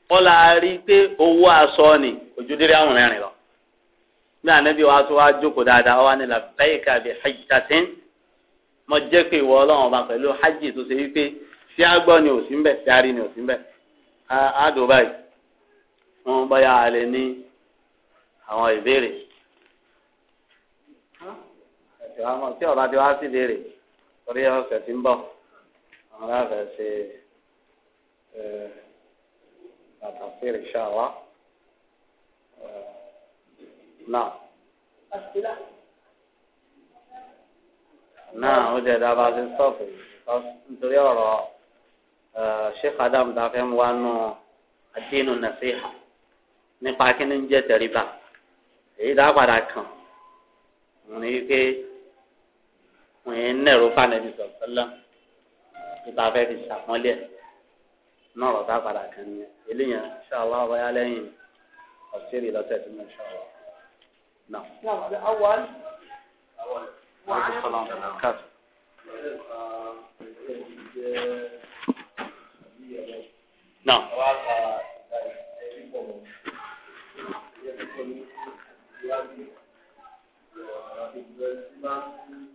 wọ́n la rí i pé owó aṣọ ni ojúdéré àwọn mẹ́rin lọ bí ànábì wa tó wá jókòó dáadáa wá ní làbẹ́yìká bí hajjatin mo jẹ́ pé ìwọ ọlọ́run ọba pẹ̀lú hajj tó ṣe wípé tí a ni ò sí mbẹ̀ tí a ni ò sí mbẹ̀ á dùn báyìí wọ́n bọ́yá a ní àwọn ìbéèrè tí ọba ti wá sí léèrè torí ọ̀sẹ̀ tí ń bọ̀ àwọn aláfẹ ṣe bàtà fèrè ṣáwa náà. náà ó jẹ dábàá sí stọọpù nítorí ọ̀rọ̀ sheikh adam dafẹ́ ń wá nù adínú nàṣíhà nípa kí ni ń jẹ́ tẹ̀ríba èyí dá padà kàn ní wípé wọn yẹn nẹrù fànẹbi sọsọlá ìbá fẹẹ fi sàpọnlé ẹ náà rọ bá padà kàn yẹn eléyàn ṣàlọ ọbẹyà lẹ́yìn ọsẹrì lọtẹ tó ń ṣàlọ. نعم. نعم نعم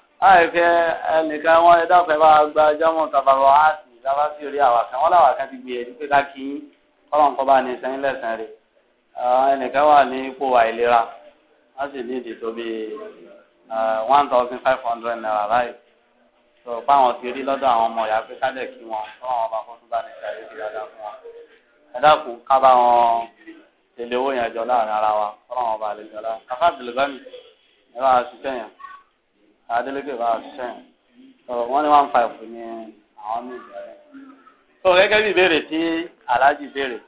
àìfẹ́ ẹnìkan wọn ẹ dáfẹ́ bá gba jọ́mọ̀ tàbàrọ̀ áàtì lábá sí orí àwàkàn wọn làwàkàn ti gbìyànjú pé ká kí ọlọ́run kọ́ bá ní sẹ́yìn lẹ́sàn-án rẹ̀ ẹnìkan wà ní ipò àìlera wọ́n sì ní ìdí tó bí one thousand five hundred naira báyìí so báwọn ti rí lọ́dọ̀ àwọn ọmọ ìyá pé kálẹ̀ kí wọn fọwọ́n ọba kó tún bá ní ṣàyè sí dáadáa fún wọn ẹ dákun ká bá wọn tẹ̀lé owó yẹn jọ láàrin ara wa fọwọ́n ọba àlejò ọlá kàfá àdìlẹ́gbàmì ẹ a ṣiṣẹ́ adeleke bá ṣẹ́yìn wọ́n ní one five ní àwọn mí ìbẹ̀rẹ̀. tó gẹ́gẹ́ bí ìbéèrè tí aláàjì béèrè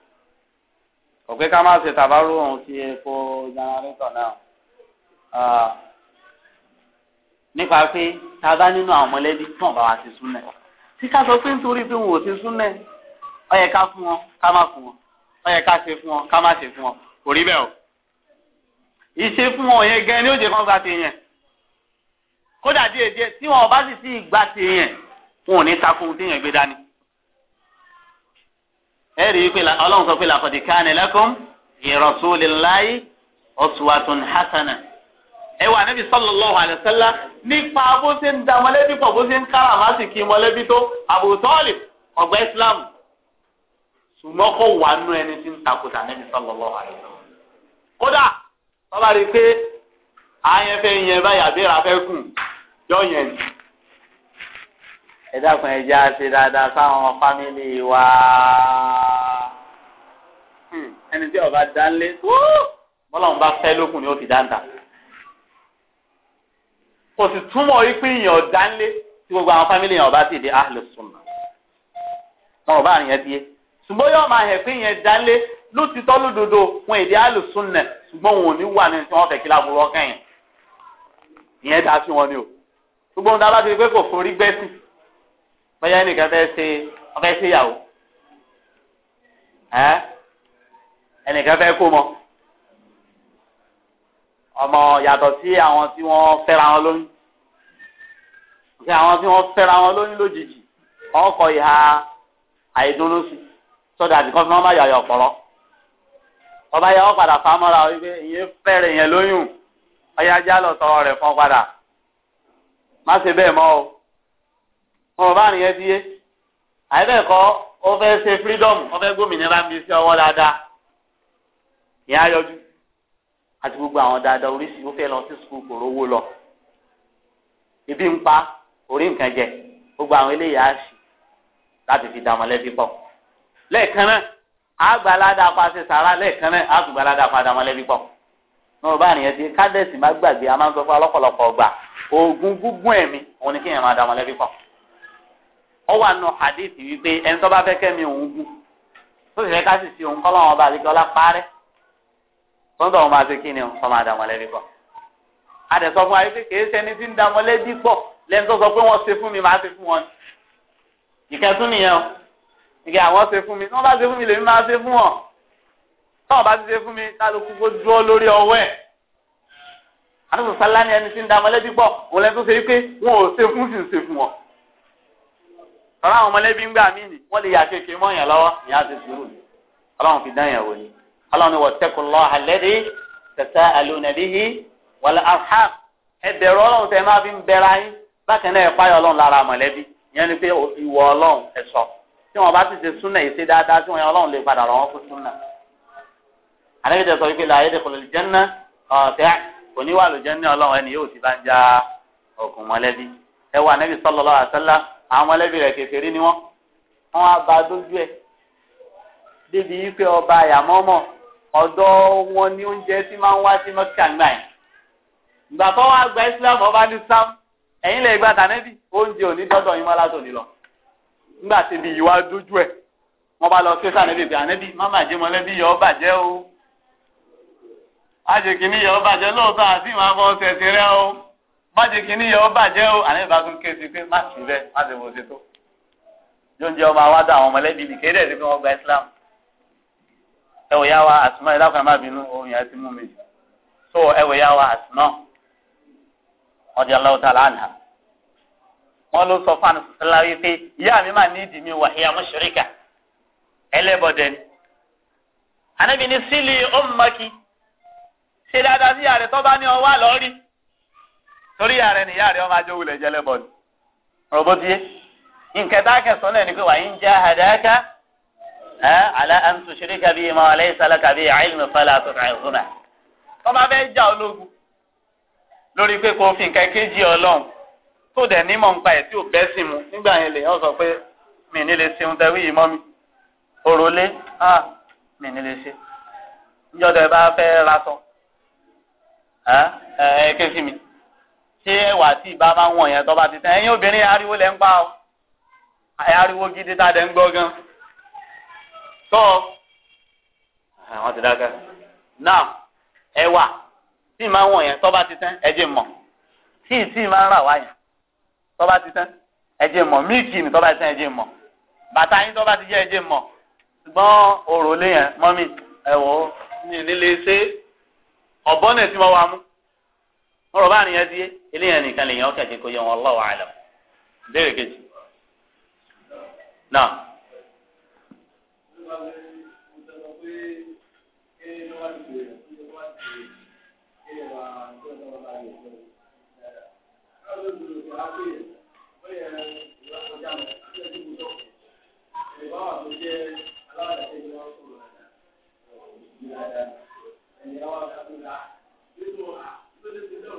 kò pé ká má ṣe tàbárò ohun ti epo jẹnẹrétọ̀ náà nípa pé tá a bá nínú àwọn mọ̀lẹ́bí tí wọ́n bá wa ti súnlẹ̀ tí ká sọ pé nítorí pé wọn ò ti súnlẹ̀ ó yẹ ká fún wọn ká má fún wọn ó yẹ ká ṣe fún wọn ká má ṣe fún wọn kò rí bẹ́ẹ̀ o ìṣe fún wọn yẹn gan ni ó jẹ́ kán gba ti yẹn kódà díẹ̀ díẹ̀ tí wọn bá sì sí ìgbà tèèyàn wọn ò ní takun téèyàn gbé dání. ẹ rí i pé ọlọ́run sọ pé làkọ̀dì káàní lakum fi rasulillahi uswatun hasana. ẹ wà níbi sallallahu alaihi wasallam nípa bó ṣe ń da mọ̀lẹ́bí pọ̀ bó ṣe ń kára àmásì kí mọ̀lẹ́bí tó Abu Talib ọ̀gbẹ́ islam ṣùgbọ́n kó wà nú ẹni tí ń takùtà níbi sallallahu alaihi wasallam. kódà tọ́ba rí i pé àyẹ̀fẹ́ yẹn báyà bí ra fẹ́ kùn jọ́yẹn ni ẹ dákun ẹ jẹ́ àṣẹ dáadáa sáwọn fámìlì wa hmm, ẹni tí ọba dánlé bọ́lọ́run bá fẹ́ lókun ni ó ti dáńtà kò sì túmọ̀ wípé èèyàn dánlé tí gbogbo àwọn fámìlì yẹn ọba sì di ahlus sunnah wọn ò bá àrìyàn díẹ̀ ṣùgbọ́n yóò máa hẹ̀ pé yẹn dánlé ló ti tọ́ lódodo wọn èdè ahlus sunnah ṣùgbọ́n wọn ò ní wà ní tí wọ́n fẹ́ kí láburú ọkàn yẹn ìyẹn dá sí wọn ni o gbogbo ohun tí a bá ti rí pé kò forí gbẹ́sìn bóyá ẹnìkan fẹ́ ṣe ọfẹ́ ṣèyàwó ẹ ẹnìkan fẹ́ kó mọ ọmọ yàtọ̀ sí àwọn tí wọ́n fẹ́ra wọn lóyún sí àwọn tí wọ́n fẹ́ra wọn lóyún lójijì wọ́n kọ ìhà àìdúró sí sọ́dọ̀ àdìkọ́ fún wọn bá yàyọ̀ pọ̀rọ̀ ọba yà wọ́n padà fámọ́ra wípé ìyẹn fẹ́rẹ̀ yẹn lóyún ọyá jálọ̀ rẹ̀ fún padà má ṣe bẹ́ẹ̀ mọ́ o wọn bá nìyẹn ti yé àìbẹ́ẹ̀kọ́ ó fẹ́ ṣe freedom ó fẹ́ gómìnira mi sí ọwọ́ dáadáa ìyá ayọjú àti gbogbo àwọn dáadáa oríṣi ó fẹ́ lọ sí sukùl kò rówó lọ ibi ń pa orí nǹkan jẹ gbogbo àwọn eléyìí á ṣì láti fi dá mọ̀lẹ́bí pọ̀ lẹ́ẹ̀kan náà àgbàládà pàṣẹ sàrà lẹ́ẹ̀kan náà àgbàládà padà mọ̀lẹ́bí pọ̀ wọn bá nìyẹn ti kádẹ́sì má gbàgbé a máa ń sọ fún ọlọ́pọ̀lọpọ̀ ọgbà oògùn gúngún ẹ̀mí òun ni kí èèyàn máa da mọ̀lẹ́bí pọ̀ ó wà nù hadith wípé ẹni tó bá fẹ́ kẹ́mi òun gùn tó sì fẹ́ ká sì sí òun kọ́ lọ́wọ́ ọba àdékẹ́ ọlá parẹ́ tó ń tọ́ wọn máa ṣe kí ni kọ́ máa da mọ̀lẹ́bí pọ̀ àdẹ̀sọ fún ayé pé kìí ṣẹni tí ń da mọ̀lẹ́bí pọ̀ lẹ́nu tó sọ pé wọ́n ṣe fún mi máa ṣe fún wọn ìkẹ́tún nìyẹn o ìkẹ́ àwọn ṣe fún mi tí wọ́n bá ṣe fún mi àtúntò sálá ni ẹni tí ń da mọ̀lẹ́bí pọ̀ òun lẹ́nu tó ṣe pé wọn ò ṣe fún sì ń ṣe fún wọn. tọ́lá àwọn mọ̀lẹ́bí ń gbà mí nì wọ́n lè yà kéèké mọ́ yàn lọ́wọ́ ìyá ti sùúrù ni ọlọ́run fi dán yàn ni ọlọ́run ni wọ́n tẹ́kù lọ àlẹ́dí tẹ̀sẹ̀ àlùnàbíyí wọlé arham ẹ bẹ̀rù ọlọ́run tẹ máa fi ń bẹ̀rẹ̀ ayín bákan náà ẹ páyọ̀ ọlọ́run lára mọ̀lẹ́bí ìyẹn ni pé ìwọ kò ní wà lójẹ́ ní ọlọ́run ẹni yóò ti bá ń já ọkùn mọ́lẹ́bí ẹ wà nẹ́bí sallallahu alaihi wasallam àwọn mọ́lẹ́bí rẹ̀ kékeré ni wọ́n wọ́n á ba dójú ẹ̀ débi wípé ọba àyàmọ́mọ́ ọ̀dọ́ wọn ní oúnjẹ tí máa ń wá sí mọ́kà ńgbà yẹn ìgbà tó wá gba Islam ọba ní sam ẹ̀yin lè gba tànẹ́bí oúnjẹ òní dọ́dọ̀ yín wá látòní lọ nígbà tí ibi yìí wá dójú ẹ̀ wọ́n bá lọ sí sànẹ́bí pé ànẹ́bí má bàjẹ́ mọ́lẹ́bí yọ ọ́ bàjẹ́ o. májèkínní yẹ ọ bàjẹ́ lóòótọ́ àti ìmọ̀ àbọ̀ ṣẹ̀sìn rẹ o májèkínní yẹ ọ bàjẹ́ o àní ìbá tún kéésì pé má sí bẹ́ẹ̀ má sì bó ṣe tó jóúnjẹ ọmọ àwa dá àwọn mọ̀lẹ́bí nìkan gba Islam ẹ̀wọ̀ ya wa àtúmọ̀ ẹ̀dá kan má bínú ohun yẹn ti mú mi so ẹ̀wọ̀ yá wa àtúmọ̀ ọdí aláwọ̀ a lánàá wọ́n ló sọ fún àná pé ìyá mi máa ní ìdí mi wà ìyá mọ́ṣẹ́ríkà ẹlẹ́bọ̀dẹ́ni anábìíní sílì ó mọ́kì ṣe dáadáa sí ìyá ni tó bá ní ọwọ́ àlọ́rí torí ni ìyá ọmọ ajé òwúlẹ̀ jẹ́ lẹ́bọ̀ ni ọ̀rọ̀bó tiẹ̀ kẹsàn náà ni pé wàá ń jẹ́ àdáká àlá à ṣeré Kabi, ìmọ̀ àlẹ́ ìsàlẹ̀ kàbí àìlùmọ̀ fẹ́lẹ̀ àtúntà ìfúnà wọ́n bá fẹ́ ológun lórí pé kò fi nǹkan kéjì ọlọ́run tó dẹ̀ nímọ̀ nípa mu nígbà yẹn lè yàn sọ pé mi ní lè mi òròlé ah, ẹ ké sí mi ṣé ẹwà tí ìbá máa ń wọ̀n yẹn tó bá ti sẹ́yìn ẹ̀yin obìnrin ariwo lẹ́ ń pa o ariwo gidi tá a dẹ̀ ń gbọ́ gan tó wọ́n ti dákẹ́ náà ẹwà tí ìmáa wọ̀n yẹn tó bá ti sẹ́yìn ẹ̀jẹ̀ mọ̀ tí ì tí ì máa ń rà wá yẹn bá ti sẹ́yìn ẹ̀jẹ̀ mọ̀ míìkì ni tó bá ti sẹ́yìn ẹ̀jẹ̀ mọ̀ bàtà yín tó bá ti jẹ́ ẹ̀jẹ̀ mọ̀ ṣùgbọ́n òròlé yẹn mọ́mí ẹ̀wọ̀ ní ìdílé ṣe Ọ náà na mọ wa mú ọ̀rọ̀ bá nìyẹn ti yé eléyàn nìkan lèyàn ọkẹ wọn Allahu a'lam béèrè kejì náà.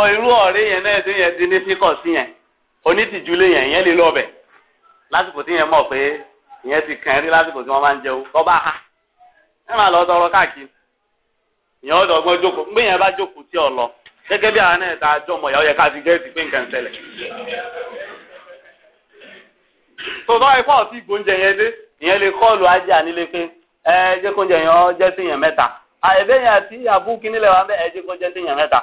ọ irú ọ̀rẹ́ yẹn náà tó yẹn di ní síkọ̀ sí yẹn onítìjúlé yẹn yẹn lè lọ́ọ̀bẹ̀ lásìkò tí yẹn mọ̀ pé ti kàn rí lásìkò tí wọ́n máa ń jẹun kọ́ bá ha ẹ máa lọ tọrọ káàkiri ìyẹn ọ̀dọ̀ ọgbọ́n jókòó gbé yẹn bá jókòó tí ọ lọ gẹ́gẹ́ bí àwọn ti gẹ́ẹ̀sì nǹkan ṣẹlẹ̀ tòótọ́ ọ̀tí ìgbóúnjẹ yẹn dé ìyẹn lè kọ́ọ̀lù ajé ànílé pé yẹn jẹ́ sí yẹn mẹ́ta àti wa bẹ́ẹ̀ ẹ sí yẹn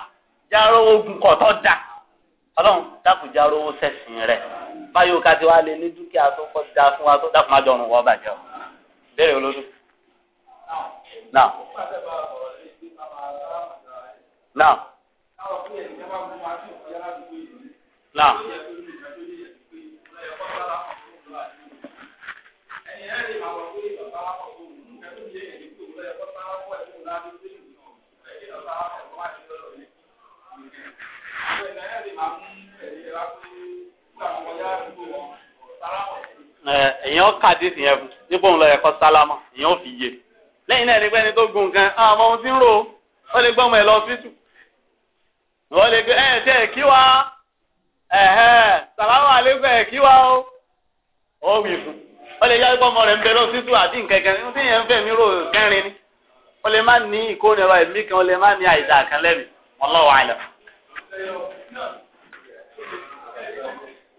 járó ogun kọ̀ tọ́ da ọlọ́run dákun járó owó sẹ̀sìn rẹ̀ báyọ̀ ká ti wá lé ní dúkìá tó kọ́ da fún wa tó dákun má jọrùn wọ́ bàjẹ́ o béèrè olódù. náà náà náà. èèyàn kàdísì yẹn níbo ń lọ ẹ̀kọ́ sálámà èèyàn fi yé lẹ́yìn náà nígbà ẹni tó gun nǹkan àmọ́ ohun tí ń rò ó lè gbọ́mọ ẹ̀ lọ fítù wọ́n lè gbé ẹ̀ tẹ́ ẹ̀ kí wa ẹ̀hẹ́ sàlámà àlékún ẹ̀ kí wa ó ó wì fún ó lè yá gbọ́mọ rẹ̀ ń bẹ lọ fítù àti nkẹ̀kẹ́ ní tí yẹn ń fẹ̀mí rò kẹrin ni ó lè má ní ìkórira ẹ̀mí kan ó lè má ní àìdá kan lẹ́mìí ọlọ́wọ́ àìlọ́. Thank you.